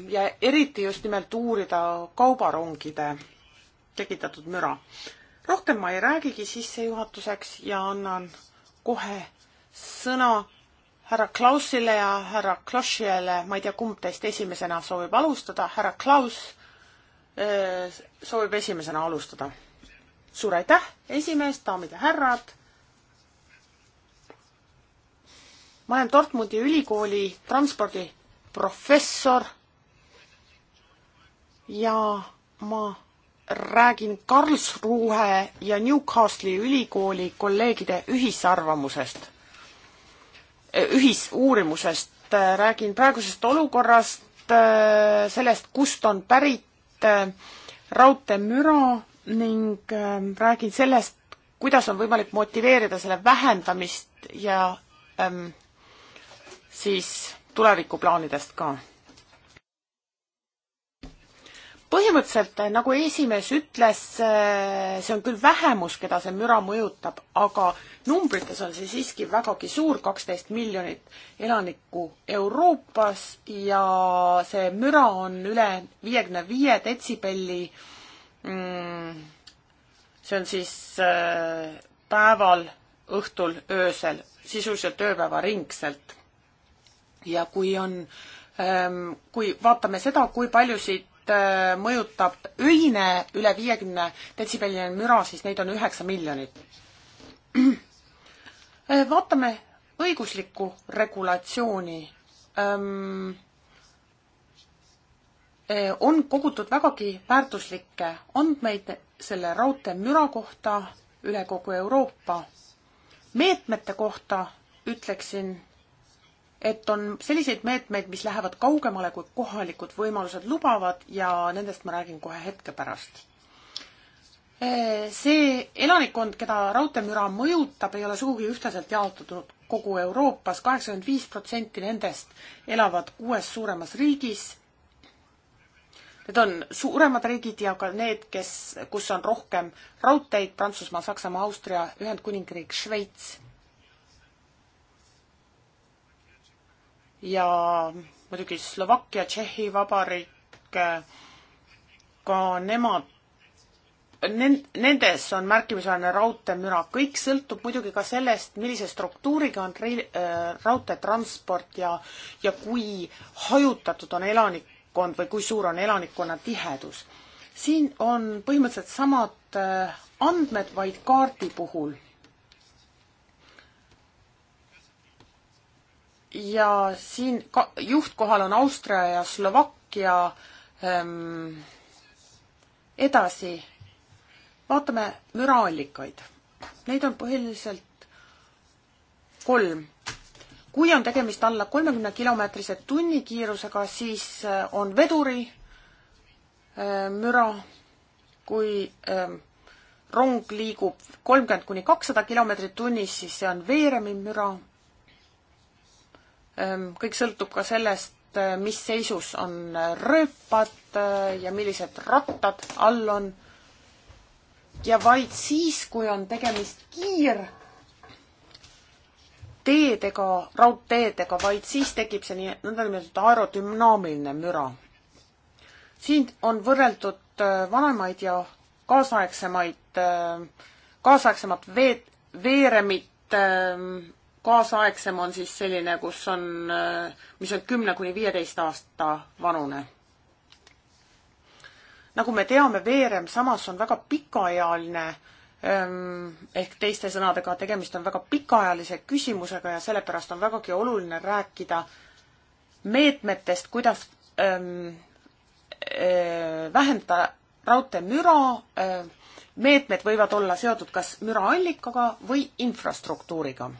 Speaker 3: ja eriti just nimelt uurida kaubarongide tekitatud müra. rohkem ma ei räägigi sissejuhatuseks ja annan kohe sõna härra Klausile ja härra Klošile, ma ei tea, kumb teist esimesena soovib alustada, härra Klaus öö, äh, soovib esimesena alustada. suur aitäh, esimees, daamid ja härrad. ma olen Dortmundi ülikooli transpordiprofessor ja ma räägin Karlsruhe ja Newcastli ülikooli kolleegide ühisarvamusest ühisuurimusest, äh, räägin praegusest olukorrast, äh, sellest, kust on pärit äh, raudteemüra ning räägin sellest, kuidas on võimalik motiveerida selle vähendamist ja ähm, siis tulevikuplaanidest ka põhimõtteliselt, eh, nagu esimees ütles, eh, see on küll vähemus, keda see müra mõjutab, aga numbrites on see siiski vägagi suur, kaksteist miljonit elanikku Euroopas ja see müra on üle viiekümne viie detsibelli mm, see on siis eh, päeval, õhtul, öösel, sisuliselt ööpäevaringselt. ja kui on, ehm, kui vaatame seda, kui paljusid Äh, mõjutab öine üle viiekümne detsibelline müra, siis neid on üheksa miljonit. Äh, vaatame õiguslikku regulatsiooni. Äh, on kogutud vägagi väärtuslikke andmeid selle raudtee müra kohta üle kogu Euroopa. meetmete kohta ütleksin et on selliseid meetmeid, mis lähevad kaugemale, kui kohalikud võimalused lubavad ja nendest ma räägin kohe hetke pärast. see elanikkond, keda raudteemüra mõjutab, ei ole sugugi ühtlaselt jaotatud kogu Euroopas, kaheksakümmend viis protsenti nendest elavad kuues suuremas riigis. Need on suuremad riigid ja ka need, kes, kus on rohkem raudteid, Prantsusmaa, Saksamaa, Austria, Ühendkuningriik, Šveits ja muidugi Slovakkia, Tšehhi Vabariik, ka nemad, nendes on märkimisväärne raudteemüra. kõik sõltub muidugi ka sellest, millise struktuuriga on äh, raudteetransport ja, ja kui hajutatud on elanikkond või kui suur on elanikkonna tihedus. siin on põhimõtteliselt samad äh, andmed, vaid kaardi puhul ja siin ka-, juhtkohal on Austria ja Slovakkia ähm, edasi. vaatame müraallikaid. Neid on põhiliselt kolm. kui on tegemist alla kolmekümne kilomeetrise tunnikiirusega, siis eh, on veduri äh, müra, kui äh, rong liigub kolmkümmend kuni kakssada kilomeetrit tunnis, siis see on veeremi müra Ehm, kõik sõltub ka sellest, eh, mis seisus on eh, rööpad eh, ja millised rattad all on. ja vaid siis, kui on tegemist kiir teedega, raudteedega, vaid siis tekib see nii, nõndanimetatud aerodünaamiline müra. siin on võrreldud vanemaid ja kaasaegsemaid, kaasaegsemat veed, veeremit ehm, kaasaegsem on siis selline, kus on, mis on kümne kuni viieteist aasta vanune. nagu me teame, veerem samas on väga pikaealine ehm, ehk teiste sõnadega, tegemist on väga pikaajalise küsimusega ja sellepärast on vägagi oluline rääkida meetmetest, kuidas ähm, äh, vähendada raudteemüra äh,, meetmed võivad olla seotud kas müraallikaga või infrastruktuuriga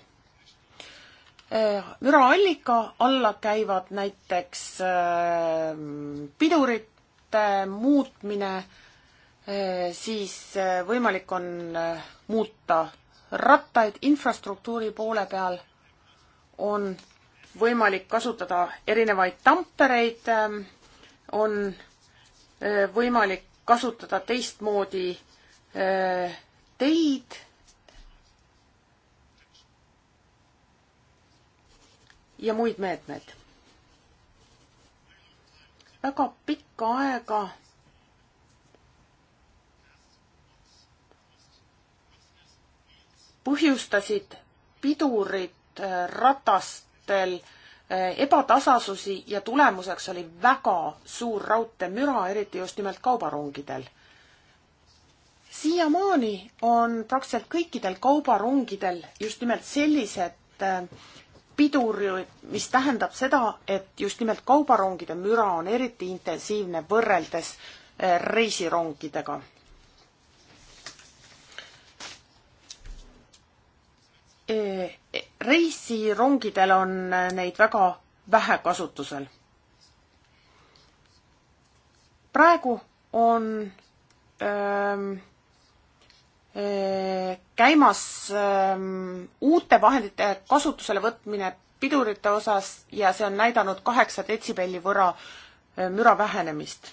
Speaker 3: Äh, müraallika alla käivad näiteks äh, pidurite muutmine, äh, siis võimalik on muuta rattaid, infrastruktuuri poole peal on võimalik kasutada erinevaid tampereid, on võimalik kasutada teistmoodi teid ja muid meetmed. väga pikka aega põhjustasid pidurid äh, ratastel äh, ebatasasusi ja tulemuseks oli väga suur raudteemüra, eriti just nimelt kaubarongidel. siiamaani on praktiliselt kõikidel kaubarongidel just nimelt sellised äh, pidur, mis tähendab seda, et just nimelt kaubarongide müra on eriti intensiivne võrreldes eh, reisirongidega. Eh, reisirongidel on eh, neid väga vähe kasutusel. praegu on öö, ähm, Äh, käimas ähm, uute vahendite kasutusele võtmine pidurite osas ja see on näidanud kaheksa detsibelli võrra äh, müra vähenemist.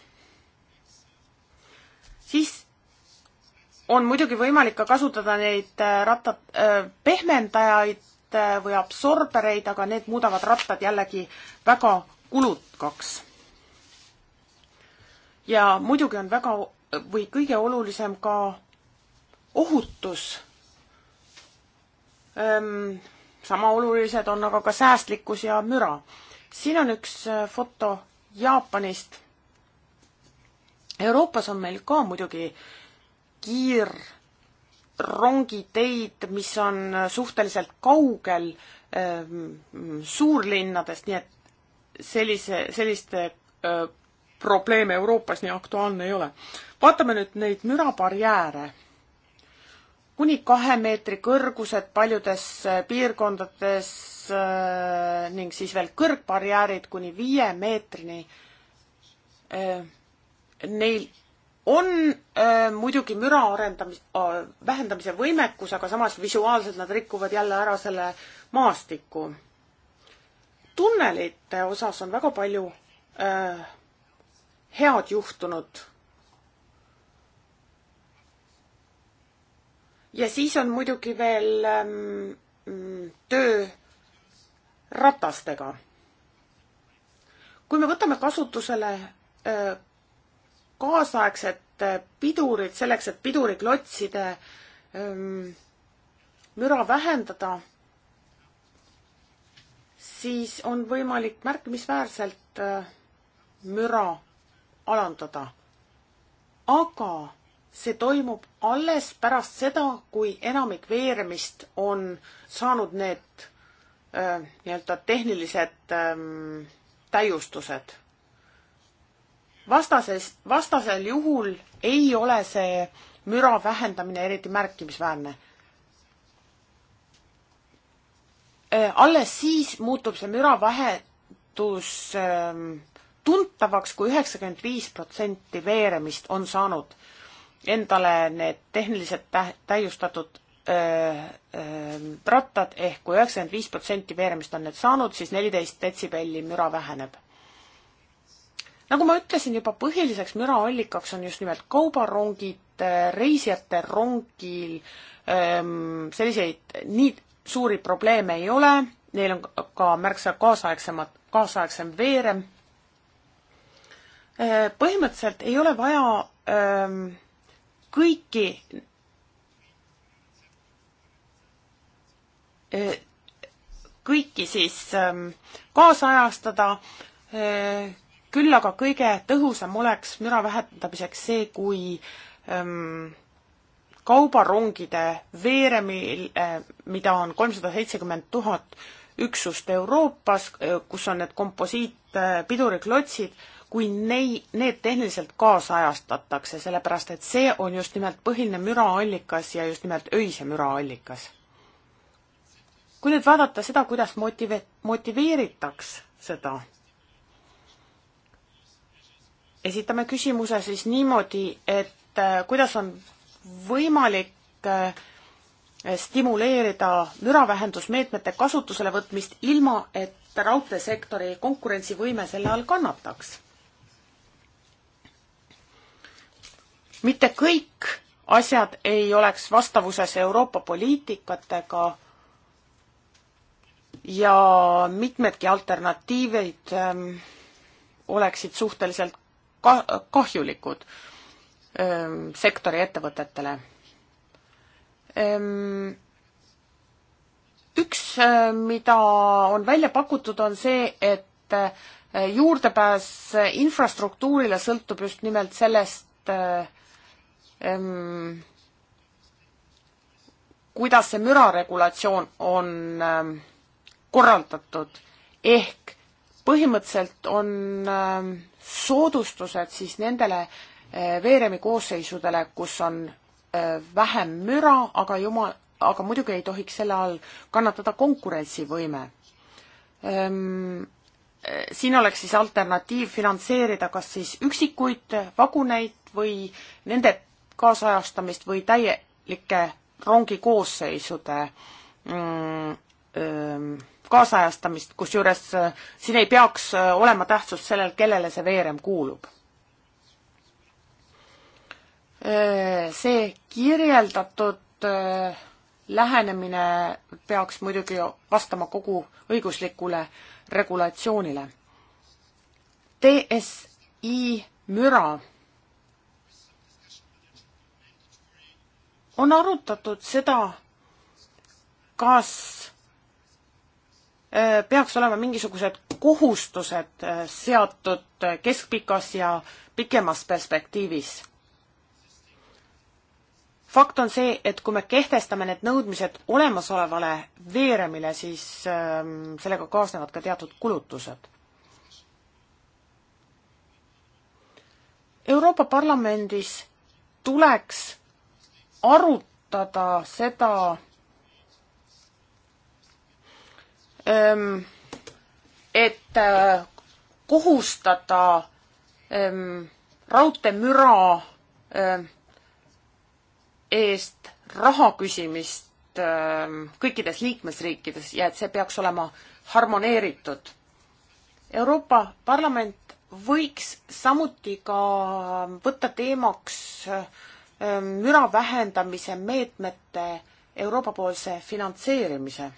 Speaker 3: siis on muidugi võimalik ka kasutada neid äh, ratta pehmendajaid või absorbereid, aga need muudavad rattad jällegi väga kulukaks. ja muidugi on väga või kõige olulisem ka ohutus. Ehm, sama olulised on aga ka säästlikkus ja müra. siin on üks äh, foto Jaapanist. Euroopas on meil ka muidugi kiirrongiteid, mis on äh, suhteliselt kaugel ehm, suurlinnadest, nii et sellise, selliste öö, äh, probleeme Euroopas nii aktuaalne ei ole. vaatame nüüd neid mürabarjääre kuni kahe meetri kõrgused paljudes äh, piirkondades äh, ning siis veel kõrgbarjäärid kuni viie meetrini. Äh, neil on äh, muidugi müra arendamis- äh,, vähendamise võimekus, aga samas visuaalselt nad rikuvad jälle ära selle maastiku. tunnelite osas on väga palju äh, head juhtunud ja siis on muidugi veel ähm, töö ratastega. kui me võtame kasutusele äh, kaasaegsed äh, pidurid selleks, et piduriklotside äh, ähm, müra vähendada, siis on võimalik märkimisväärselt äh, müra alandada. aga see toimub alles pärast seda, kui enamik veeremist on saanud need äh, nii-öelda tehnilised ähm, täiustused. vastases, vastasel juhul ei ole see müra vähendamine eriti märkimisväärne äh,. alles siis muutub see müra vahetus äh, tuntavaks kui, kui üheksakümmend viis protsenti veeremist on saanud äh, endale need tehniliselt täiustatud rattad ehk kui üheksakümmend viis protsenti veeremist on need saanud, siis neliteist detsibelli müra väheneb. nagu ma ütlesin juba, põhiliseks müraallikaks on just nimelt kaubarongid, reisijate rongil selliseid nii suuri probleeme ei ole, neil on ka märksa kaasaegsemad, kaasaegsem veerem. põhimõtteliselt ei ole vaja öö, kõiki e, kõiki siis ähm, kaasajastada, e, küll aga kõige tõhusam oleks müra vähendamiseks see, kui ähm, kaubarongide veeremil, e, mida on kolmsada seitsekümmend tuhat üksust Euroopas, kus on need komposiitpiduriklotsid, kui nei-, need tehniliselt kaasajastatakse, sellepärast et see on just nimelt põhiline müraallikas ja just nimelt öise müraallikas. kui nüüd vaadata seda, kuidas motive-, motiveeritaks seda, esitame küsimuse siis niimoodi, et äh, kuidas on võimalik äh, stimuleerida müravähendusmeetmete kasutusele võtmist ilma, et raudteesektori konkurentsivõime selle all kannataks. mitte kõik asjad ei oleks vastavuses Euroopa poliitikatega ja mitmedki alternatiivid ähm, oleksid suhteliselt ka kahjulikud ähm, sektori ettevõtetele ähm,. üks äh,, mida on välja pakutud, on see, et äh, juurdepääs infrastruktuurile sõltub just nimelt sellest äh,, ähm, kuidas see müraregulatsioon on ähm, korraldatud, ehk põhimõtteliselt on ähm, soodustused siis nendele äh, veeremi koosseisudele, kus on äh, vähem müra, aga jumal, aga muidugi ei tohiks selle all kannatada konkurentsivõime ähm, siin oleks siis alternatiiv finantseerida kas siis üksikuid vaguneid või nende kaasajastamist või täielike rongikoosseisude mm, kaasajastamist, kusjuures siin ei peaks olema tähtsust sellel, kellele see veerem kuulub. see kirjeldatud lähenemine peaks muidugi vastama kogu õiguslikule regulatsioonile. DSI müra on arutatud seda, kas äh, peaks olema mingisugused kohustused äh, seatud äh, keskpikas ja pikemas perspektiivis. fakt on see, et kui me kehtestame need nõudmised olemasolevale veeremile, siis ähm, sellega kaasnevad ka teatud kulutused. Euroopa Parlamendis tuleks arutada seda ähm, et äh, kohustada ähm, raudteemüra ähm, eest raha küsimist kõikides liikmesriikides ja et see peaks olema harmoneeritud. Euroopa Parlament võiks samuti ka võtta teemaks äh, Ähm, müra vähendamise meetmete Euroopa-poolse finantseerimise.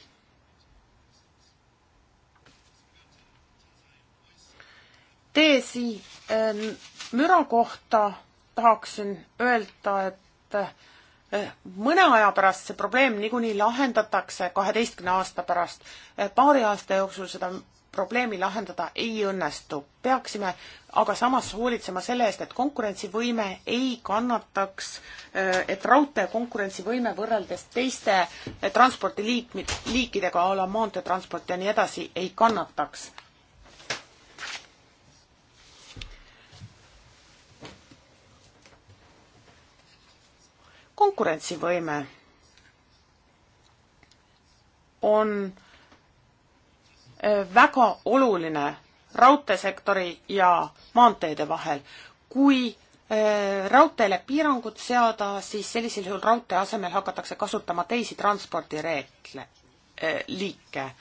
Speaker 3: Teesi ähm, müra kohta tahaksin öelda, et äh, mõne aja pärast see probleem niikuinii lahendatakse, kaheteistkümne aasta pärast. Äh, paari aasta jooksul seda probleemi lahendada ei õnnestu. peaksime aga samas hoolitsema selle eest, et konkurentsivõime ei kannataks, äh, et raudtee konkurentsivõime võrreldes teiste äh, transpordiliikidega a la maanteetransport ja nii edasi ei kannataks. konkurentsivõime on väga oluline raudteesektori ja maanteede vahel. kui äh, raudteele piirangud seada, siis sellisel juhul raudtee asemel hakatakse kasutama teisi transpordireegle, äh, liike.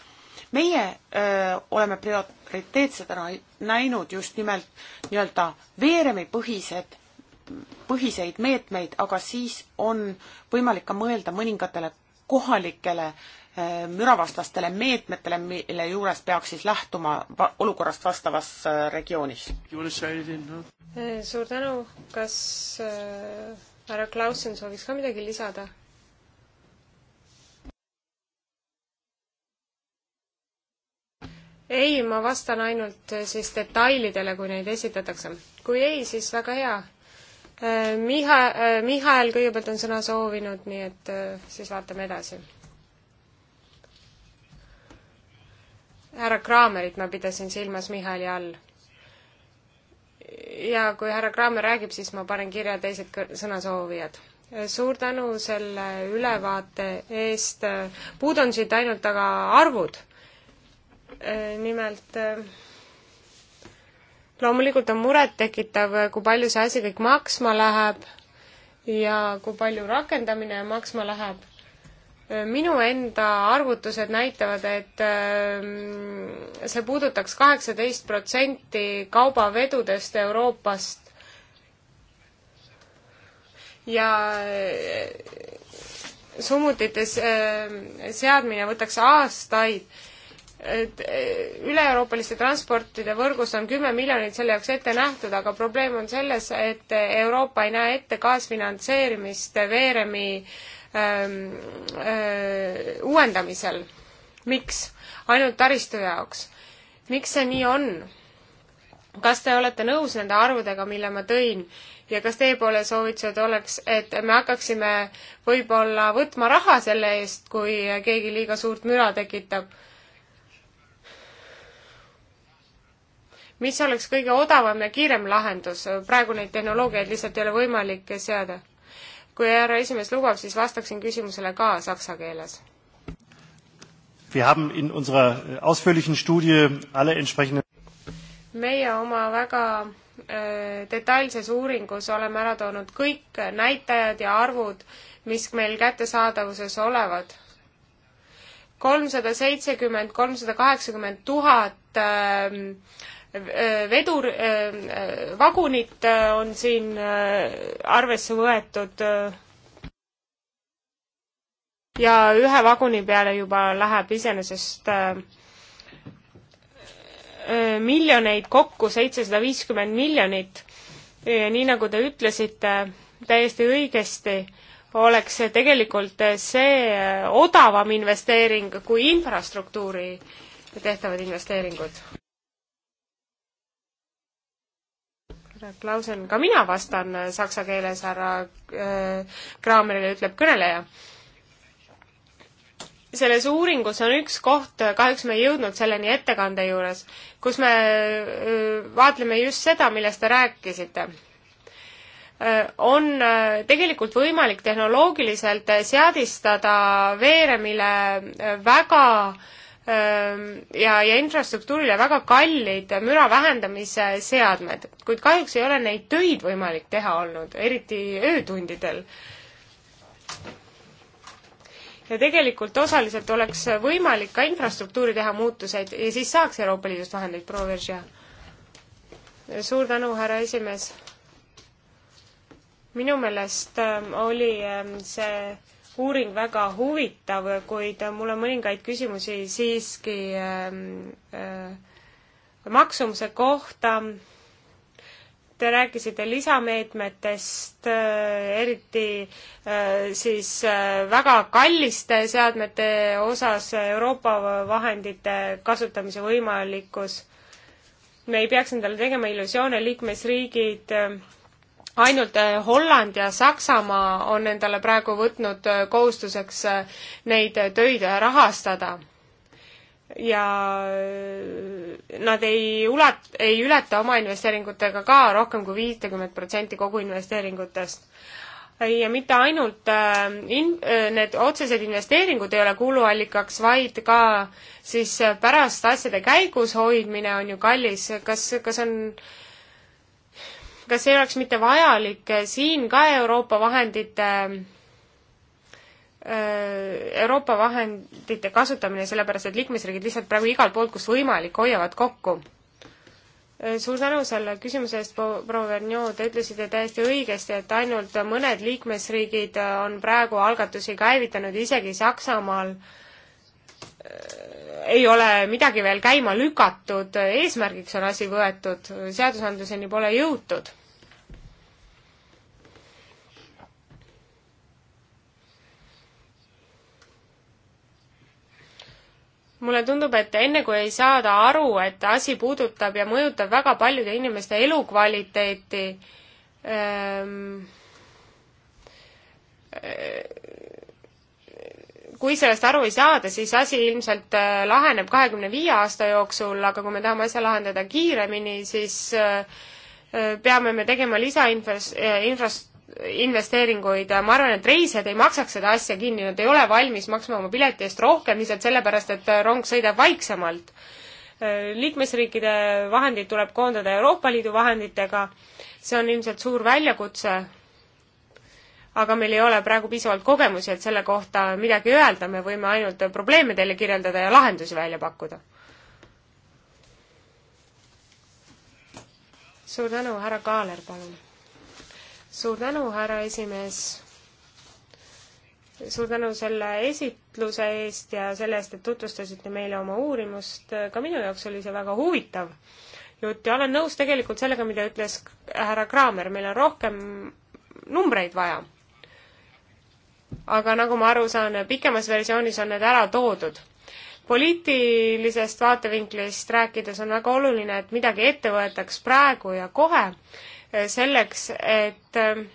Speaker 3: meie öö, äh, oleme prioriteetsedena näinud just nimelt nii-öelda veeremipõhised, põhiseid meetmeid, aga siis on võimalik ka mõelda mõningatele kohalikele Äh, müravastastele meetmetele, mille juures peaks siis lähtuma olukorrast vastavas äh, regioonis.
Speaker 2: suur tänu, kas äh, härra Klausen sooviks ka midagi lisada? ei, ma vastan ainult siis detailidele, kui neid esitatakse. kui ei, siis väga hea. Miha-, Mihhail kõigepealt on sõna soovinud, nii et siis vaatame edasi härra Kraamerit ma pidasin silmas Michali all. ja kui härra Kraamer räägib, siis ma panen kirja teised sõnasoovijad. suur tänu selle ülevaate eest, puud on siit ainult aga arvud. nimelt loomulikult on murettekitav, kui palju see asi kõik maksma läheb ja kui palju rakendamine maksma läheb minu enda arvutused näitavad, et ähm, see puudutaks kaheksateist protsenti kaubavedudest Euroopast. ja äh, summutites ähm, seadmine võtaks aastaid. Äh, üle-euroopaliste transportide võrgus on kümme miljonit selle jaoks ette nähtud, aga probleem on selles, et Euroopa ei näe ette kaasfinantseerimist veeremi äh, öö, ähm, äh, uuendamisel. miks? ainult taristu jaoks. miks see nii on? kas te olete nõus nende arvudega, mille ma tõin ja kas teie poole soovitused oleks, et me hakkaksime võib-olla võtma raha selle eest, kui keegi liiga suurt müra tekitab? mis oleks kõige odavam ja kiirem lahendus, praegu neid tehnoloogiaid lihtsalt ei ole võimalik seada kui härra esimees lubab, siis vastaksin küsimusele ka saksa keeles.
Speaker 1: Wir haben in unserer äh, ausführlichen Studie alle entsprechenden
Speaker 2: meie oma väga äh, detailses uuringus oleme ära toonud kõik näitajad ja arvud, mis meil kättesaadavuses olevad. kolmsada seitsekümmend, kolmsada kaheksakümmend tuhat ähm, vedur, vagunit äh, on siin äh, arvesse võetud ja ühe vaguni peale juba läheb iseenesest äh, miljoneid kokku, seitsesada viiskümmend miljonit. nii nagu te ütlesite täiesti õigesti, oleks see tegelikult see odavam investeering kui infrastruktuuri tehtavad investeeringud. härra Klausen, ka mina vastan saksa keeles härra äh, Kraamerile, ütleb kõneleja. selles uuringus on üks koht, äh, kahjuks me ei jõudnud selleni ettekande juures, kus me äh, vaatleme just seda, millest te rääkisite äh, on äh, tegelikult võimalik tehnoloogiliselt seadistada veeremile väga äh, ja, ja infrastruktuurile väga kallid müra vähendamise seadmed, kuid kahjuks ei ole neid töid võimalik teha olnud, eriti öötundidel. ja tegelikult osaliselt oleks võimalik ka infrastruktuuri teha muutuseid ja siis saaks Euroopa Liidust vahendeid, proua Veržia. suur tänu, härra esimees. minu meelest ähm, oli ähm, see uuring väga huvitav, kuid mul on mõningaid küsimusi siiski äh, äh, maksumuse kohta. Te rääkisite lisameetmetest äh,, eriti äh, siis äh, väga kalliste seadmete osas Euroopa vahendite kasutamise võimalikkus. me ei peaks endale tegema illusioone, liikmesriigid äh, ainult äh, Holland ja Saksamaa on endale praegu võtnud äh, kohustuseks äh, neid töid rahastada. ja nad ei ulat-, ei ületa oma investeeringutega ka rohkem kui viitekümmet protsenti kogu investeeringutest ja mitte ainult in-, need otsesed investeeringud ei ole kuluallikaks, vaid ka siis pärast asjade käigus hoidmine on ju kallis, kas, kas on äh, kas ei oleks mitte vajalik siin ka Euroopa vahendite Euroopa vahendite kasutamine, sellepärast et liikmesriigid lihtsalt praegu igalt poolt, kus võimalik, hoiavad kokku. suur tänu selle küsimuse eest, proua Vernioo, te ütlesite täiesti õigesti, et ainult mõned liikmesriigid on praegu algatusi käivitanud, isegi Saksamaal ei ole midagi veel käima lükatud, eesmärgiks on asi võetud, seadusandluseni pole jõutud mulle tundub, et enne kui ei saada aru, et asi puudutab ja mõjutab väga paljude inimeste elukvaliteeti ähm,, kui sellest aru ei saada, siis asi ilmselt eh, laheneb kahekümne viie aasta jooksul, aga kui me tahame asja lahendada kiiremini, siis eh, peame me tegema lisainfras-, infrast-, investeeringuid, ma arvan, et reisijad ei maksaks seda asja kinni, nad ei ole valmis maksma oma pileti eest rohkem lihtsalt sellepärast, et rong sõidab vaiksemalt. liikmesriikide vahendid tuleb koondada Euroopa Liidu vahenditega, see on ilmselt suur väljakutse, aga meil ei ole praegu piisavalt kogemusi, et selle kohta midagi öelda, me võime ainult probleeme teile kirjeldada ja lahendusi välja pakkuda. suur tänu, härra Kaaler, palun suur tänu, härra esimees. suur tänu selle esitluse eest ja selle eest, et tutvustasite meile oma uurimust. ka minu jaoks oli see väga huvitav jutt ja olen nõus tegelikult sellega, mida ütles härra Kraamer, meil on rohkem numbreid vaja. aga nagu ma aru saan, pikemas versioonis on need ära toodud poliitilisest vaatevinklist rääkides on väga oluline, et midagi ette võetaks praegu ja kohe selleks, et ähm,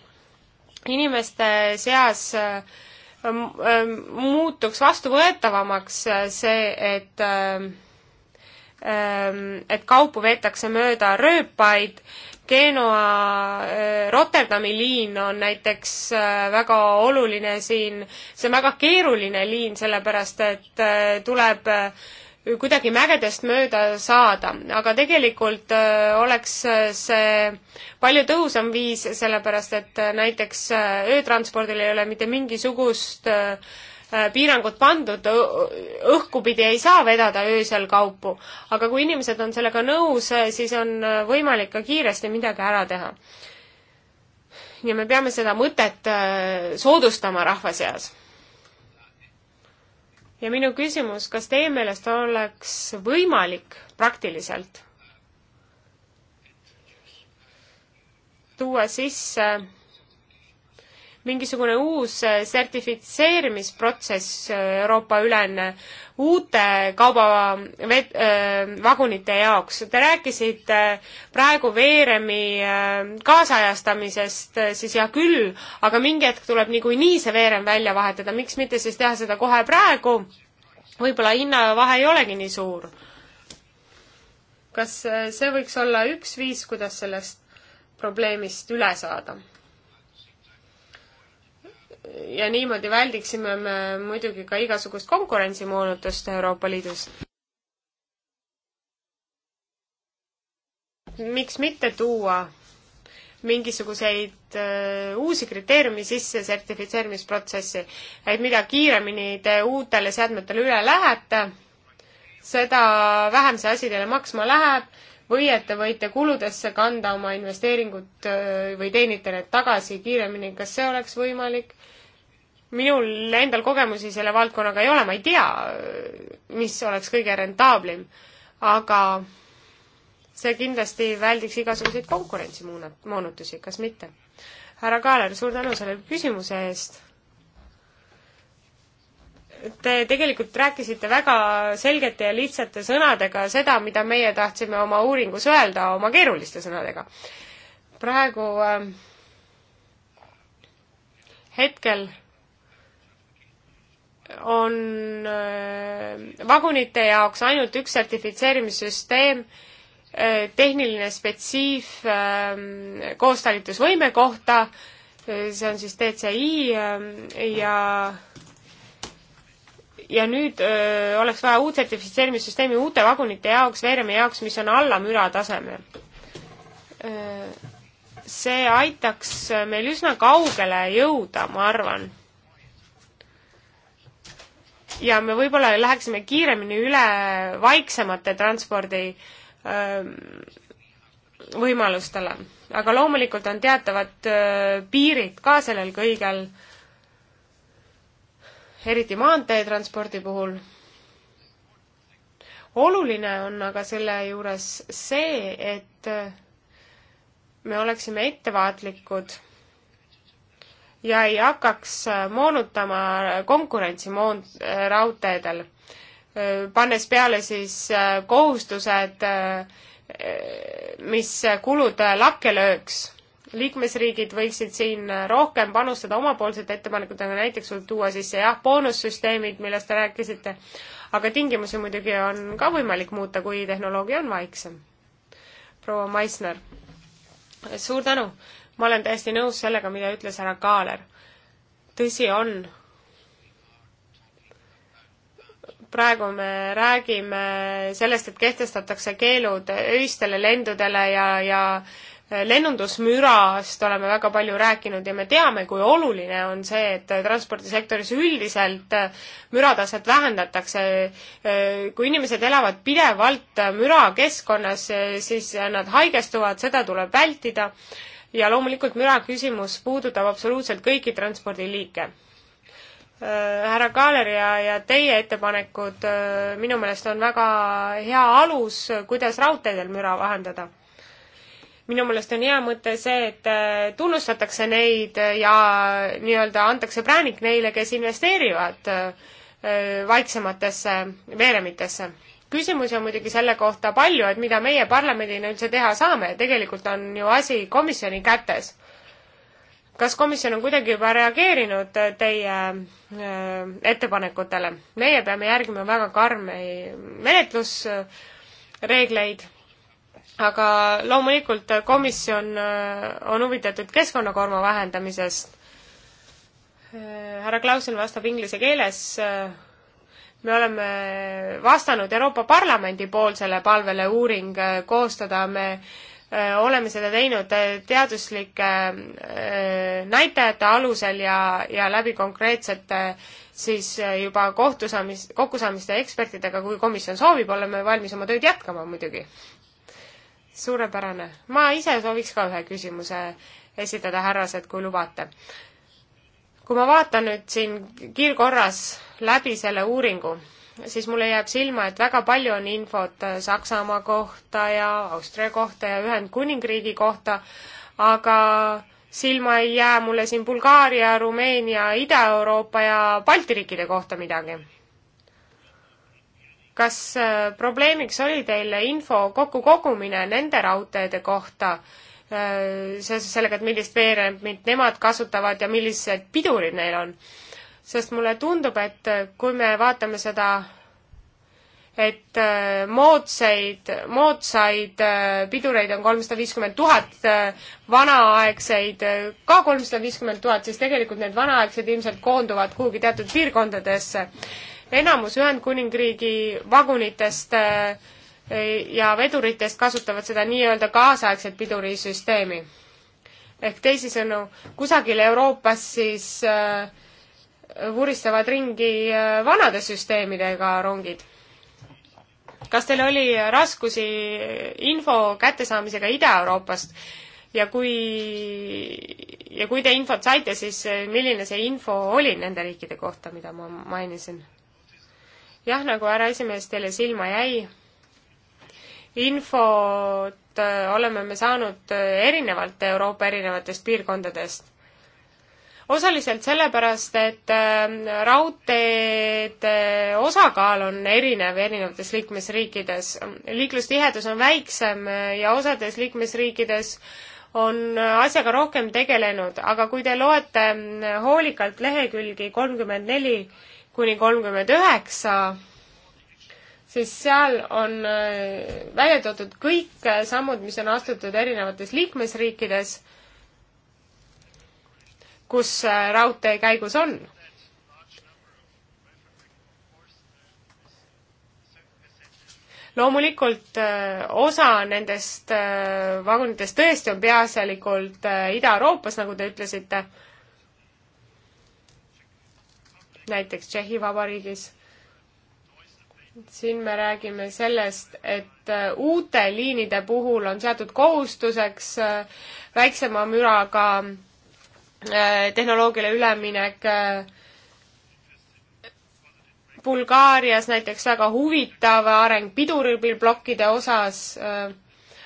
Speaker 2: inimeste seas ähm, ähm, muutuks vastuvõetavamaks äh, see, et et kaupu veetakse mööda rööpaid, Genoa äh, Rotterdami liin on näiteks äh, väga oluline siin, see on väga keeruline liin, sellepärast et tuleb kuidagi mägedest mööda saada, aga tegelikult äh, oleks äh, see palju tõhusam viis, sellepärast et äh, näiteks öötranspordil ei ole mitte mingisugust piirangut pandud, õhkupidi ei saa vedada öösel kaupu. aga kui inimesed on sellega nõus, siis on võimalik ka kiiresti midagi ära teha. ja me peame seda mõtet soodustama rahva seas ja minu küsimus, kas teie meelest oleks võimalik praktiliselt tuua sisse mingisugune uus äh, sertifitseerimisprotsess äh, Euroopa ülene uute kaubavagunite äh, jaoks. Te rääkisite praegu veeremi kaasajastamisest, siis hea küll, aga mingi hetk tuleb niikuinii see veerem välja vahetada, miks mitte siis teha seda kohe praegu, võib-olla hinnavahe ei olegi nii suur. kas see võiks olla üks viis, kuidas sellest probleemist üle saada? ja niimoodi väldiksime me muidugi ka igasugust konkurentsimoonutust Euroopa Liidus. miks mitte tuua mingisuguseid äh, uusi kriteeriumi sisse sertifitseerimisprotsessi, et mida kiiremini te uutele seadmetele üle lähete, seda vähem see asi teile maksma läheb või et te võite kuludesse kanda oma investeeringut äh, või teenite need tagasi kiiremini, kas see oleks võimalik? minul endal kogemusi selle valdkonnaga ei ole, ma ei tea, mis oleks kõige rentaablim, aga see kindlasti väldiks igasuguseid konkurentsimoonutusi, kas mitte? härra Kaaler, suur tänu selle küsimuse eest. Te tegelikult rääkisite väga selgete ja lihtsate sõnadega seda, mida meie tahtsime oma uuringus öelda oma keeruliste sõnadega. praegu äh, hetkel on äh, vagunite jaoks ainult üks sertifitseerimissüsteem, äh, tehniline spetsiif äh, koostalitusvõime kohta, see on siis DCI ja ja nüüd öö, oleks vaja uut sertifitseerimissüsteemi uute vagunite jaoks, veeremi jaoks, mis on alla mürataseme see aitaks meil üsna kaugele jõuda, ma arvan ja me võib-olla läheksime kiiremini üle vaiksemate transpordi ähm, võimalustele. aga loomulikult on teatavad äh, piirid ka sellel kõigel, eriti maanteetranspordi puhul. oluline on aga selle juures see, et äh, me oleksime ettevaatlikud ja ei hakkaks äh, moonutama konkurentsi moon-, äh, raudteedel, äh, pannes peale siis kohustused, mis kulud lakke lööks. liikmesriigid võiksid siin rohkem panustada omapoolsete ettepanekutega, näiteks võib tuua sisse jah, boonussüsteemid, millest te rääkisite, aga tingimusi muidugi on ka võimalik muuta, kui tehnoloogia on vaiksem. proua Maisner, suur tänu! ma olen täiesti nõus sellega, mida ütles härra Kaaler. tõsi on, praegu me räägime sellest, et kehtestatakse keelud öistele lendudele ja, ja lennundusmürast oleme väga palju rääkinud ja me teame, kui oluline on see, et transpordisektoris üldiselt mürataset vähendatakse. kui inimesed elavad pidevalt mürakeskkonnas, siis nad haigestuvad, seda tuleb vältida ja loomulikult müra küsimus puudutab absoluutselt kõiki transpordiliike. Äh, härra Kaaler ja, ja teie ettepanekud äh, minu meelest on väga hea alus, kuidas raudteedel müra vahendada minu meelest on hea mõte see, et äh, tunnustatakse neid ja nii-öelda antakse präänik neile, kes investeerivad vaiksematesse veeremitesse küsimusi on muidugi selle kohta palju, et mida meie parlamendina üldse teha saame, tegelikult on ju asi komisjoni kätes. kas komisjon on kuidagi juba reageerinud teie äh, ettepanekutele? meie peame järgima väga karme menetlusreegleid, aga loomulikult komisjon äh, on huvitatud keskkonnakoorma vähendamisest äh, härra Klausen vastab inglise keeles, me oleme vastanud Euroopa Parlamendi poolsele palvele uuring äh, koostada, me äh, oleme seda teinud äh, teaduslike näitajate alusel ja, ja läbi konkreetsete siis juba kohtusaamis, kokkusaamiste ekspertidega, kui komisjon soovib, oleme valmis oma tööd jätkama muidugi. suurepärane. ma ise sooviks ka ühe küsimuse esitada, härrased, kui lubate kui ma vaatan nüüd siin kiirkorras läbi selle uuringu, siis mulle jääb silma, et väga palju on infot Saksamaa kohta ja Austria kohta ja Ühendkuningriigi kohta, aga silma ei jää mulle siin Bulgaaria, Rumeenia, Ida-Euroopa ja Balti riikide kohta midagi. kas äh, probleemiks oli teil info kokkukogumine nende raudteede kohta seoses sellega, et millist veeremit nemad kasutavad ja millised pidurid neil on. sest mulle tundub, et kui me vaatame seda, et äh, moodsaid, moodsaid äh, pidureid on kolmsada viiskümmend tuhat, äh, vanaaegseid ka kolmsada viiskümmend tuhat, siis tegelikult need vanaaegsed ilmselt koonduvad kuhugi teatud piirkondadesse. enamus Ühendkuningriigi vagunitest äh, ja veduritest kasutavad seda nii-öelda kaasaegset pidurisüsteemi. ehk teisisõnu, kusagil Euroopas siis äh, vuristavad ringi äh, vanade süsteemidega rongid. kas teil oli raskusi info kättesaamisega Ida-Euroopast ja kui, ja kui te infot saite, siis äh, milline see info oli nende riikide kohta, mida ma mainisin? jah, nagu härra esimees teile silma jäi infot äh, oleme me saanud äh, erinevalt Euroopa erinevatest piirkondadest. osaliselt sellepärast, et äh, raudteede osakaal on erinev erinevates liikmesriikides. liiklustihedus on väiksem ja osades liikmesriikides on asjaga rohkem tegelenud, aga kui te loete hoolikalt lehekülgi kolmkümmend neli kuni kolmkümmend üheksa, siis seal on äh, välja toodud kõik äh, sammud, mis on astutud erinevates liikmesriikides, kus äh, raudtee käigus on. loomulikult osa nendest vagunitest tõesti on peaasjalikult Ida-Euroopas, nagu te ütlesite, näiteks Tšehhi Vabariigis siin me räägime sellest, et äh, uute liinide puhul on seatud kohustuseks äh, väiksema müraga äh, tehnoloogiale üleminek. Bulgaarias näiteks väga huvitav areng piduribilplokkide osas,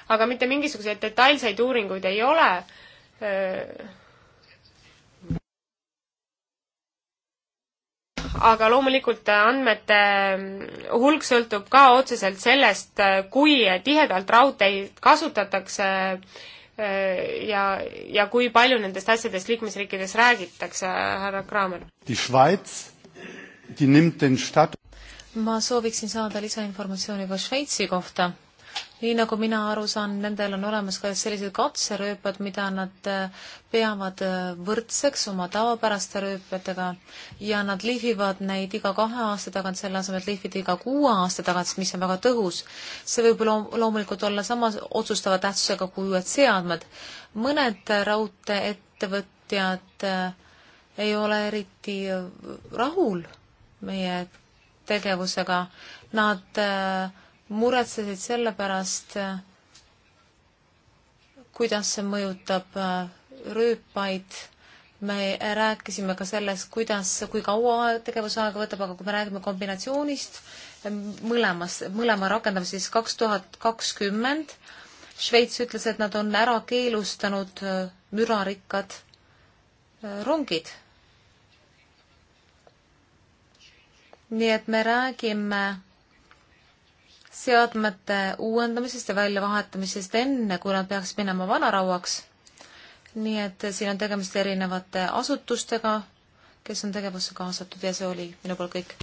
Speaker 2: aga mitte mingisuguseid detailseid uuringuid ei ole aga loomulikult andmete hulk sõltub ka otseselt sellest, kui tihedalt raudteid kasutatakse eh, ja, ja kui palju nendest asjadest liikmesriikides räägitakse, härra Kramer?
Speaker 4: ma sooviksin saada lisainformatsiooni ka Šveitsi kohta nii nagu mina aru saan, nendel on olemas ka sellised katserööpad, mida nad äh, peavad äh, võrdseks oma tavapäraste rööpmetega ja nad lihvivad neid iga kahe aasta tagant, selle asemel, et lihvida iga kuue aasta tagant, mis on väga tõhus. see võib loom-, loomulikult olla sama otsustava tähtsusega kui uued seadmed. mõned raudtee-ettevõtjad äh, ei ole eriti rahul meie tegevusega, nad äh, muretsesid selle pärast, kuidas see mõjutab äh, rüüpaid. me rääkisime ka sellest, kuidas, kui kaua tegevusaega võtab, aga kui me räägime kombinatsioonist, äh, mõlemas, mõlema rakendab siis kaks tuhat kakskümmend. Šveits ütles, et nad on ära keelustanud äh, mürarikkad rongid. nii et me räägime seadmete uuendamisest ja väljavahetamisest enne, kui nad peaks minema vanarauaks. nii et siin on tegemist erinevate asutustega, kes on tegevusse kaasatud ja see oli minu poolt kõik.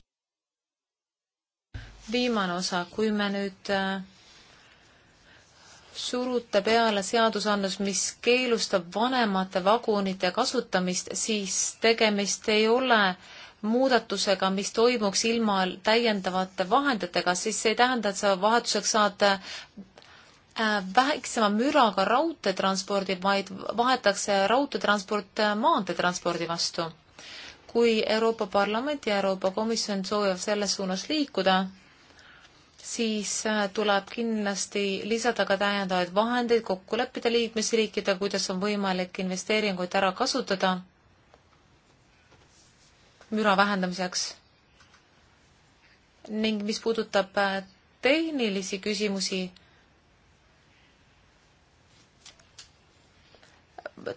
Speaker 4: viimane osa, kui me nüüd äh, surute peale seadusandlus, mis keelustab vanemate vagunite kasutamist, siis tegemist ei ole äh, muudatusega, mis toimuks ilma täiendavate vahenditega, siis see ei tähenda, et sa vahetuseks saad äh, väiksema müraga raudteetranspordi, vaid vahetakse raudteetransport äh, maanteetranspordi vastu. kui Euroopa Parlament ja Euroopa Komisjon soovivad selles suunas liikuda, siis äh, tuleb kindlasti lisada ka täiendavaid vahendeid, kokku leppida liikmesriikidega, kuidas on võimalik investeeringuid ära kasutada müra vähendamiseks. ning mis puudutab äh, tehnilisi küsimusi,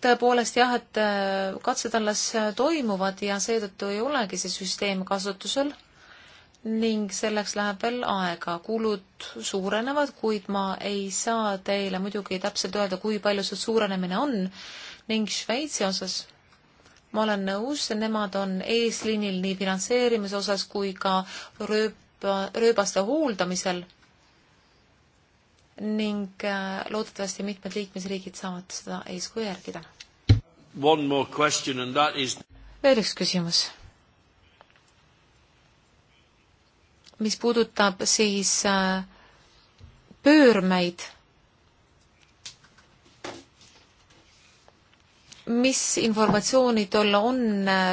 Speaker 4: tõepoolest jah, et äh, katsed alles äh, toimuvad ja seetõttu ei olegi see süsteem kasutusel ning selleks läheb veel aega. kulud suurenevad, kuid ma ei saa teile muidugi täpselt öelda, kui palju see suurenemine on ning Šveitsi osas ma olen nõus, nemad on eesliinil nii finantseerimise osas kui ka rööp, rööbaste hooldamisel ning äh, loodetavasti mitmed liikmesriigid saavad seda eeskuju järgida. Is... veel üks küsimus. mis puudutab siis äh, pöörmeid mis informatsiooni tal on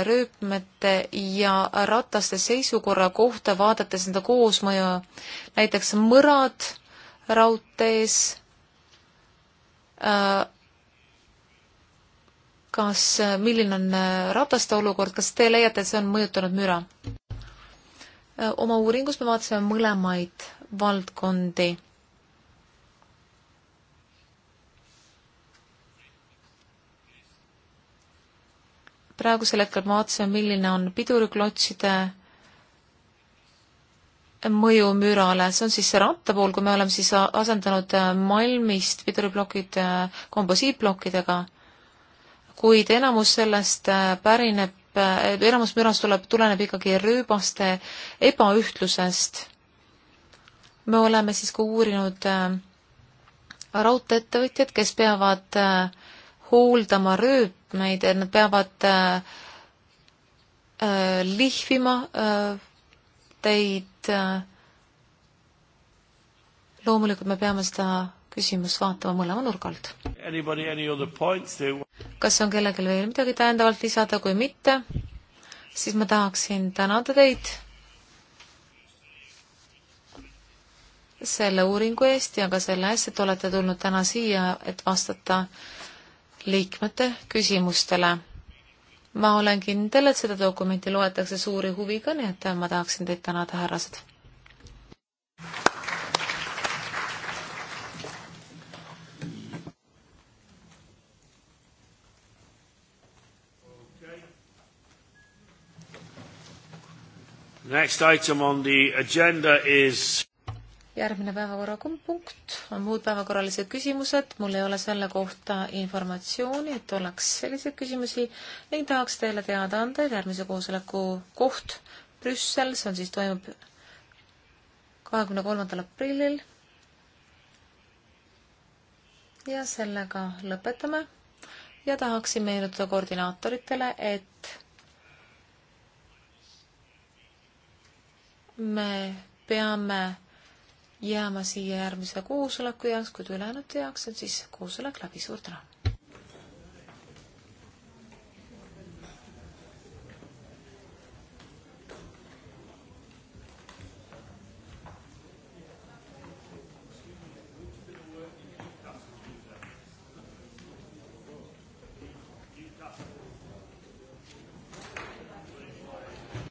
Speaker 4: rööpmete ja rataste seisukorra kohta, vaadates nende koosmõju, näiteks mõrad raudtees äh,, kas, milline on äh, rataste olukord, kas te leiate, et see on mõjutanud müra? Äh, oma uuringus me vaatasime mõlemaid valdkondi praegusel hetkel ma vaatasin, milline on piduriklotside mõju mürale, see on siis see ratta pool, kui me oleme siis asendanud äh, malmist piduriplokid äh, komposiitplokkidega, kuid enamus sellest äh, pärineb, enamus mürast tuleb, tuleneb ikkagi rööbaste ebaühtlusest. me oleme siis ka uurinud raudtee-ettevõtjad, kes peavad äh, hooldama rööpmeid, et nad peavad äh, äh, lihvima äh, teid äh,. loomulikult me peame seda küsimust vaatama mõlema nurga alt. kas on kellelgi veel midagi täiendavalt lisada, kui mitte, siis ma tahaksin tänada teid selle uuringu eest ja ka selle eest, et olete tulnud täna siia, et vastata äh, liikmete küsimustele. ma olen kindel, et seda dokumenti loetakse suuri huviga, nii et ma tahaksin teid tänada, härrased.
Speaker 1: Next item on the agenda is
Speaker 4: järgmine päevakorrapunkt on muud päevakorralised küsimused. mul ei ole selle kohta informatsiooni, et oleks selliseid küsimusi ning tahaks teile teada anda, et järgmise koosoleku koht Brüssel, see on siis toimub kahekümne kolmandal aprillil. ja sellega lõpetame ja tahaksin meenutada koordinaatoritele, et me peame jääma siia järgmise koosoleku jaoks, kuid ülejäänud jaoks on siis koosolek läbi, suur tänu!